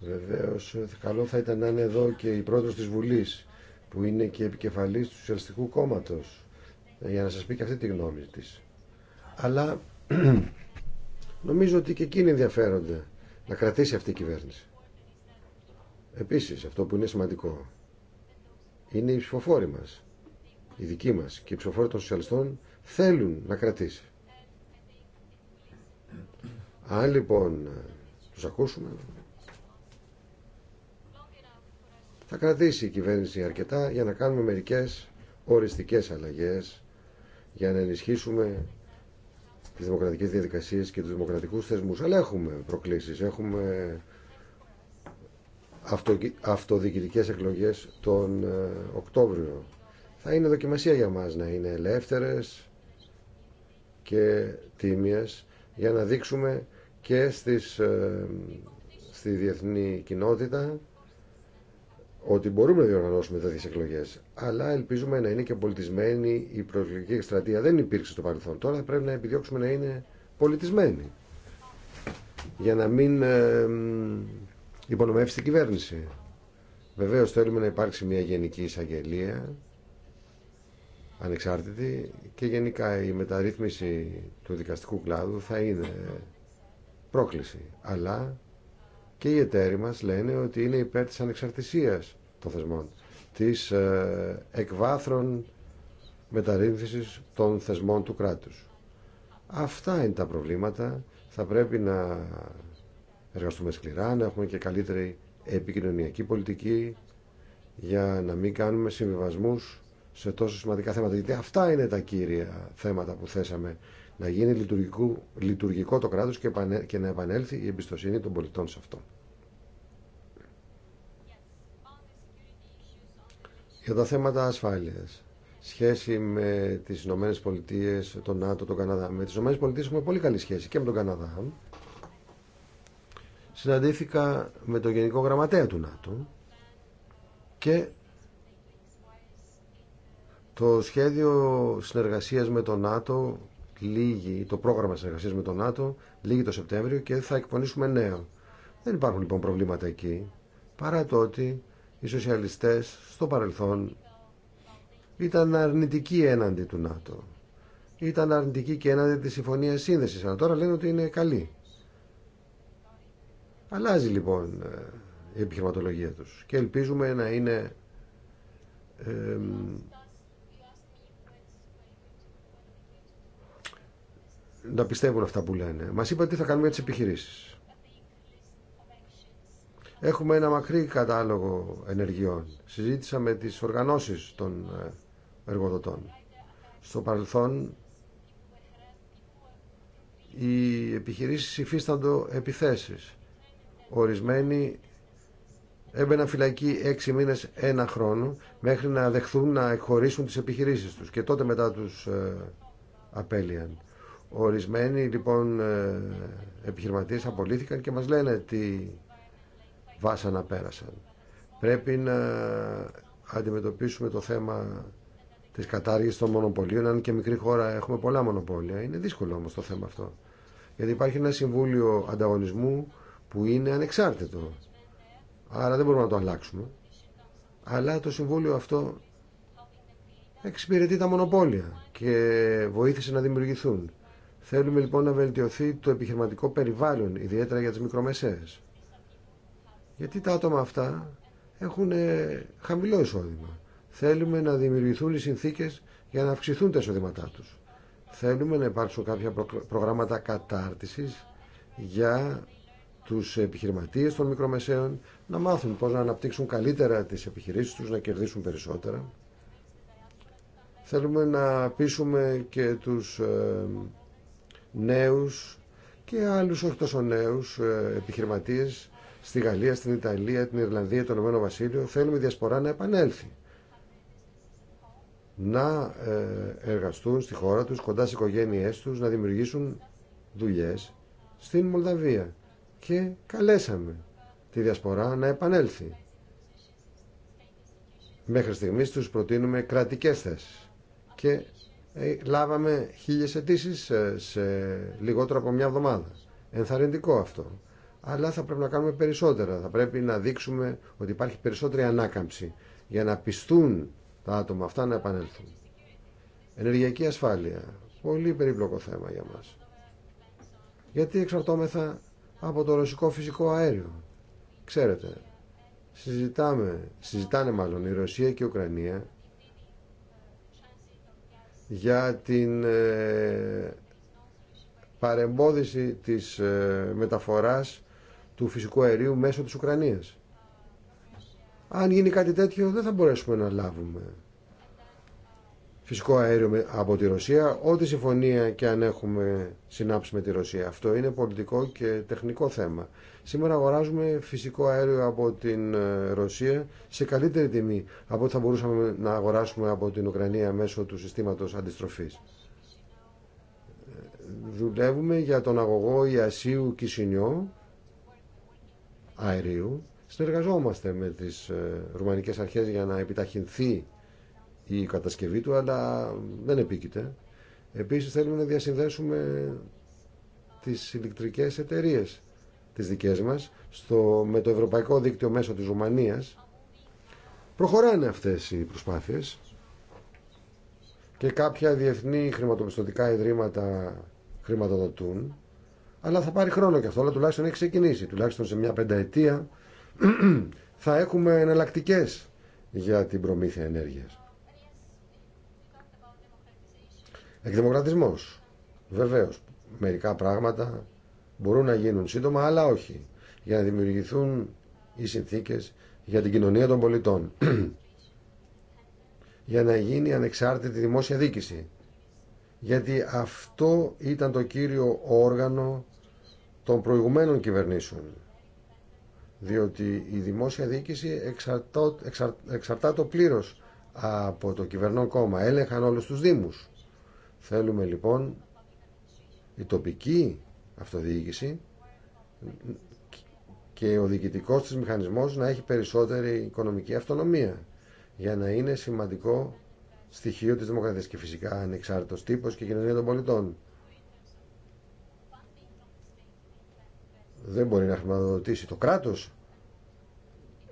Βεβαίω, ε, καλό θα ήταν να είναι εδώ και η πρόεδρος της Βουλής που είναι και επικεφαλής του Σοσιαλιστικού Κόμματος για να σας πει και αυτή τη γνώμη της. Αλλά νομίζω ότι και εκείνοι ενδιαφέρονται να κρατήσει αυτή η κυβέρνηση. Επίσης, αυτό που είναι σημαντικό είναι οι ψηφοφόροι μας, οι δικοί μας και οι ψηφοφόροι των σοσιαλιστών θέλουν να κρατήσει. Αν λοιπόν ε, τους ακούσουμε, θα κρατήσει η κυβέρνηση αρκετά για να κάνουμε μερικές οριστικές αλλαγές, για να ενισχύσουμε τις δημοκρατικές διαδικασίες και τους δημοκρατικούς θεσμούς. Αλλά έχουμε προκλήσεις, έχουμε αυτοδιοικητικές εκλογές τον ε, Οκτώβριο. Θα είναι δοκιμασία για μας να είναι ελεύθερες και τίμιες για να δείξουμε και στις, ε, στη διεθνή κοινότητα ότι μπορούμε να διοργανώσουμε τέτοιες εκλογές. Αλλά ελπίζουμε να είναι και πολιτισμένη η προεκλογική εκστρατεία. Δεν υπήρξε στο παρελθόν. Τώρα πρέπει να επιδιώξουμε να είναι πολιτισμένη. Για να μην ε, υπονομεύσει την κυβέρνηση. Βεβαίω θέλουμε να υπάρξει μια γενική εισαγγελία, ανεξάρτητη και γενικά η μεταρρύθμιση του δικαστικού κλάδου θα είναι πρόκληση. Αλλά και οι εταίροι μας λένε ότι είναι υπέρ της ανεξαρτησίας των θεσμών, της ε, εκβάθρων μεταρρύθμισης των θεσμών του κράτους. Αυτά είναι τα προβλήματα. Θα πρέπει να εργαστούμε σκληρά, να έχουμε και καλύτερη επικοινωνιακή πολιτική για να μην κάνουμε συμβιβασμούς σε τόσο σημαντικά θέματα. Γιατί αυτά είναι τα κύρια θέματα που θέσαμε. Να γίνει λειτουργικό, λειτουργικό το κράτος και, και να επανέλθει η εμπιστοσύνη των πολιτών σε αυτό. Για τα θέματα ασφάλειας, σχέση με τις Ηνωμένε Πολιτείες, τον ΝΑΤΟ, τον Καναδά. Με τις ΗΠΑ έχουμε πολύ καλή σχέση και με τον Καναδά συναντήθηκα με τον Γενικό Γραμματέα του ΝΑΤΟ και το σχέδιο συνεργασίας με το ΝΑΤΟ λύγει, το πρόγραμμα συνεργασίας με το ΝΑΤΟ λύγει το Σεπτέμβριο και θα εκπονήσουμε νέο. Δεν υπάρχουν λοιπόν προβλήματα εκεί, παρά το ότι οι σοσιαλιστές στο παρελθόν ήταν αρνητικοί έναντι του ΝΑΤΟ. Ήταν αρνητικοί και έναντι της συμφωνίας σύνδεσης, αλλά τώρα λένε ότι είναι καλή. Αλλάζει λοιπόν ε, η επιχειρηματολογία τους και ελπίζουμε να είναι να πιστεύουν αυτά που λένε. Μας είπαν τι θα κάνουμε για τις επιχειρήσεις. Έχουμε ένα μακρύ κατάλογο ενεργειών. Συζήτησα με τις οργανώσεις των ε, εργοδοτών. Στο παρελθόν οι επιχειρήσεις υφίστανται επιθέσεις Ορισμένοι έμπαιναν φυλακή έξι μήνες, ένα χρόνο, μέχρι να δεχθούν να εκχωρήσουν τις επιχειρήσεις τους και τότε μετά τους ε, απέλυαν. Ορισμένοι λοιπόν ε, επιχειρηματίες απολύθηκαν και μας λένε τι βάσανα πέρασαν. Πρέπει να αντιμετωπίσουμε το θέμα της κατάργησης των μονοπωλίων, αν και μικρή χώρα έχουμε πολλά μονοπόλια. Είναι δύσκολο όμως το θέμα αυτό. Γιατί υπάρχει ένα συμβούλιο ανταγωνισμού που είναι ανεξάρτητο. Άρα δεν μπορούμε να το αλλάξουμε. Αλλά το συμβούλιο αυτό εξυπηρετεί τα μονοπόλια και βοήθησε να δημιουργηθούν. Θέλουμε λοιπόν να βελτιωθεί το επιχειρηματικό περιβάλλον, ιδιαίτερα για τις μικρομεσαίες. Γιατί τα άτομα αυτά έχουν ε, χαμηλό εισόδημα. Θέλουμε να δημιουργηθούν οι συνθήκες για να αυξηθούν τα εισοδήματά τους. Θέλουμε να υπάρξουν κάποια προγράμματα κατάρτισης για τους επιχειρηματίες των μικρομεσαίων, να μάθουν πώς να αναπτύξουν καλύτερα τις επιχειρήσεις τους, να κερδίσουν περισσότερα. Θέλουμε να πείσουμε και τους ε, νέους και άλλους όχι τόσο νέους ε, επιχειρηματίες στη Γαλλία, στην Ιταλία, την Ιρλανδία, το Ηνωμένο Βασίλειο. Θέλουμε η διασπορά να επανέλθει. Να ε, εργαστούν στη χώρα τους, κοντά στις οικογένειές τους, να δημιουργήσουν δουλειές στην Μολδαβία και καλέσαμε τη Διασπορά να επανέλθει. Μέχρι στιγμής τους προτείνουμε κρατικές θέσεις και ε, λάβαμε χίλιες αιτήσει ε, σε λιγότερο από μια εβδομάδα. Ενθαρρυντικό αυτό. Αλλά θα πρέπει να κάνουμε περισσότερα. Θα πρέπει να δείξουμε ότι υπάρχει περισσότερη ανάκαμψη για να πιστούν τα άτομα αυτά να επανέλθουν. Ενεργειακή ασφάλεια. Πολύ περίπλοκο θέμα για μας. Γιατί εξαρτώμεθα από το ρωσικό φυσικό αέριο. Ξέρετε, συζητάμε, συζητάνε μάλλον η Ρωσία και η Ουκρανία για την ε, παρεμπόδιση της ε, μεταφοράς του φυσικού αερίου μέσω της Ουκρανίας. Αν γίνει κάτι τέτοιο δεν θα μπορέσουμε να λάβουμε φυσικό αέριο από τη Ρωσία, ό,τι συμφωνία και αν έχουμε συνάψει με τη Ρωσία. Αυτό είναι πολιτικό και τεχνικό θέμα. Σήμερα αγοράζουμε φυσικό αέριο από την ε, Ρωσία σε καλύτερη τιμή από ό,τι θα μπορούσαμε να αγοράσουμε από την Ουκρανία μέσω του συστήματος αντιστροφής. Δουλεύουμε για τον αγωγό Ιασίου Κισινιό αερίου. Συνεργαζόμαστε με τις ε, ρουμανικές αρχές για να επιταχυνθεί η κατασκευή του, αλλά δεν επίκειται. Επίσης θέλουμε να διασυνδέσουμε τις ηλεκτρικές εταιρείες τις δικές μας στο, με το Ευρωπαϊκό Δίκτυο Μέσω της Ρουμανίας. Προχωράνε αυτές οι προσπάθειες και κάποια διεθνή χρηματοπιστωτικά ιδρύματα χρηματοδοτούν, αλλά θα πάρει χρόνο και αυτό, αλλά τουλάχιστον έχει ξεκινήσει. Τουλάχιστον σε μια πενταετία θα έχουμε εναλλακτικέ για την προμήθεια ενέργειας. Εκδημοκρατισμό. Βεβαίω, μερικά πράγματα μπορούν να γίνουν σύντομα, αλλά όχι. Για να δημιουργηθούν οι συνθήκες για την κοινωνία των πολιτών. για να γίνει ανεξάρτητη δημόσια δίκηση. Γιατί αυτό ήταν το κύριο όργανο των προηγουμένων κυβερνήσεων. Διότι η δημόσια δίκηση εξαρτάται εξαρτά πλήρως από το κυβερνό κόμμα. Έλεγχαν όλους τους δήμους. Θέλουμε λοιπόν η τοπική αυτοδιοίκηση και ο διοικητικός της μηχανισμός να έχει περισσότερη οικονομική αυτονομία για να είναι σημαντικό στοιχείο της δημοκρατίας και φυσικά ανεξάρτητος τύπος και κοινωνία των πολιτών. Δεν μπορεί να χρηματοδοτήσει το κράτος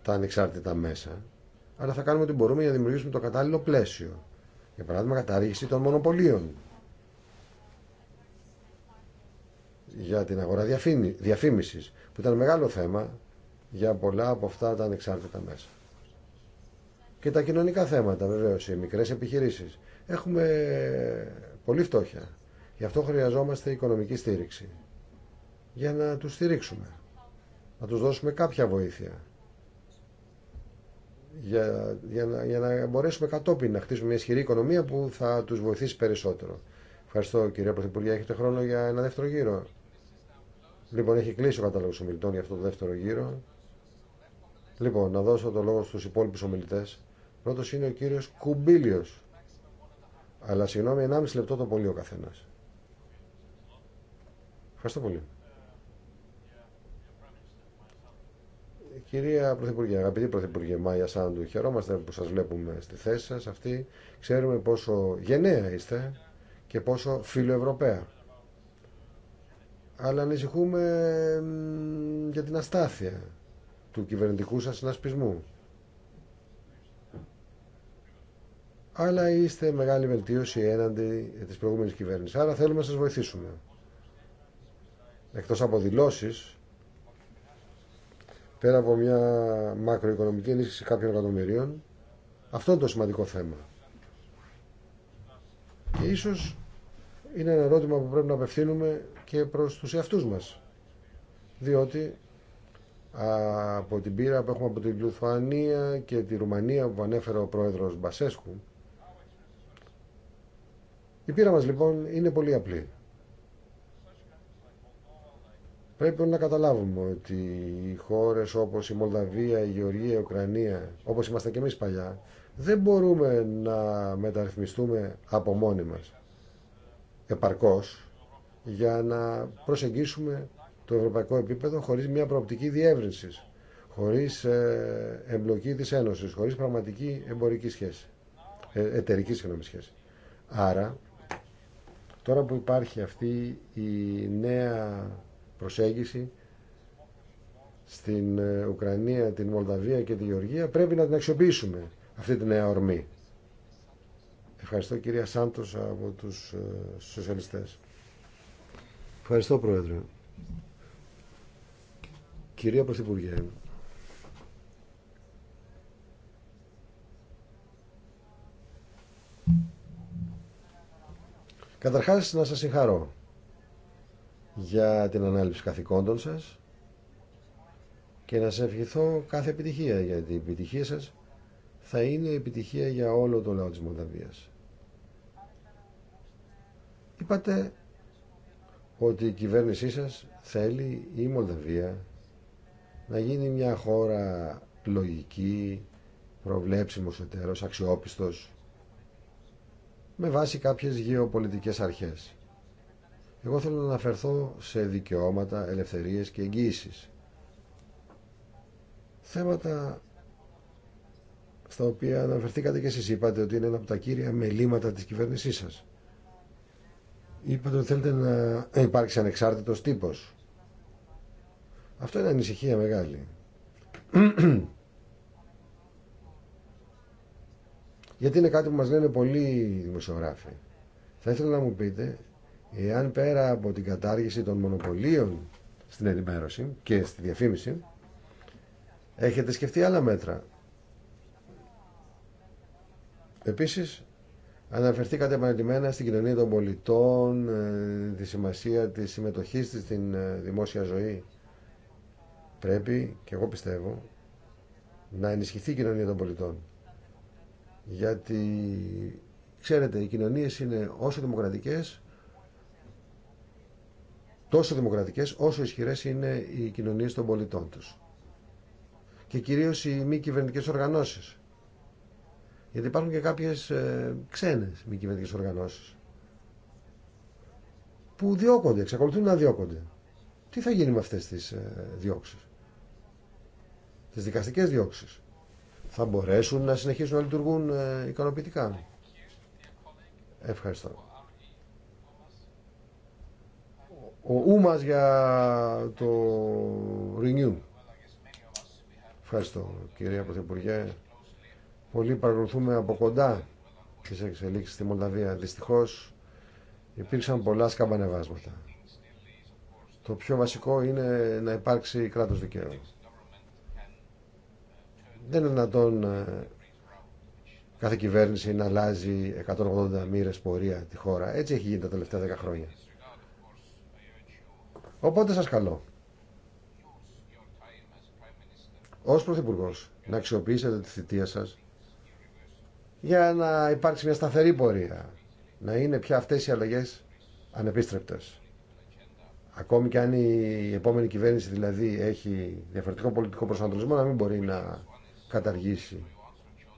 τα ανεξάρτητα μέσα, αλλά θα κάνουμε ό,τι μπορούμε για να δημιουργήσουμε το κατάλληλο πλαίσιο. Για παράδειγμα, κατάργηση των μονοπωλίων για την αγορά διαφήμιση, που ήταν μεγάλο θέμα για πολλά από αυτά τα ανεξάρτητα μέσα. Και τα κοινωνικά θέματα βεβαίω, οι μικρές επιχειρήσεις. Έχουμε πολύ φτώχεια. Γι' αυτό χρειαζόμαστε οικονομική στήριξη. Για να τους στηρίξουμε. Να τους δώσουμε κάποια βοήθεια. Για, για, να, για να μπορέσουμε κατόπιν να χτίσουμε μια ισχυρή οικονομία που θα του βοηθήσει περισσότερο. Ευχαριστώ κυρία Πρωθυπουργέ. Έχετε χρόνο για ένα δεύτερο γύρο. Λοιπόν, έχει κλείσει ο κατάλογο ομιλητών για αυτό το δεύτερο γύρο. Λοιπόν, να δώσω το λόγο στου υπόλοιπου ομιλητέ. Πρώτο είναι ο κύριο Κουμπίλιο. Αλλά συγγνώμη, 1,5 λεπτό το πολύ ο καθένα. Ευχαριστώ πολύ. Κυρία Πρωθυπουργέ, αγαπητή Πρωθυπουργέ Μάια Σάντου, χαιρόμαστε που σας βλέπουμε στη θέση σας αυτή. Ξέρουμε πόσο γενναία είστε και πόσο φιλοευρωπαία αλλά ανησυχούμε για την αστάθεια του κυβερνητικού σας συνασπισμού. Αλλά είστε μεγάλη βελτίωση έναντι της προηγούμενης κυβέρνησης. Άρα θέλουμε να σας βοηθήσουμε. Εκτός από δηλώσει. πέρα από μια μακροοικονομική ενίσχυση κάποιων εκατομμυρίων, αυτό είναι το σημαντικό θέμα. Και ίσως είναι ένα ερώτημα που πρέπει να απευθύνουμε και προς τους εαυτούς μας. Διότι από την Πύρα που έχουμε από τη Λουθουανία και τη Ρουμανία που ανέφερε ο πρόεδρος Μπασέσκου, η Πύρα μας λοιπόν είναι πολύ απλή. Πρέπει να καταλάβουμε ότι οι χώρες όπως η Μολδαβία, η Γεωργία, η Ουκρανία, όπως είμαστε και εμείς παλιά, δεν μπορούμε να μεταρρυθμιστούμε από μόνοι μας επαρκώς για να προσεγγίσουμε το ευρωπαϊκό επίπεδο χωρίς μια προοπτική διεύρυνση, χωρίς ε, εμπλοκή της Ένωσης, χωρίς πραγματική εμπορική σχέση, ε, εταιρική σχέση. Άρα, τώρα που υπάρχει αυτή η νέα προσέγγιση στην ε, Ουκρανία, την Μολδαβία και τη Γεωργία, πρέπει να την αξιοποιήσουμε αυτή τη νέα ορμή. Ευχαριστώ κυρία Σάντο από τους ε, σοσιαλιστές. Ευχαριστώ Πρόεδρε. Κυρία Πρωθυπουργέ, Καταρχάς να σας συγχαρώ για την ανάληψη καθηκόντων σας και να σας ευχηθώ κάθε επιτυχία γιατί η επιτυχία σας θα είναι επιτυχία για όλο το λαό της Μολδαβίας. Είπατε ότι η κυβέρνησή σας θέλει η Μολδαβία να γίνει μια χώρα λογική, προβλέψιμος εταίρος, αξιόπιστος, με βάση κάποιες γεωπολιτικές αρχές. Εγώ θέλω να αναφερθώ σε δικαιώματα, ελευθερίες και εγγύησεις. Θέματα στα οποία αναφερθήκατε και εσείς είπατε ότι είναι ένα από τα κύρια μελήματα της κυβέρνησής σας. Είπατε ότι θέλετε να υπάρξει ανεξάρτητος τύπος. Αυτό είναι ανησυχία μεγάλη. Γιατί είναι κάτι που μας λένε πολλοί δημοσιογράφοι. Θα ήθελα να μου πείτε εάν πέρα από την κατάργηση των μονοπωλίων στην ενημέρωση και στη διαφήμιση έχετε σκεφτεί άλλα μέτρα. Επίσης Αναφερθήκατε επανειλημμένα στην κοινωνία των πολιτών, ε, τη σημασία της συμμετοχής της στην ε, δημόσια ζωή. Πρέπει, και εγώ πιστεύω, να ενισχυθεί η κοινωνία των πολιτών. Γιατί, ξέρετε, οι κοινωνίες είναι όσο δημοκρατικές, τόσο δημοκρατικές, όσο ισχυρές είναι οι κοινωνίες των πολιτών τους. Και κυρίως οι μη κυβερνητικέ οργανώσεις γιατί υπάρχουν και κάποιες ε, ξένες μη κυβερνητικέ οργανώσεις που διώκονται, εξακολουθούν να διώκονται. Τι θα γίνει με αυτές τις ε, διώξεις, τις δικαστικές διώξεις. Θα μπορέσουν να συνεχίσουν να λειτουργούν ε, ικανοποιητικά. Ευχαριστώ. Ο Ούμας για το Renew. Ευχαριστώ κυρία Πρωθυπουργέ. Πολλοί παρακολουθούμε από κοντά τις εξελίξεις στη Μολδαβία. Δυστυχώς υπήρξαν πολλά σκαμπανεβάσματα. Το πιο βασικό είναι να υπάρξει κράτος δικαίου. Δεν είναι δυνατόν ε, κάθε κυβέρνηση να αλλάζει 180 μοίρες πορεία τη χώρα. Έτσι έχει γίνει τα τελευταία 10 χρόνια. Οπότε σας καλώ. Ως Πρωθυπουργός να αξιοποιήσετε τη θητεία σας για να υπάρξει μια σταθερή πορεία. Να είναι πια αυτές οι αλλαγές ανεπίστρεπτες. Ακόμη και αν η επόμενη κυβέρνηση δηλαδή έχει διαφορετικό πολιτικό προσανατολισμό να μην μπορεί να καταργήσει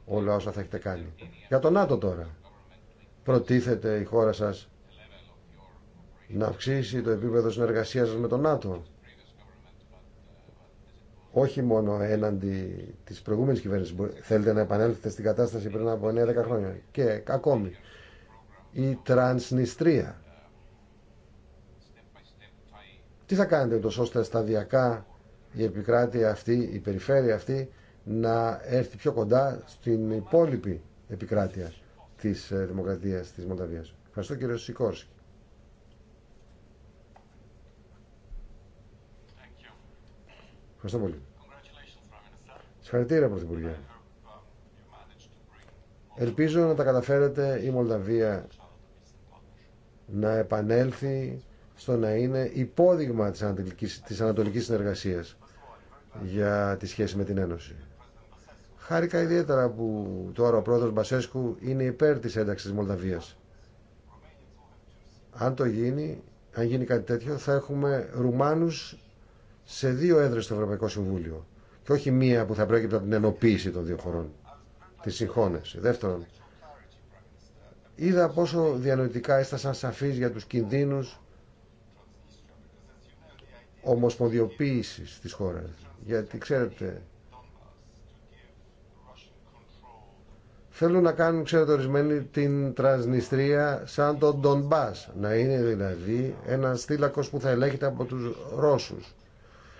όλα όσα θα έχετε κάνει. Για τον ΝΑΤΟ τώρα. Προτίθεται η χώρα σας να αυξήσει το επίπεδο συνεργασίας σας με τον ΝΑΤΟ όχι μόνο έναντι τη προηγούμενη κυβέρνηση. Θέλετε να επανέλθετε στην κατάσταση πριν από 9-10 χρόνια. Και ακόμη, η Τρανσνιστρία. Τι θα κάνετε ούτως ώστε σταδιακά η επικράτεια αυτή, η περιφέρεια αυτή να έρθει πιο κοντά στην υπόλοιπη επικράτεια της ε, Δημοκρατίας της Μολδαβίας. Ευχαριστώ κύριε Σικόρσκι. Ευχαριστώ πολύ. Συγχαρητήρια, Πρωθυπουργέ. Ελπίζω να τα καταφέρετε η Μολδαβία να επανέλθει στο να είναι υπόδειγμα της ανατολικής, της ανατολικής συνεργασίας για τη σχέση με την Ένωση. Χάρηκα ιδιαίτερα που τώρα ο πρόεδρος Μπασέσκου είναι υπέρ της ένταξης της Μολδαβίας. Αν το γίνει, αν γίνει κάτι τέτοιο, θα έχουμε Ρουμάνους σε δύο έδρες στο Ευρωπαϊκό Συμβούλιο και όχι μία που θα πρόκειται από την ενοποίηση των δύο χωρών, τη συγχώνευση. Δεύτερον, είδα πόσο διανοητικά έστασαν σαφείς για τους κινδύνους ομοσπονδιοποίησης της χώρας. Γιατί ξέρετε, θέλουν να κάνουν, ξέρετε ορισμένοι, την τρασνιστρία σαν τον Ντονμπάς. Να είναι δηλαδή ένας θύλακος που θα ελέγχεται από τους Ρώσους.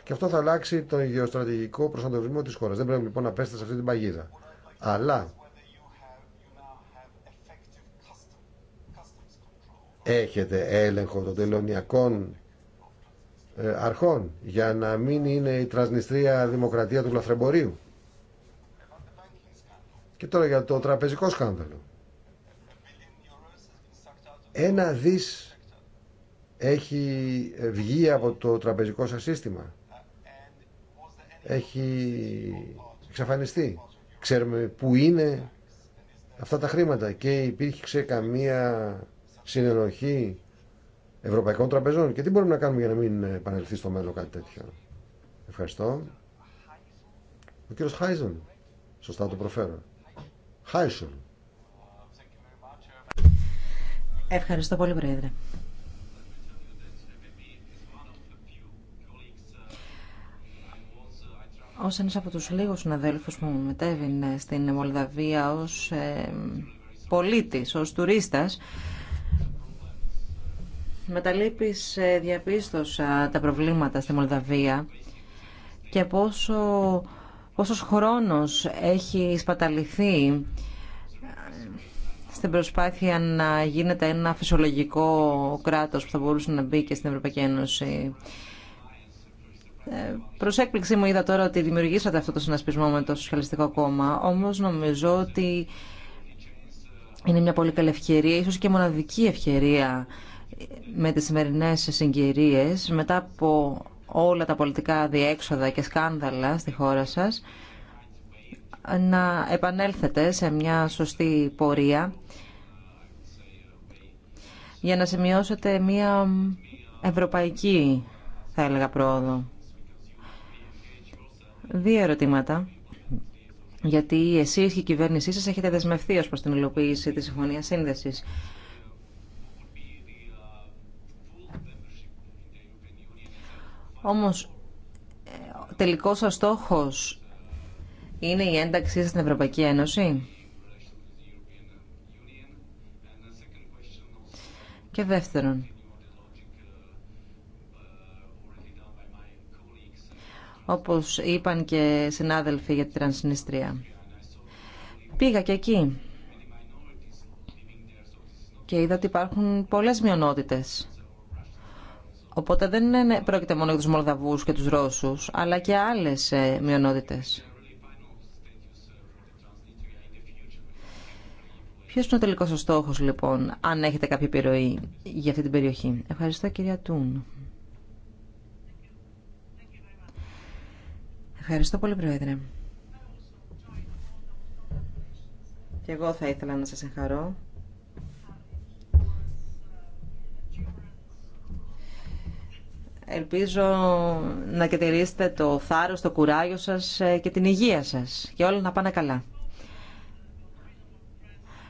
Και αυτό θα αλλάξει τον γεωστρατηγικό προσανατολισμό τη χώρα. Δεν πρέπει λοιπόν να πέστε σε αυτή την παγίδα. Αλλά έχετε έλεγχο των τελωνιακών ε, αρχών για να μην είναι η τρασνιστρία δημοκρατία του λαθρεμπορίου. Και τώρα για το τραπεζικό σκάνδαλο. Ένα δις έχει βγει από το τραπεζικό σας σύστημα έχει εξαφανιστεί. Ξέρουμε πού είναι αυτά τα χρήματα και υπήρχε καμία συνενοχή ευρωπαϊκών τραπεζών και τι μπορούμε να κάνουμε για να μην επανελθεί στο μέλλον κάτι τέτοιο. Ευχαριστώ. Ο κύριος Χάιζον. Σωστά το προφέρω. Χάιζον. Ευχαριστώ πολύ, Πρόεδρε. ως ένας από τους λίγους συναδέλφους που μου μετέβηνε στην Μολδαβία ως ε, πολίτης, ως τουρίστας, μεταλείπεις ε, διαπίστωσα τα προβλήματα στη Μολδαβία και πόσο, πόσος χρόνος έχει σπαταληθεί ε, στην προσπάθεια να γίνεται ένα φυσιολογικό κράτος που θα μπορούσε να μπει και στην Ευρωπαϊκή Ένωση. Προ έκπληξη μου είδα τώρα ότι δημιουργήσατε αυτό το συνασπισμό με το Σοσιαλιστικό Κόμμα, όμως νομίζω ότι είναι μια πολύ καλή ευκαιρία, ίσως και μοναδική ευκαιρία με τι σημερινέ συγκυρίε, μετά από όλα τα πολιτικά διέξοδα και σκάνδαλα στη χώρα σας, να επανέλθετε σε μια σωστή πορεία για να σημειώσετε μια ευρωπαϊκή, θα έλεγα, πρόοδο. Δύο ερωτήματα. Γιατί εσείς και η κυβέρνησή σας έχετε δεσμευτεί ω προ την υλοποίηση της συμφωνία Σύνδεσης. Όμω, ε, τελικός σα στόχο είναι η ένταξή σα στην Ευρωπαϊκή Ένωση. Και δεύτερον, όπως είπαν και συνάδελφοι για τη Τρανσνιστρία. Πήγα και εκεί και είδα ότι υπάρχουν πολλές μειονότητες. Οπότε δεν είναι, πρόκειται μόνο για τους Μολδαβούς και τους Ρώσους, αλλά και άλλες ε, μειονότητες. Ποιος είναι ο τελικός ο στόχος, λοιπόν, αν έχετε κάποια επιρροή για αυτή την περιοχή. Ευχαριστώ, κυρία Τούν. Ευχαριστώ πολύ, Πρόεδρε. Και εγώ θα ήθελα να σας εγχαρώ. Ελπίζω να κετηρίσετε το θάρρος, το κουράγιο σας ε, και την υγεία σας και όλα να πάνε καλά.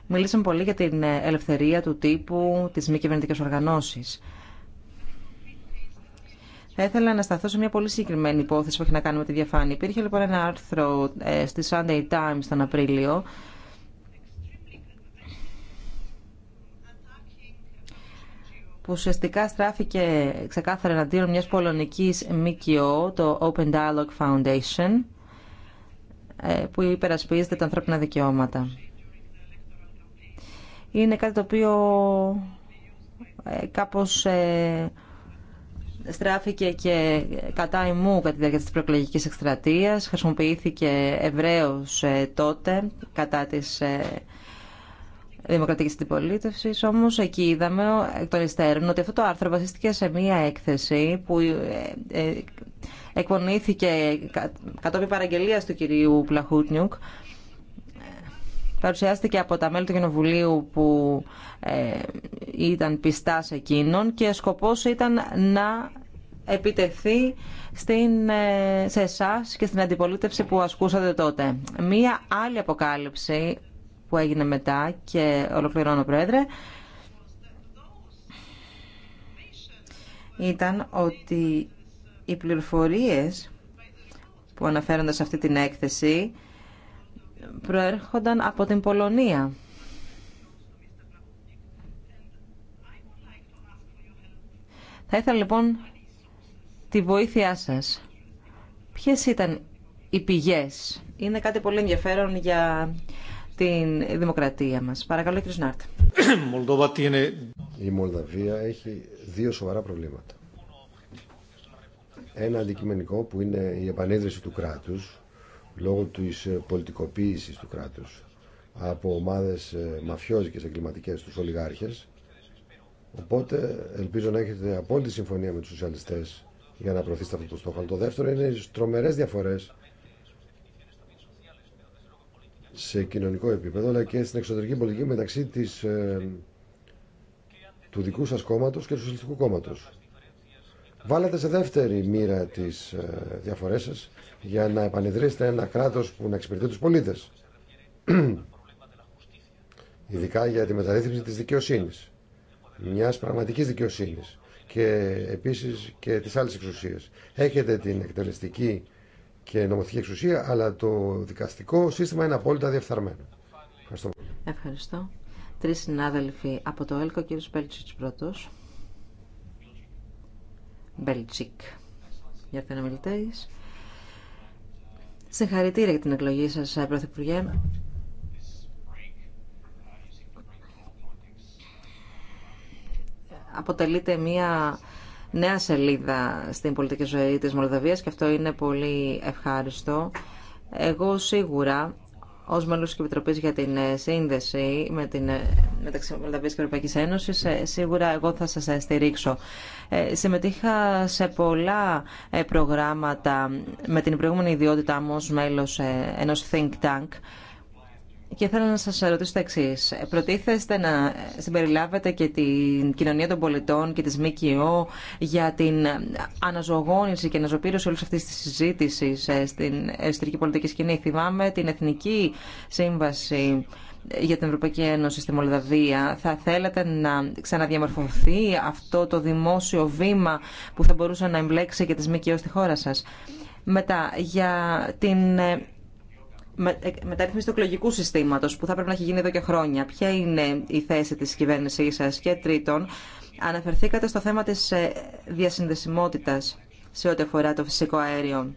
Μιλήσαμε πολύ για την ε, ελευθερία του τύπου, της μη κυβερνητικέ οργανώσης. Θα ήθελα να σταθώ σε μια πολύ συγκεκριμένη υπόθεση που έχει να κάνει με τη διαφάνεια. Υπήρχε λοιπόν ένα άρθρο ε, στη Sunday Times τον Απρίλιο που ουσιαστικά στράφηκε ξεκάθαρα εναντίον μιας πολωνικής ΜΚΟ, το Open Dialogue Foundation, ε, που υπερασπίζεται τα ανθρώπινα δικαιώματα. Είναι κάτι το οποίο ε, κάπως στράφηκε και κατά ημού κατά τη διάρκεια της προεκλογικής εκστρατείας, χρησιμοποιήθηκε ευρέως ε, τότε κατά της ε, δημοκρατικής αντιπολίτευσης, όμως εκεί είδαμε εκ των υστέρων ότι αυτό το άρθρο βασίστηκε σε μία έκθεση που ε, εκπονήθηκε κατόπιν παραγγελίας του κυρίου Πλαχούτνιουκ παρουσιάστηκε από τα μέλη του Κοινοβουλίου που ε, ήταν πιστά σε εκείνον και σκοπός ήταν να επιτεθεί στην, ε, σε εσά και στην αντιπολίτευση που ασκούσατε τότε. Μία άλλη αποκάλυψη που έγινε μετά και ολοκληρώνω πρόεδρε ήταν ότι οι πληροφορίες που αναφέρονται σε αυτή την έκθεση προέρχονταν από την Πολωνία. Θα ήθελα λοιπόν τη βοήθειά σας. Ποιες ήταν οι πηγές. Είναι κάτι πολύ ενδιαφέρον για την δημοκρατία μας. Παρακαλώ κύριε Σνάρτ. Η Μολδαβία έχει δύο σοβαρά προβλήματα. Ένα αντικειμενικό που είναι η επανίδρυση του κράτους λόγω της ε, πολιτικοποίησης του κράτους από ομάδες ε, μαφιόζικες εγκληματικές τους ολιγάρχες οπότε ελπίζω να έχετε απόλυτη συμφωνία με τους σοσιαλιστές για να προωθήσετε αυτό το στόχο. Αλλά το δεύτερο είναι οι τρομερές διαφορές σε κοινωνικό επίπεδο αλλά και στην εξωτερική πολιτική μεταξύ της, ε, του δικού σας κόμματος και του Σοσιαλιστικού Κόμματος. Βάλατε σε δεύτερη μοίρα τις διαφορές σας για να επανειδρύσετε ένα κράτος που να εξυπηρετεί τους πολίτες. Ειδικά για τη μεταρρύθμιση της δικαιοσύνης. Μιας πραγματικής δικαιοσύνης. Και επίσης και τις άλλες εξουσίες. Έχετε την εκτελεστική και νομοθετική εξουσία, αλλά το δικαστικό σύστημα είναι απόλυτα διεφθαρμένο. Ευχαριστώ. Ευχαριστώ. Τρεις συνάδελφοι από το ΕΛΚΟ, πρώτος. Μπέλτσικ. Για να Συγχαρητήρια για την εκλογή σας, ε, Πρωθυπουργέ. Αποτελείται μία νέα σελίδα στην πολιτική ζωή της Μολδαβίας και αυτό είναι πολύ ευχάριστο. Εγώ σίγουρα ω μέλο τη επιτροπή για την ε, σύνδεση με την, ε, μεταξύ Μολδαβία και Ευρωπαϊκής Ένωσης, ε, σίγουρα εγώ θα σα στηρίξω. συμμετείχα σε πολλά προγράμματα με την προηγούμενη ιδιότητά μου ως μέλος ενός Think Tank, και θέλω να σας ρωτήσω τα εξή. Προτίθεστε να συμπεριλάβετε και την κοινωνία των πολιτών και της ΜΚΟ για την αναζωογόνηση και αναζωοπήρωση όλης αυτής της συζήτησης ε, στην εσωτερική πολιτική σκηνή. Θυμάμαι την Εθνική Σύμβαση για την Ευρωπαϊκή Ένωση στη Μολδαβία. Θα θέλατε να ξαναδιαμορφωθεί αυτό το δημόσιο βήμα που θα μπορούσε να εμπλέξει και τις ΜΚΟ στη χώρα σας. Μετά, για την ε, ε, μεταρρύθμιση του εκλογικού συστήματος που θα πρέπει να έχει γίνει εδώ και χρόνια. Ποια είναι η θέση της κυβέρνησή σας και τρίτον, αναφερθήκατε στο θέμα της ε, διασυνδεσιμότητας σε ό,τι αφορά το φυσικό αέριο.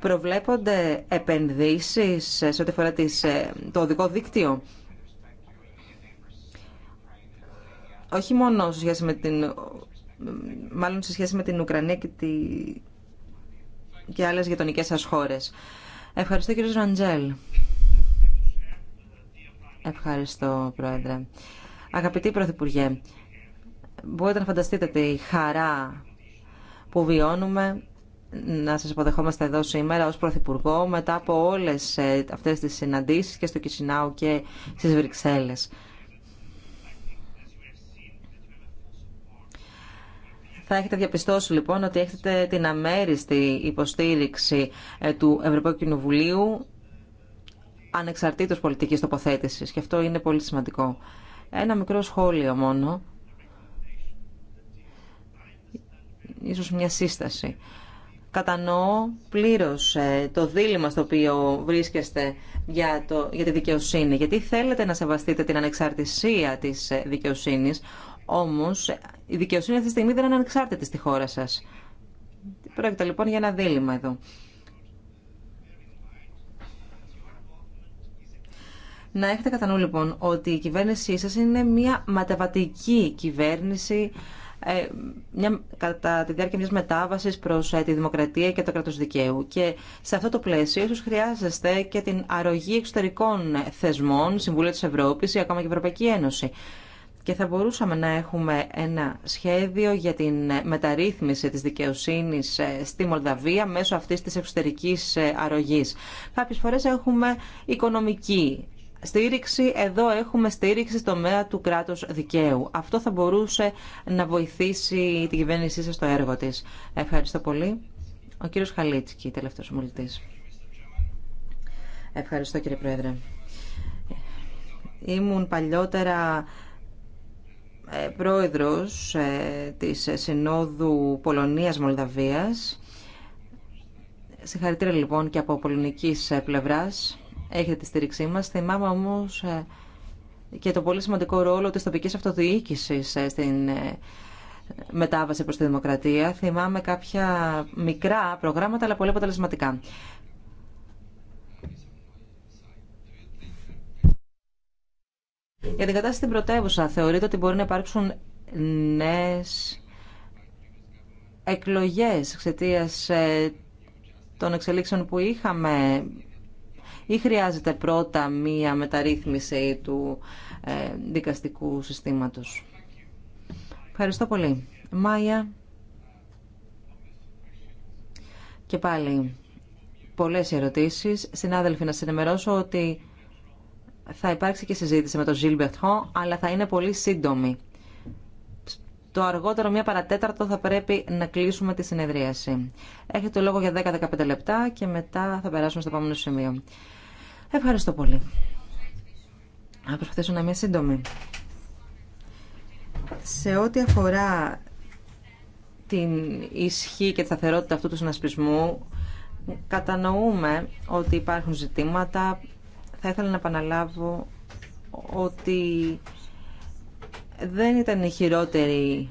Προβλέπονται επενδύσεις σε ό,τι αφορά ε, το οδικό δίκτυο. Όχι μόνο σε σχέση με την, μάλλον σε σχέση με την Ουκρανία και, τη, και άλλες χώρε. σας χώρες. Ευχαριστώ κύριε Ραντζέλ. Ευχαριστώ πρόεδρε. Αγαπητοί πρωθυπουργέ, μπορείτε να φανταστείτε τη χαρά που βιώνουμε να σας αποδεχόμαστε εδώ σήμερα ως Πρωθυπουργό μετά από όλες ε, αυτές τις συναντήσεις και στο Κισινάου και στις Βρυξέλλες. Θα έχετε διαπιστώσει λοιπόν ότι έχετε την αμέριστη υποστήριξη ε, του Ευρωπαϊκού Κοινοβουλίου ανεξαρτήτως πολιτικής τοποθέτησης και αυτό είναι πολύ σημαντικό. Ένα μικρό σχόλιο μόνο, ίσως μια σύσταση. Κατανοώ πλήρως ε, το δίλημα στο οποίο βρίσκεστε για, το, για τη δικαιοσύνη, γιατί θέλετε να σεβαστείτε την ανεξαρτησία της ε, δικαιοσύνης, όμως, η δικαιοσύνη αυτή τη στιγμή δεν είναι ανεξάρτητη στη χώρα σας. Πρόκειται λοιπόν για ένα δίλημα εδώ. Να έχετε κατά νου λοιπόν ότι η κυβέρνησή σας είναι μια ματεβατική κυβέρνηση ε, μια, κατά τη διάρκεια μιας μετάβασης προς ε, τη δημοκρατία και το κράτος δικαίου. Και σε αυτό το πλαίσιο ίσως χρειάζεστε και την αρρωγή εξωτερικών θεσμών, Συμβούλια της Ευρώπης ή ακόμα και Ευρωπαϊκή Ένωση και θα μπορούσαμε να έχουμε ένα σχέδιο για την μεταρρύθμιση της δικαιοσύνης ε, στη Μολδαβία μέσω αυτής της εξωτερικής ε, αρρωγής. Κάποιες φορές έχουμε οικονομική στήριξη, εδώ έχουμε στήριξη στο μέα του κράτους δικαίου. Αυτό θα μπορούσε να βοηθήσει την κυβέρνησή σας στο έργο της. Ευχαριστώ πολύ. Ο κύριος Χαλίτσκι, τελευταίος ομιλητής. Ευχαριστώ κύριε Πρόεδρε. Ήμουν παλιότερα ε, πρόεδρος ε, της Συνόδου Πολωνίας-Μολδαβίας. Συγχαρητήρια λοιπόν και από πολωνικής πλευράς. Έχετε τη στήριξή μας. Θυμάμαι όμως ε, και το πολύ σημαντικό ρόλο της τοπικής αυτοδιοίκησης στην μετάβαση προς τη δημοκρατία. Θυμάμαι κάποια μικρά προγράμματα αλλά πολύ αποτελεσματικά. Για την κατάσταση στην πρωτεύουσα, θεωρείτε ότι μπορεί να υπάρξουν νέε εκλογές εξαιτία ε, των εξελίξεων που είχαμε ή χρειάζεται πρώτα μία μεταρρύθμιση του ε, δικαστικού συστήματος. Ευχαριστώ πολύ. Μάια. Και πάλι πολλές ερωτήσεις. Συνάδελφοι, να ενημερώσω ότι θα υπάρξει και συζήτηση με τον Ζιλ Μπερτχόν, αλλά θα είναι πολύ σύντομη. Το αργότερο, μία παρατέταρτο, θα πρέπει να κλείσουμε τη συνεδρίαση. Έχετε λόγο για 10-15 λεπτά και μετά θα περάσουμε στο επόμενο σημείο. Ευχαριστώ πολύ. Θα προσπαθήσω να είμαι σύντομη. Σε ό,τι αφορά την ισχύ και τη σταθερότητα αυτού του συνασπισμού, κατανοούμε ότι υπάρχουν ζητήματα θα ήθελα να επαναλάβω ότι δεν ήταν η χειρότερη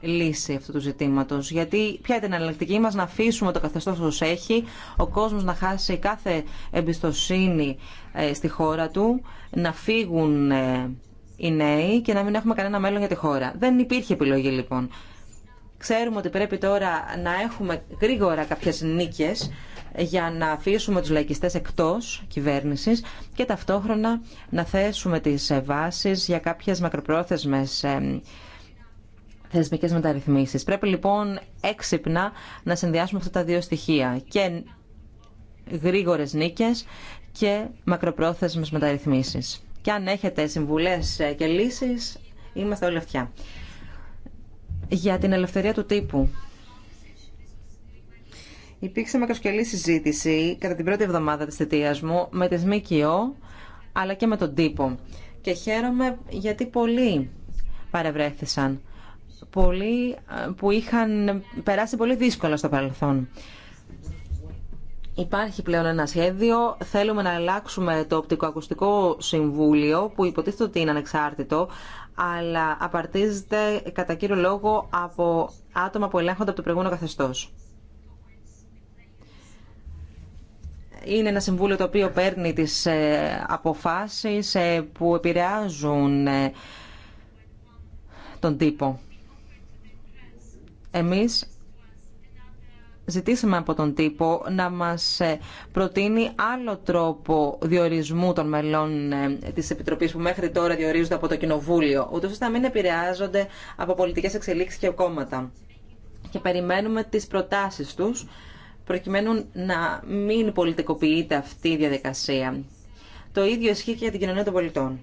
λύση αυτού του ζητήματο. Γιατί ποια ήταν η εναλλακτική μα, να αφήσουμε το καθεστώ όπω έχει, ο κόσμο να χάσει κάθε εμπιστοσύνη ε, στη χώρα του, να φύγουν ε, οι νέοι και να μην έχουμε κανένα μέλλον για τη χώρα. Δεν υπήρχε επιλογή λοιπόν. Ξέρουμε ότι πρέπει τώρα να έχουμε γρήγορα κάποιες νίκες για να αφήσουμε τους λαϊκιστές εκτός κυβέρνησης και ταυτόχρονα να θέσουμε τις βάσεις για κάποιες μακροπρόθεσμες ε, θεσμικές μεταρρυθμίσεις. Πρέπει λοιπόν έξυπνα να συνδυάσουμε αυτά τα δύο στοιχεία και γρήγορες νίκες και μακροπρόθεσμες μεταρρυθμίσεις. Και αν έχετε συμβουλές ε, και λύσεις, είμαστε όλοι αυτιά. Για την ελευθερία του τύπου, Υπήρξε μακροσκελή συζήτηση κατά την πρώτη εβδομάδα της θητείας μου με τις ΜΚΟ αλλά και με τον τύπο. Και χαίρομαι γιατί πολλοί παρευρέθησαν. Πολλοί ε, που είχαν περάσει πολύ δύσκολα στο παρελθόν. Υπάρχει πλέον ένα σχέδιο. Θέλουμε να αλλάξουμε το οπτικοακουστικό συμβούλιο που υποτίθεται ότι είναι ανεξάρτητο, αλλά απαρτίζεται κατά κύριο λόγο από άτομα που ελέγχονται από το προηγούμενο καθεστώς. είναι ένα συμβούλιο το οποίο παίρνει τις ε, αποφάσεις ε, που επηρεάζουν ε, τον τύπο. Εμείς ζητήσαμε από τον τύπο να μας προτείνει άλλο τρόπο διορισμού των μελών της Επιτροπής που μέχρι τώρα διορίζονται από το Κοινοβούλιο, ούτως ώστε να μην επηρεάζονται από πολιτικές εξελίξεις και κόμματα. Και περιμένουμε τις προτάσεις τους προκειμένου να μην πολιτικοποιείται αυτή η διαδικασία. Το ίδιο ισχύει και για την κοινωνία των πολιτών.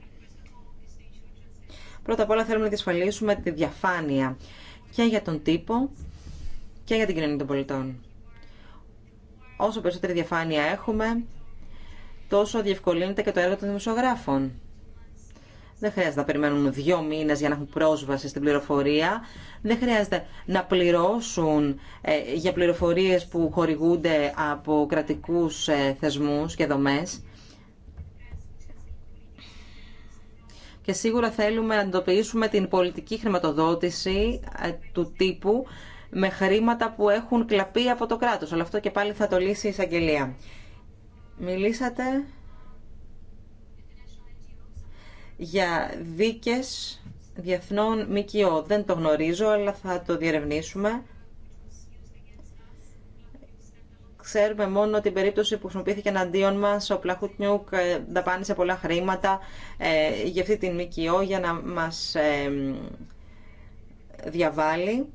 Πρώτα απ' όλα θέλουμε να διασφαλίσουμε τη διαφάνεια και για τον τύπο και για την κοινωνία των πολιτών. Όσο περισσότερη διαφάνεια έχουμε, τόσο διευκολύνεται και το έργο των δημοσιογράφων. Δεν χρειάζεται να περιμένουν δύο μήνε για να έχουν πρόσβαση στην πληροφορία. Δεν χρειάζεται να πληρώσουν ε, για πληροφορίε που χορηγούνται από κρατικού ε, θεσμού και δομέ. Και σίγουρα θέλουμε να εντοπίσουμε την πολιτική χρηματοδότηση ε, του τύπου με χρήματα που έχουν κλαπεί από το κράτος. Αλλά αυτό και πάλι θα το λύσει η εισαγγελία. Μιλήσατε για δίκες διεθνών ΜΚΟ. Δεν το γνωρίζω, αλλά θα το διερευνήσουμε. Ξέρουμε μόνο την περίπτωση που χρησιμοποιήθηκε εναντίον μας, ο Πλαχουτνιούκ ε, δαπάνησε πολλά χρήματα ε, για αυτή την ΜΚΟ για να μας ε, διαβάλει.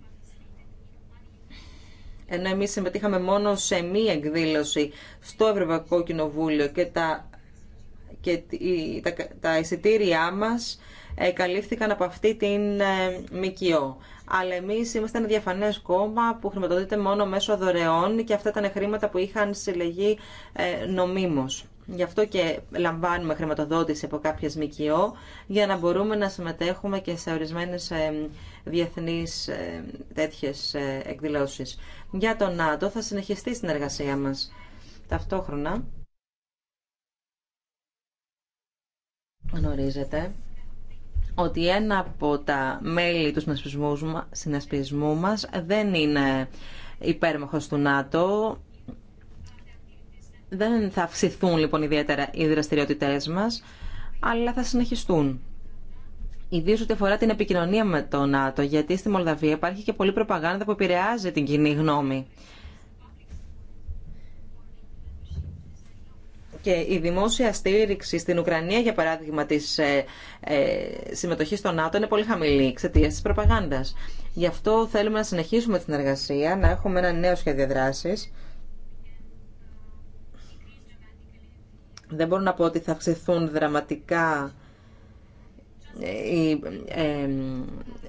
Ενώ εμείς συμμετείχαμε μόνο σε μία εκδήλωση στο Ευρωπαϊκό Κοινοβούλιο και τα και τα εισιτήριά μας ε, καλύφθηκαν από αυτή την ε, ΜΚΟ. Αλλά εμείς είμαστε ένα διαφανές κόμμα που χρηματοδοτείται μόνο μέσω δωρεών και αυτά ήταν χρήματα που είχαν συλλεγεί ε, νομίμως. Γι' αυτό και λαμβάνουμε χρηματοδότηση από κάποιες ΜΚΟ για να μπορούμε να συμμετέχουμε και σε ορισμένες διεθνείς τέτοιες εκδηλώσει. Για το ΝΑΤΟ θα συνεχιστεί η συνεργασία μας. Ταυτόχρονα Γνωρίζετε ότι ένα από τα μέλη του συνασπισμού μας δεν είναι υπέρμαχος του ΝΑΤΟ. Δεν θα αυξηθούν λοιπόν ιδιαίτερα οι δραστηριότητές μας, αλλά θα συνεχιστούν. Ιδίω ό,τι αφορά την επικοινωνία με το ΝΑΤΟ, γιατί στη Μολδαβία υπάρχει και πολλή προπαγάνδα που επηρεάζει την κοινή γνώμη. και η δημόσια στήριξη στην Ουκρανία, για παράδειγμα, τη ε, ε, συμμετοχή στο ΝΑΤΟ είναι πολύ χαμηλή εξαιτία τη προπαγάνδα. Γι' αυτό θέλουμε να συνεχίσουμε την εργασία, να έχουμε ένα νέο σχέδιο δράση. Δεν μπορώ να πω ότι θα αυξηθούν δραματικά ε, οι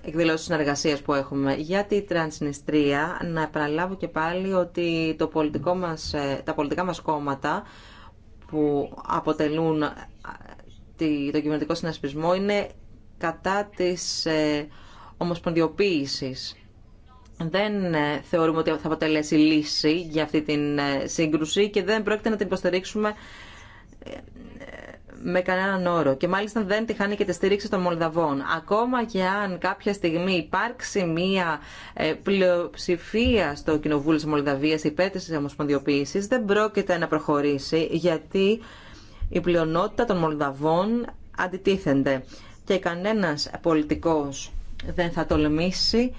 εκδηλώσεις συνεργασίας που έχουμε για τη Τρανσνιστρία να επαναλάβω και πάλι ότι το πολιτικό μας, τα πολιτικά μας κόμματα που αποτελούν το κυβερνητικό συνασπισμό είναι κατά της ε, ομοσπονδιοποίησης. Δεν ε, θεωρούμε ότι θα αποτελέσει λύση για αυτή την ε, σύγκρουση και δεν πρόκειται να την υποστηρίξουμε με κανέναν όρο και μάλιστα δεν τη χάνει και τη στήριξη των Μολδαβών. Ακόμα και αν κάποια στιγμή υπάρξει μία ε, πλειοψηφία στο Κοινοβούλιο της Μολδαβίας υπέρ της ομοσπονδιοποίησης, δεν πρόκειται να προχωρήσει γιατί η πλειονότητα των Μολδαβών αντιτίθενται και κανένας πολιτικός δεν θα τολμήσει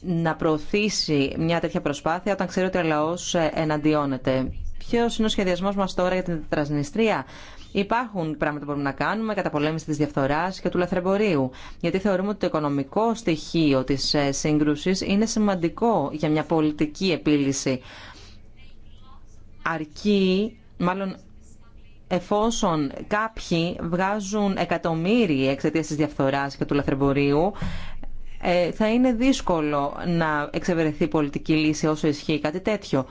να προωθήσει μια τέτοια προσπάθεια όταν ξέρει ότι ο λαός ε, εναντιώνεται. Ποιο είναι ο σχεδιασμό μα τώρα για την Τρασνιστρία. Υπάρχουν πράγματα που μπορούμε να κάνουμε, πολέμηση τη διαφθορά και του λαθρεμπορίου. Γιατί θεωρούμε ότι το οικονομικό στοιχείο τη ε, σύγκρουση είναι σημαντικό για μια πολιτική επίλυση. Αρκεί, μάλλον εφόσον κάποιοι βγάζουν εκατομμύρια εξαιτία τη διαφθορά και του λαθρεμπορίου, ε, θα είναι δύσκολο να εξευρεθεί πολιτική λύση όσο ισχύει κάτι τέτοιο.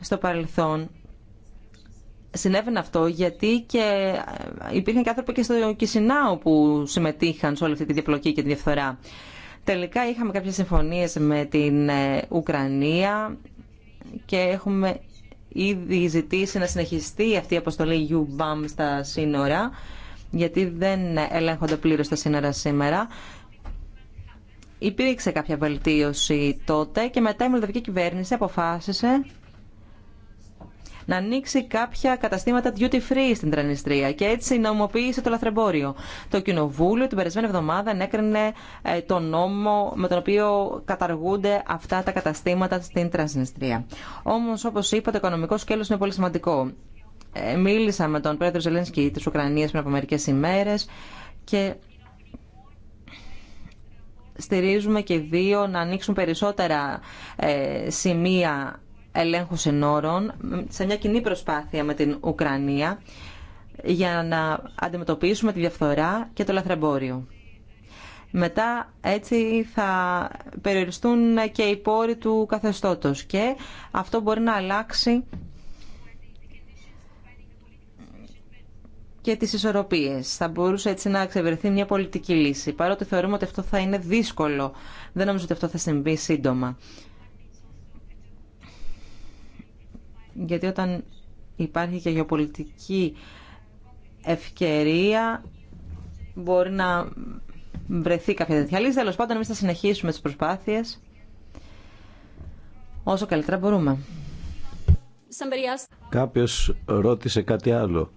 Στο παρελθόν, συνέβαινε αυτό γιατί και ε, υπήρχαν και άνθρωποι και στο Κισινάο που συμμετείχαν σε όλη αυτή τη διαπλοκή και τη διαφθορά. Τελικά είχαμε κάποιες συμφωνίες με την ε, Ουκρανία και έχουμε ήδη ζητήσει να συνεχιστεί αυτή η αποστολή UBAM στα σύνορα γιατί δεν ελέγχονται πλήρως τα σύνορα σήμερα. Υπήρξε κάποια βελτίωση τότε και μετά η Μολδαβική κυβέρνηση αποφάσισε να ανοίξει κάποια καταστήματα duty free στην Τρανιστρία και έτσι νομοποίησε το λαθρεμπόριο. Το Κοινοβούλιο την περασμένη εβδομάδα ενέκρινε ε, το νόμο με τον οποίο καταργούνται αυτά τα καταστήματα στην Τρανιστρία. Όμω, όπω είπα, το οικονομικό σκέλο είναι πολύ σημαντικό. Ε, μίλησα με τον πρόεδρο Ζελένσκι τη Ουκρανία πριν από μερικέ ημέρε και στηρίζουμε και δύο να ανοίξουν περισσότερα ε, σημεία ελέγχου συνόρων σε μια κοινή προσπάθεια με την Ουκρανία για να αντιμετωπίσουμε τη διαφθορά και το λαθρεμπόριο. Μετά έτσι θα περιοριστούν και οι πόροι του καθεστώτος και αυτό μπορεί να αλλάξει και τις ισορροπίες. Θα μπορούσε έτσι να εξευρεθεί μια πολιτική λύση. Παρότι θεωρούμε ότι αυτό θα είναι δύσκολο, δεν νομίζω ότι αυτό θα συμβεί σύντομα. γιατί όταν υπάρχει και γεωπολιτική ευκαιρία μπορεί να βρεθεί κάποια τέτοια λύση. Τέλο πάντων, εμεί θα συνεχίσουμε τι προσπάθειε όσο καλύτερα μπορούμε. Κάποιο ρώτησε κάτι άλλο.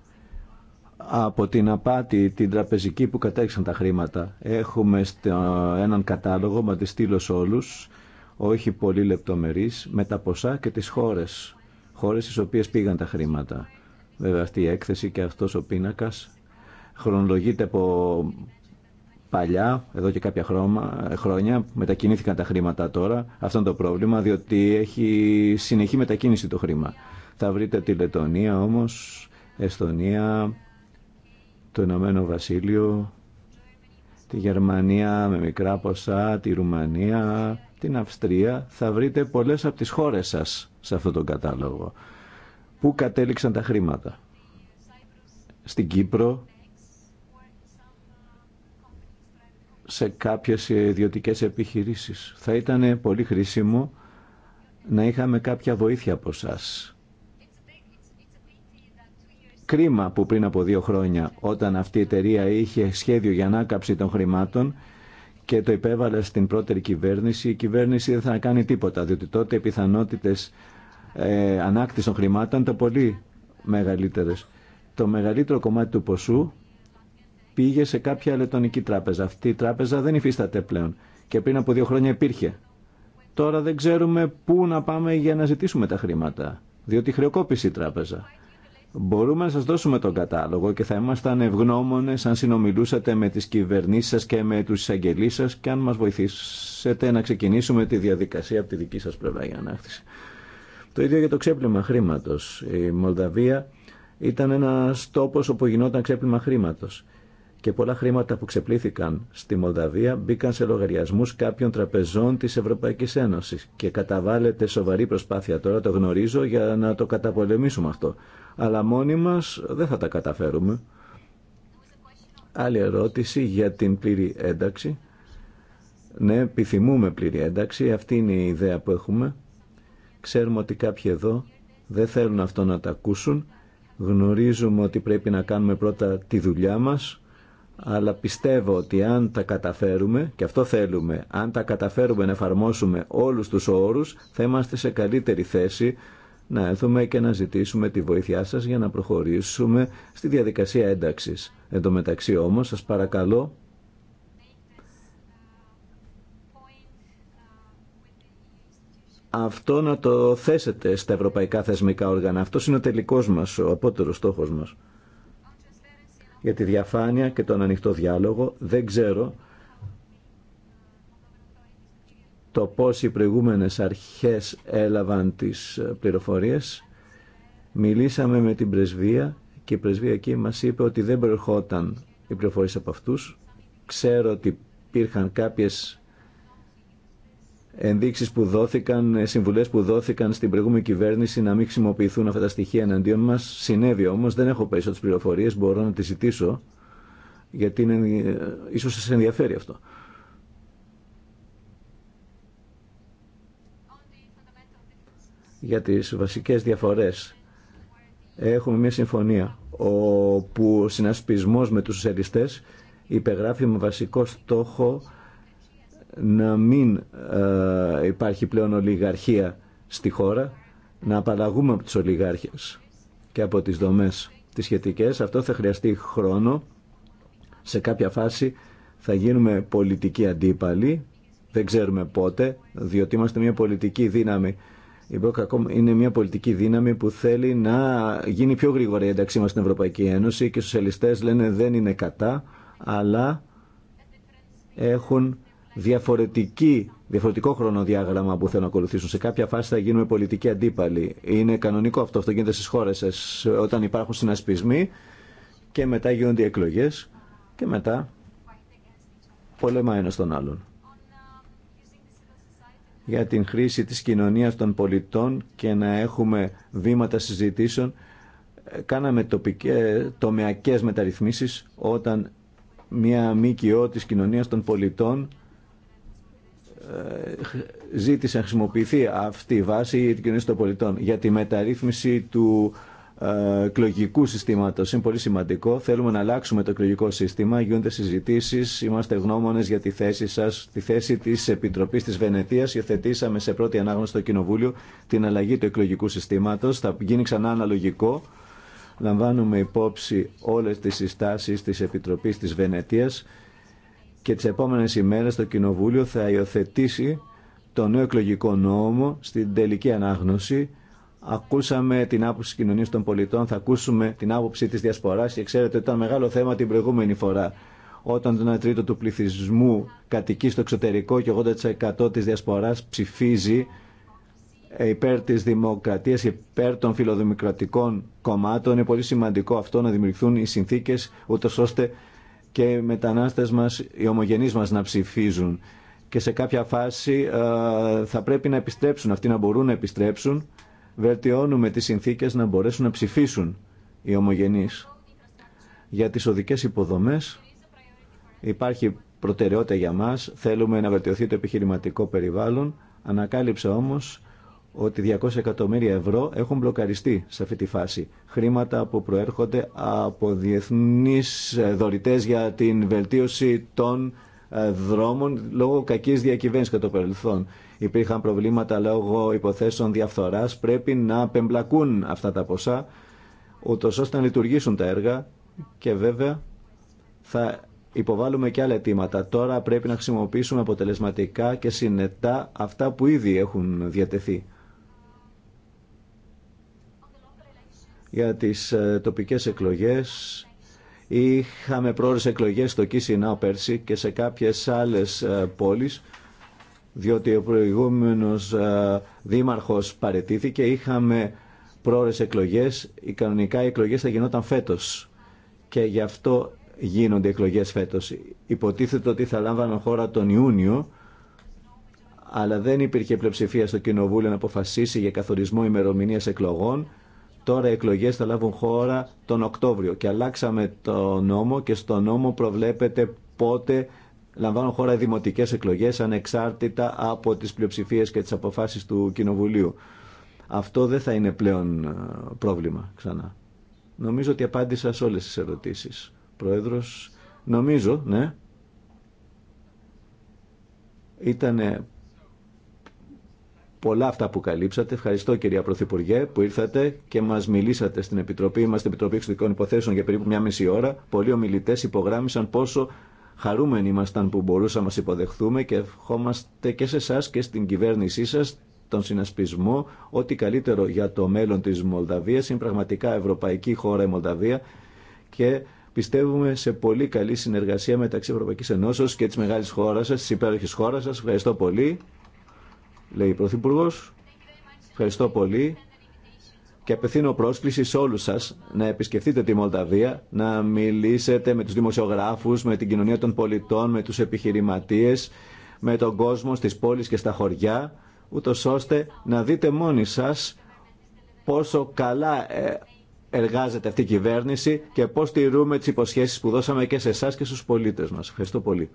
Από την απάτη, την τραπεζική που κατέξαν τα χρήματα, έχουμε έναν κατάλογο, μα τη στείλω σε όλους, όχι πολύ λεπτομερής, με τα ποσά και τις χώρες χώρες στις οποίες πήγαν τα χρήματα. Βέβαια αυτή η έκθεση και αυτός ο πίνακας χρονολογείται από παλιά, εδώ και κάποια χρόνια, μετακινήθηκαν τα χρήματα τώρα. Αυτό είναι το πρόβλημα, διότι έχει συνεχή μετακίνηση το χρήμα. Θα βρείτε τη Λετωνία όμως, Εστονία, το Ηνωμένο Βασίλειο, τη Γερμανία με μικρά ποσά, τη Ρουμανία, την Αυστρία, θα βρείτε πολλές από τις χώρες σας σε αυτόν τον κατάλογο. Πού κατέληξαν τα χρήματα. Στην Κύπρο, σε κάποιες ιδιωτικές επιχειρήσεις. Θα ήταν πολύ χρήσιμο να είχαμε κάποια βοήθεια από σας Κρίμα που πριν από δύο χρόνια, όταν αυτή η εταιρεία είχε σχέδιο για ανάκαψη των χρημάτων και το υπέβαλε στην πρώτερη κυβέρνηση, η κυβέρνηση δεν θα κάνει τίποτα, διότι τότε οι πιθανότητε ε, ανάκτηση των χρημάτων ήταν πολύ μεγαλύτερε. Το μεγαλύτερο κομμάτι του ποσού πήγε σε κάποια λετωνική τράπεζα. Αυτή η τράπεζα δεν υφίσταται πλέον και πριν από δύο χρόνια υπήρχε. Τώρα δεν ξέρουμε πού να πάμε για να ζητήσουμε τα χρήματα, διότι χρεοκόπησε η τράπεζα. Μπορούμε να σας δώσουμε τον κατάλογο και θα ήμασταν ευγνώμονες αν συνομιλούσατε με τις κυβερνήσεις σας και με τους εισαγγελείς σας και αν μας βοηθήσετε να ξεκινήσουμε τη διαδικασία από τη δική σας πλευρά για ανάκτηση. Το ίδιο για το ξέπλυμα χρήματος. Η Μολδαβία ήταν ένα τόπος όπου γινόταν ξέπλυμα χρήματος και πολλά χρήματα που ξεπλήθηκαν στη Μολδαβία μπήκαν σε λογαριασμού κάποιων τραπεζών τη Ευρωπαϊκή Ένωση. Και καταβάλλεται σοβαρή προσπάθεια τώρα, το γνωρίζω, για να το καταπολεμήσουμε αυτό αλλά μόνοι μας δεν θα τα καταφέρουμε. Άλλη ερώτηση για την πλήρη ένταξη. Ναι, επιθυμούμε πλήρη ένταξη, αυτή είναι η ιδέα που έχουμε. Ξέρουμε ότι κάποιοι εδώ δεν θέλουν αυτό να τα ακούσουν. Γνωρίζουμε ότι πρέπει να κάνουμε πρώτα τη δουλειά μας, αλλά πιστεύω ότι αν τα καταφέρουμε, και αυτό θέλουμε, αν τα καταφέρουμε να εφαρμόσουμε όλους τους όρους, θα είμαστε σε καλύτερη θέση να έρθουμε και να ζητήσουμε τη βοήθειά σας για να προχωρήσουμε στη διαδικασία ένταξης. Εν τω μεταξύ όμως σας παρακαλώ αυτό να το θέσετε στα ευρωπαϊκά θεσμικά όργανα. Αυτός είναι ο τελικός μας, ο απότερος στόχος μας. Για τη διαφάνεια και τον ανοιχτό διάλογο δεν ξέρω το πώς οι προηγούμενες αρχές έλαβαν τις πληροφορίες. Μιλήσαμε με την πρεσβεία και η πρεσβεία εκεί μας είπε ότι δεν προερχόταν οι πληροφορίες από αυτούς. Ξέρω ότι υπήρχαν κάποιες ενδείξεις που δόθηκαν, συμβουλές που δόθηκαν στην προηγούμενη κυβέρνηση να μην χρησιμοποιηθούν αυτά τα στοιχεία εναντίον μας. Συνέβη όμως, δεν έχω περισσότερες πληροφορίες, μπορώ να τις ζητήσω, γιατί είναι, ε, ίσως σας ενδιαφέρει αυτό. για τις βασικές διαφορές. Έχουμε μια συμφωνία όπου ο συνασπισμός με τους σοσιαλιστές υπεγράφει με βασικό στόχο να μην ε, υπάρχει πλέον ολιγαρχία στη χώρα, να απαλλαγούμε από τις ολιγάρχες και από τις δομές τις σχετικές. Αυτό θα χρειαστεί χρόνο. Σε κάποια φάση θα γίνουμε πολιτικοί αντίπαλοι, δεν ξέρουμε πότε, διότι είμαστε μια πολιτική δύναμη η είναι μια πολιτική δύναμη που θέλει να γίνει πιο γρήγορα η ένταξή μας στην Ευρωπαϊκή Ένωση και οι σοσιαλιστές λένε δεν είναι κατά, αλλά έχουν διαφορετική, διαφορετικό χρονοδιάγραμμα που θέλουν να ακολουθήσουν. Σε κάποια φάση θα γίνουμε πολιτικοί αντίπαλοι. Είναι κανονικό αυτό, αυτό γίνεται στις χώρες όταν υπάρχουν συνασπισμοί και μετά γίνονται οι εκλογές και μετά πολεμά ένα τον άλλον για την χρήση της κοινωνίας των πολιτών και να έχουμε βήματα συζητήσεων. Κάναμε τοπικές, τομεακές μεταρρυθμίσεις όταν μια μήκυο της κοινωνίας των πολιτών ε, ζήτησε να χρησιμοποιηθεί αυτή η βάση την κοινωνία των πολιτών για τη μεταρρύθμιση του εκλογικού συστήματο. Είναι πολύ σημαντικό. Θέλουμε να αλλάξουμε το εκλογικό σύστημα. Γίνονται συζητήσει. Είμαστε γνώμονε για τη θέση σα. Τη θέση τη Επιτροπή τη Βενετία υιοθετήσαμε σε πρώτη ανάγνωση στο Κοινοβούλιο την αλλαγή του εκλογικού συστήματο. Θα γίνει ξανά αναλογικό. Λαμβάνουμε υπόψη όλε τι συστάσει τη Επιτροπή τη Βενετία και τι επόμενε ημέρε το Κοινοβούλιο θα υιοθετήσει το νέο εκλογικό νόμο στην τελική ανάγνωση Ακούσαμε την άποψη τη κοινωνία των πολιτών, θα ακούσουμε την άποψη τη διασπορά και ξέρετε ότι ήταν μεγάλο θέμα την προηγούμενη φορά. Όταν το 1 τρίτο του πληθυσμού κατοικεί στο εξωτερικό και 80% τη διασπορά ψηφίζει υπέρ τη δημοκρατία, υπέρ των φιλοδημοκρατικών κομμάτων, είναι πολύ σημαντικό αυτό να δημιουργηθούν οι συνθήκε ούτω ώστε και οι μετανάστε μα, οι ομογενεί μα να ψηφίζουν. Και σε κάποια φάση ε, θα πρέπει να επιστρέψουν αυτοί να μπορούν να επιστρέψουν βελτιώνουμε τις συνθήκες να μπορέσουν να ψηφίσουν οι ομογενείς. Για τις οδικές υποδομές υπάρχει προτεραιότητα για μας, θέλουμε να βελτιωθεί το επιχειρηματικό περιβάλλον, ανακάλυψα όμως ότι 200 εκατομμύρια ευρώ έχουν μπλοκαριστεί σε αυτή τη φάση. Χρήματα που προέρχονται από διεθνείς ε, δωρητές για την βελτίωση των ε, δρόμων λόγω κακής διακυβέρνησης κατά το παρελθόν υπήρχαν προβλήματα λόγω υποθέσεων διαφθοράς, πρέπει να πεμπλακούν αυτά τα ποσά, ούτως ώστε να λειτουργήσουν τα έργα και βέβαια θα υποβάλουμε και άλλα αιτήματα. Τώρα πρέπει να χρησιμοποιήσουμε αποτελεσματικά και συνετά αυτά που ήδη έχουν διατεθεί. Για τις ε, τοπικές εκλογές είχαμε πρόορες εκλογές στο Κίσινάο πέρσι και σε κάποιες άλλες ε, πόλεις διότι ο προηγούμενος ε, δήμαρχος παρετήθηκε, είχαμε πρόορες εκλογές, οι κανονικά εκλογές θα γινόταν φέτος και γι' αυτό γίνονται εκλογές φέτος. Υποτίθεται ότι θα λάμβανε χώρα τον Ιούνιο, αλλά δεν υπήρχε πλειοψηφία στο Κοινοβούλιο να αποφασίσει για καθορισμό ημερομηνίας εκλογών. Τώρα οι εκλογές θα λάβουν χώρα τον Οκτώβριο και αλλάξαμε το νόμο και στο νόμο προβλέπεται πότε λαμβάνουν χώρα δημοτικέ εκλογέ ανεξάρτητα από τι πλειοψηφίε και τι αποφάσει του Κοινοβουλίου. Αυτό δεν θα είναι πλέον ε, πρόβλημα ξανά. Νομίζω ότι απάντησα σε όλε τι ερωτήσει. Πρόεδρος, νομίζω, ναι. Ήτανε πολλά αυτά που καλύψατε. Ευχαριστώ κυρία Πρωθυπουργέ που ήρθατε και μας μιλήσατε στην Επιτροπή Είμαστε Επιτροπή Εξωτικών Υποθέσεων για περίπου μια μισή ώρα. Πολλοί ομιλητέ υπογράμμισαν πόσο Χαρούμενοι ήμασταν που μπορούσαμε να σας υποδεχθούμε και ευχόμαστε και σε εσά και στην κυβέρνησή σας τον συνασπισμό ότι καλύτερο για το μέλλον της Μολδαβίας είναι πραγματικά ευρωπαϊκή χώρα η Μολδαβία και πιστεύουμε σε πολύ καλή συνεργασία μεταξύ Ευρωπαϊκής Ενώσεως και της μεγάλης χώρας σας, της υπέροχης χώρας σας. Ευχαριστώ πολύ, λέει η Πρωθυπουργός. Ευχαριστώ πολύ και απευθύνω πρόσκληση σε όλους σας να επισκεφτείτε τη Μολδαβία, να μιλήσετε με τους δημοσιογράφους, με την κοινωνία των πολιτών, με τους επιχειρηματίες, με τον κόσμο στις πόλεις και στα χωριά, ούτω ώστε να δείτε μόνοι σας πόσο καλά ε, εργάζεται αυτή η κυβέρνηση και πώς τηρούμε τις υποσχέσεις που δώσαμε και σε εσά και στους πολίτες μας. Ευχαριστώ πολύ.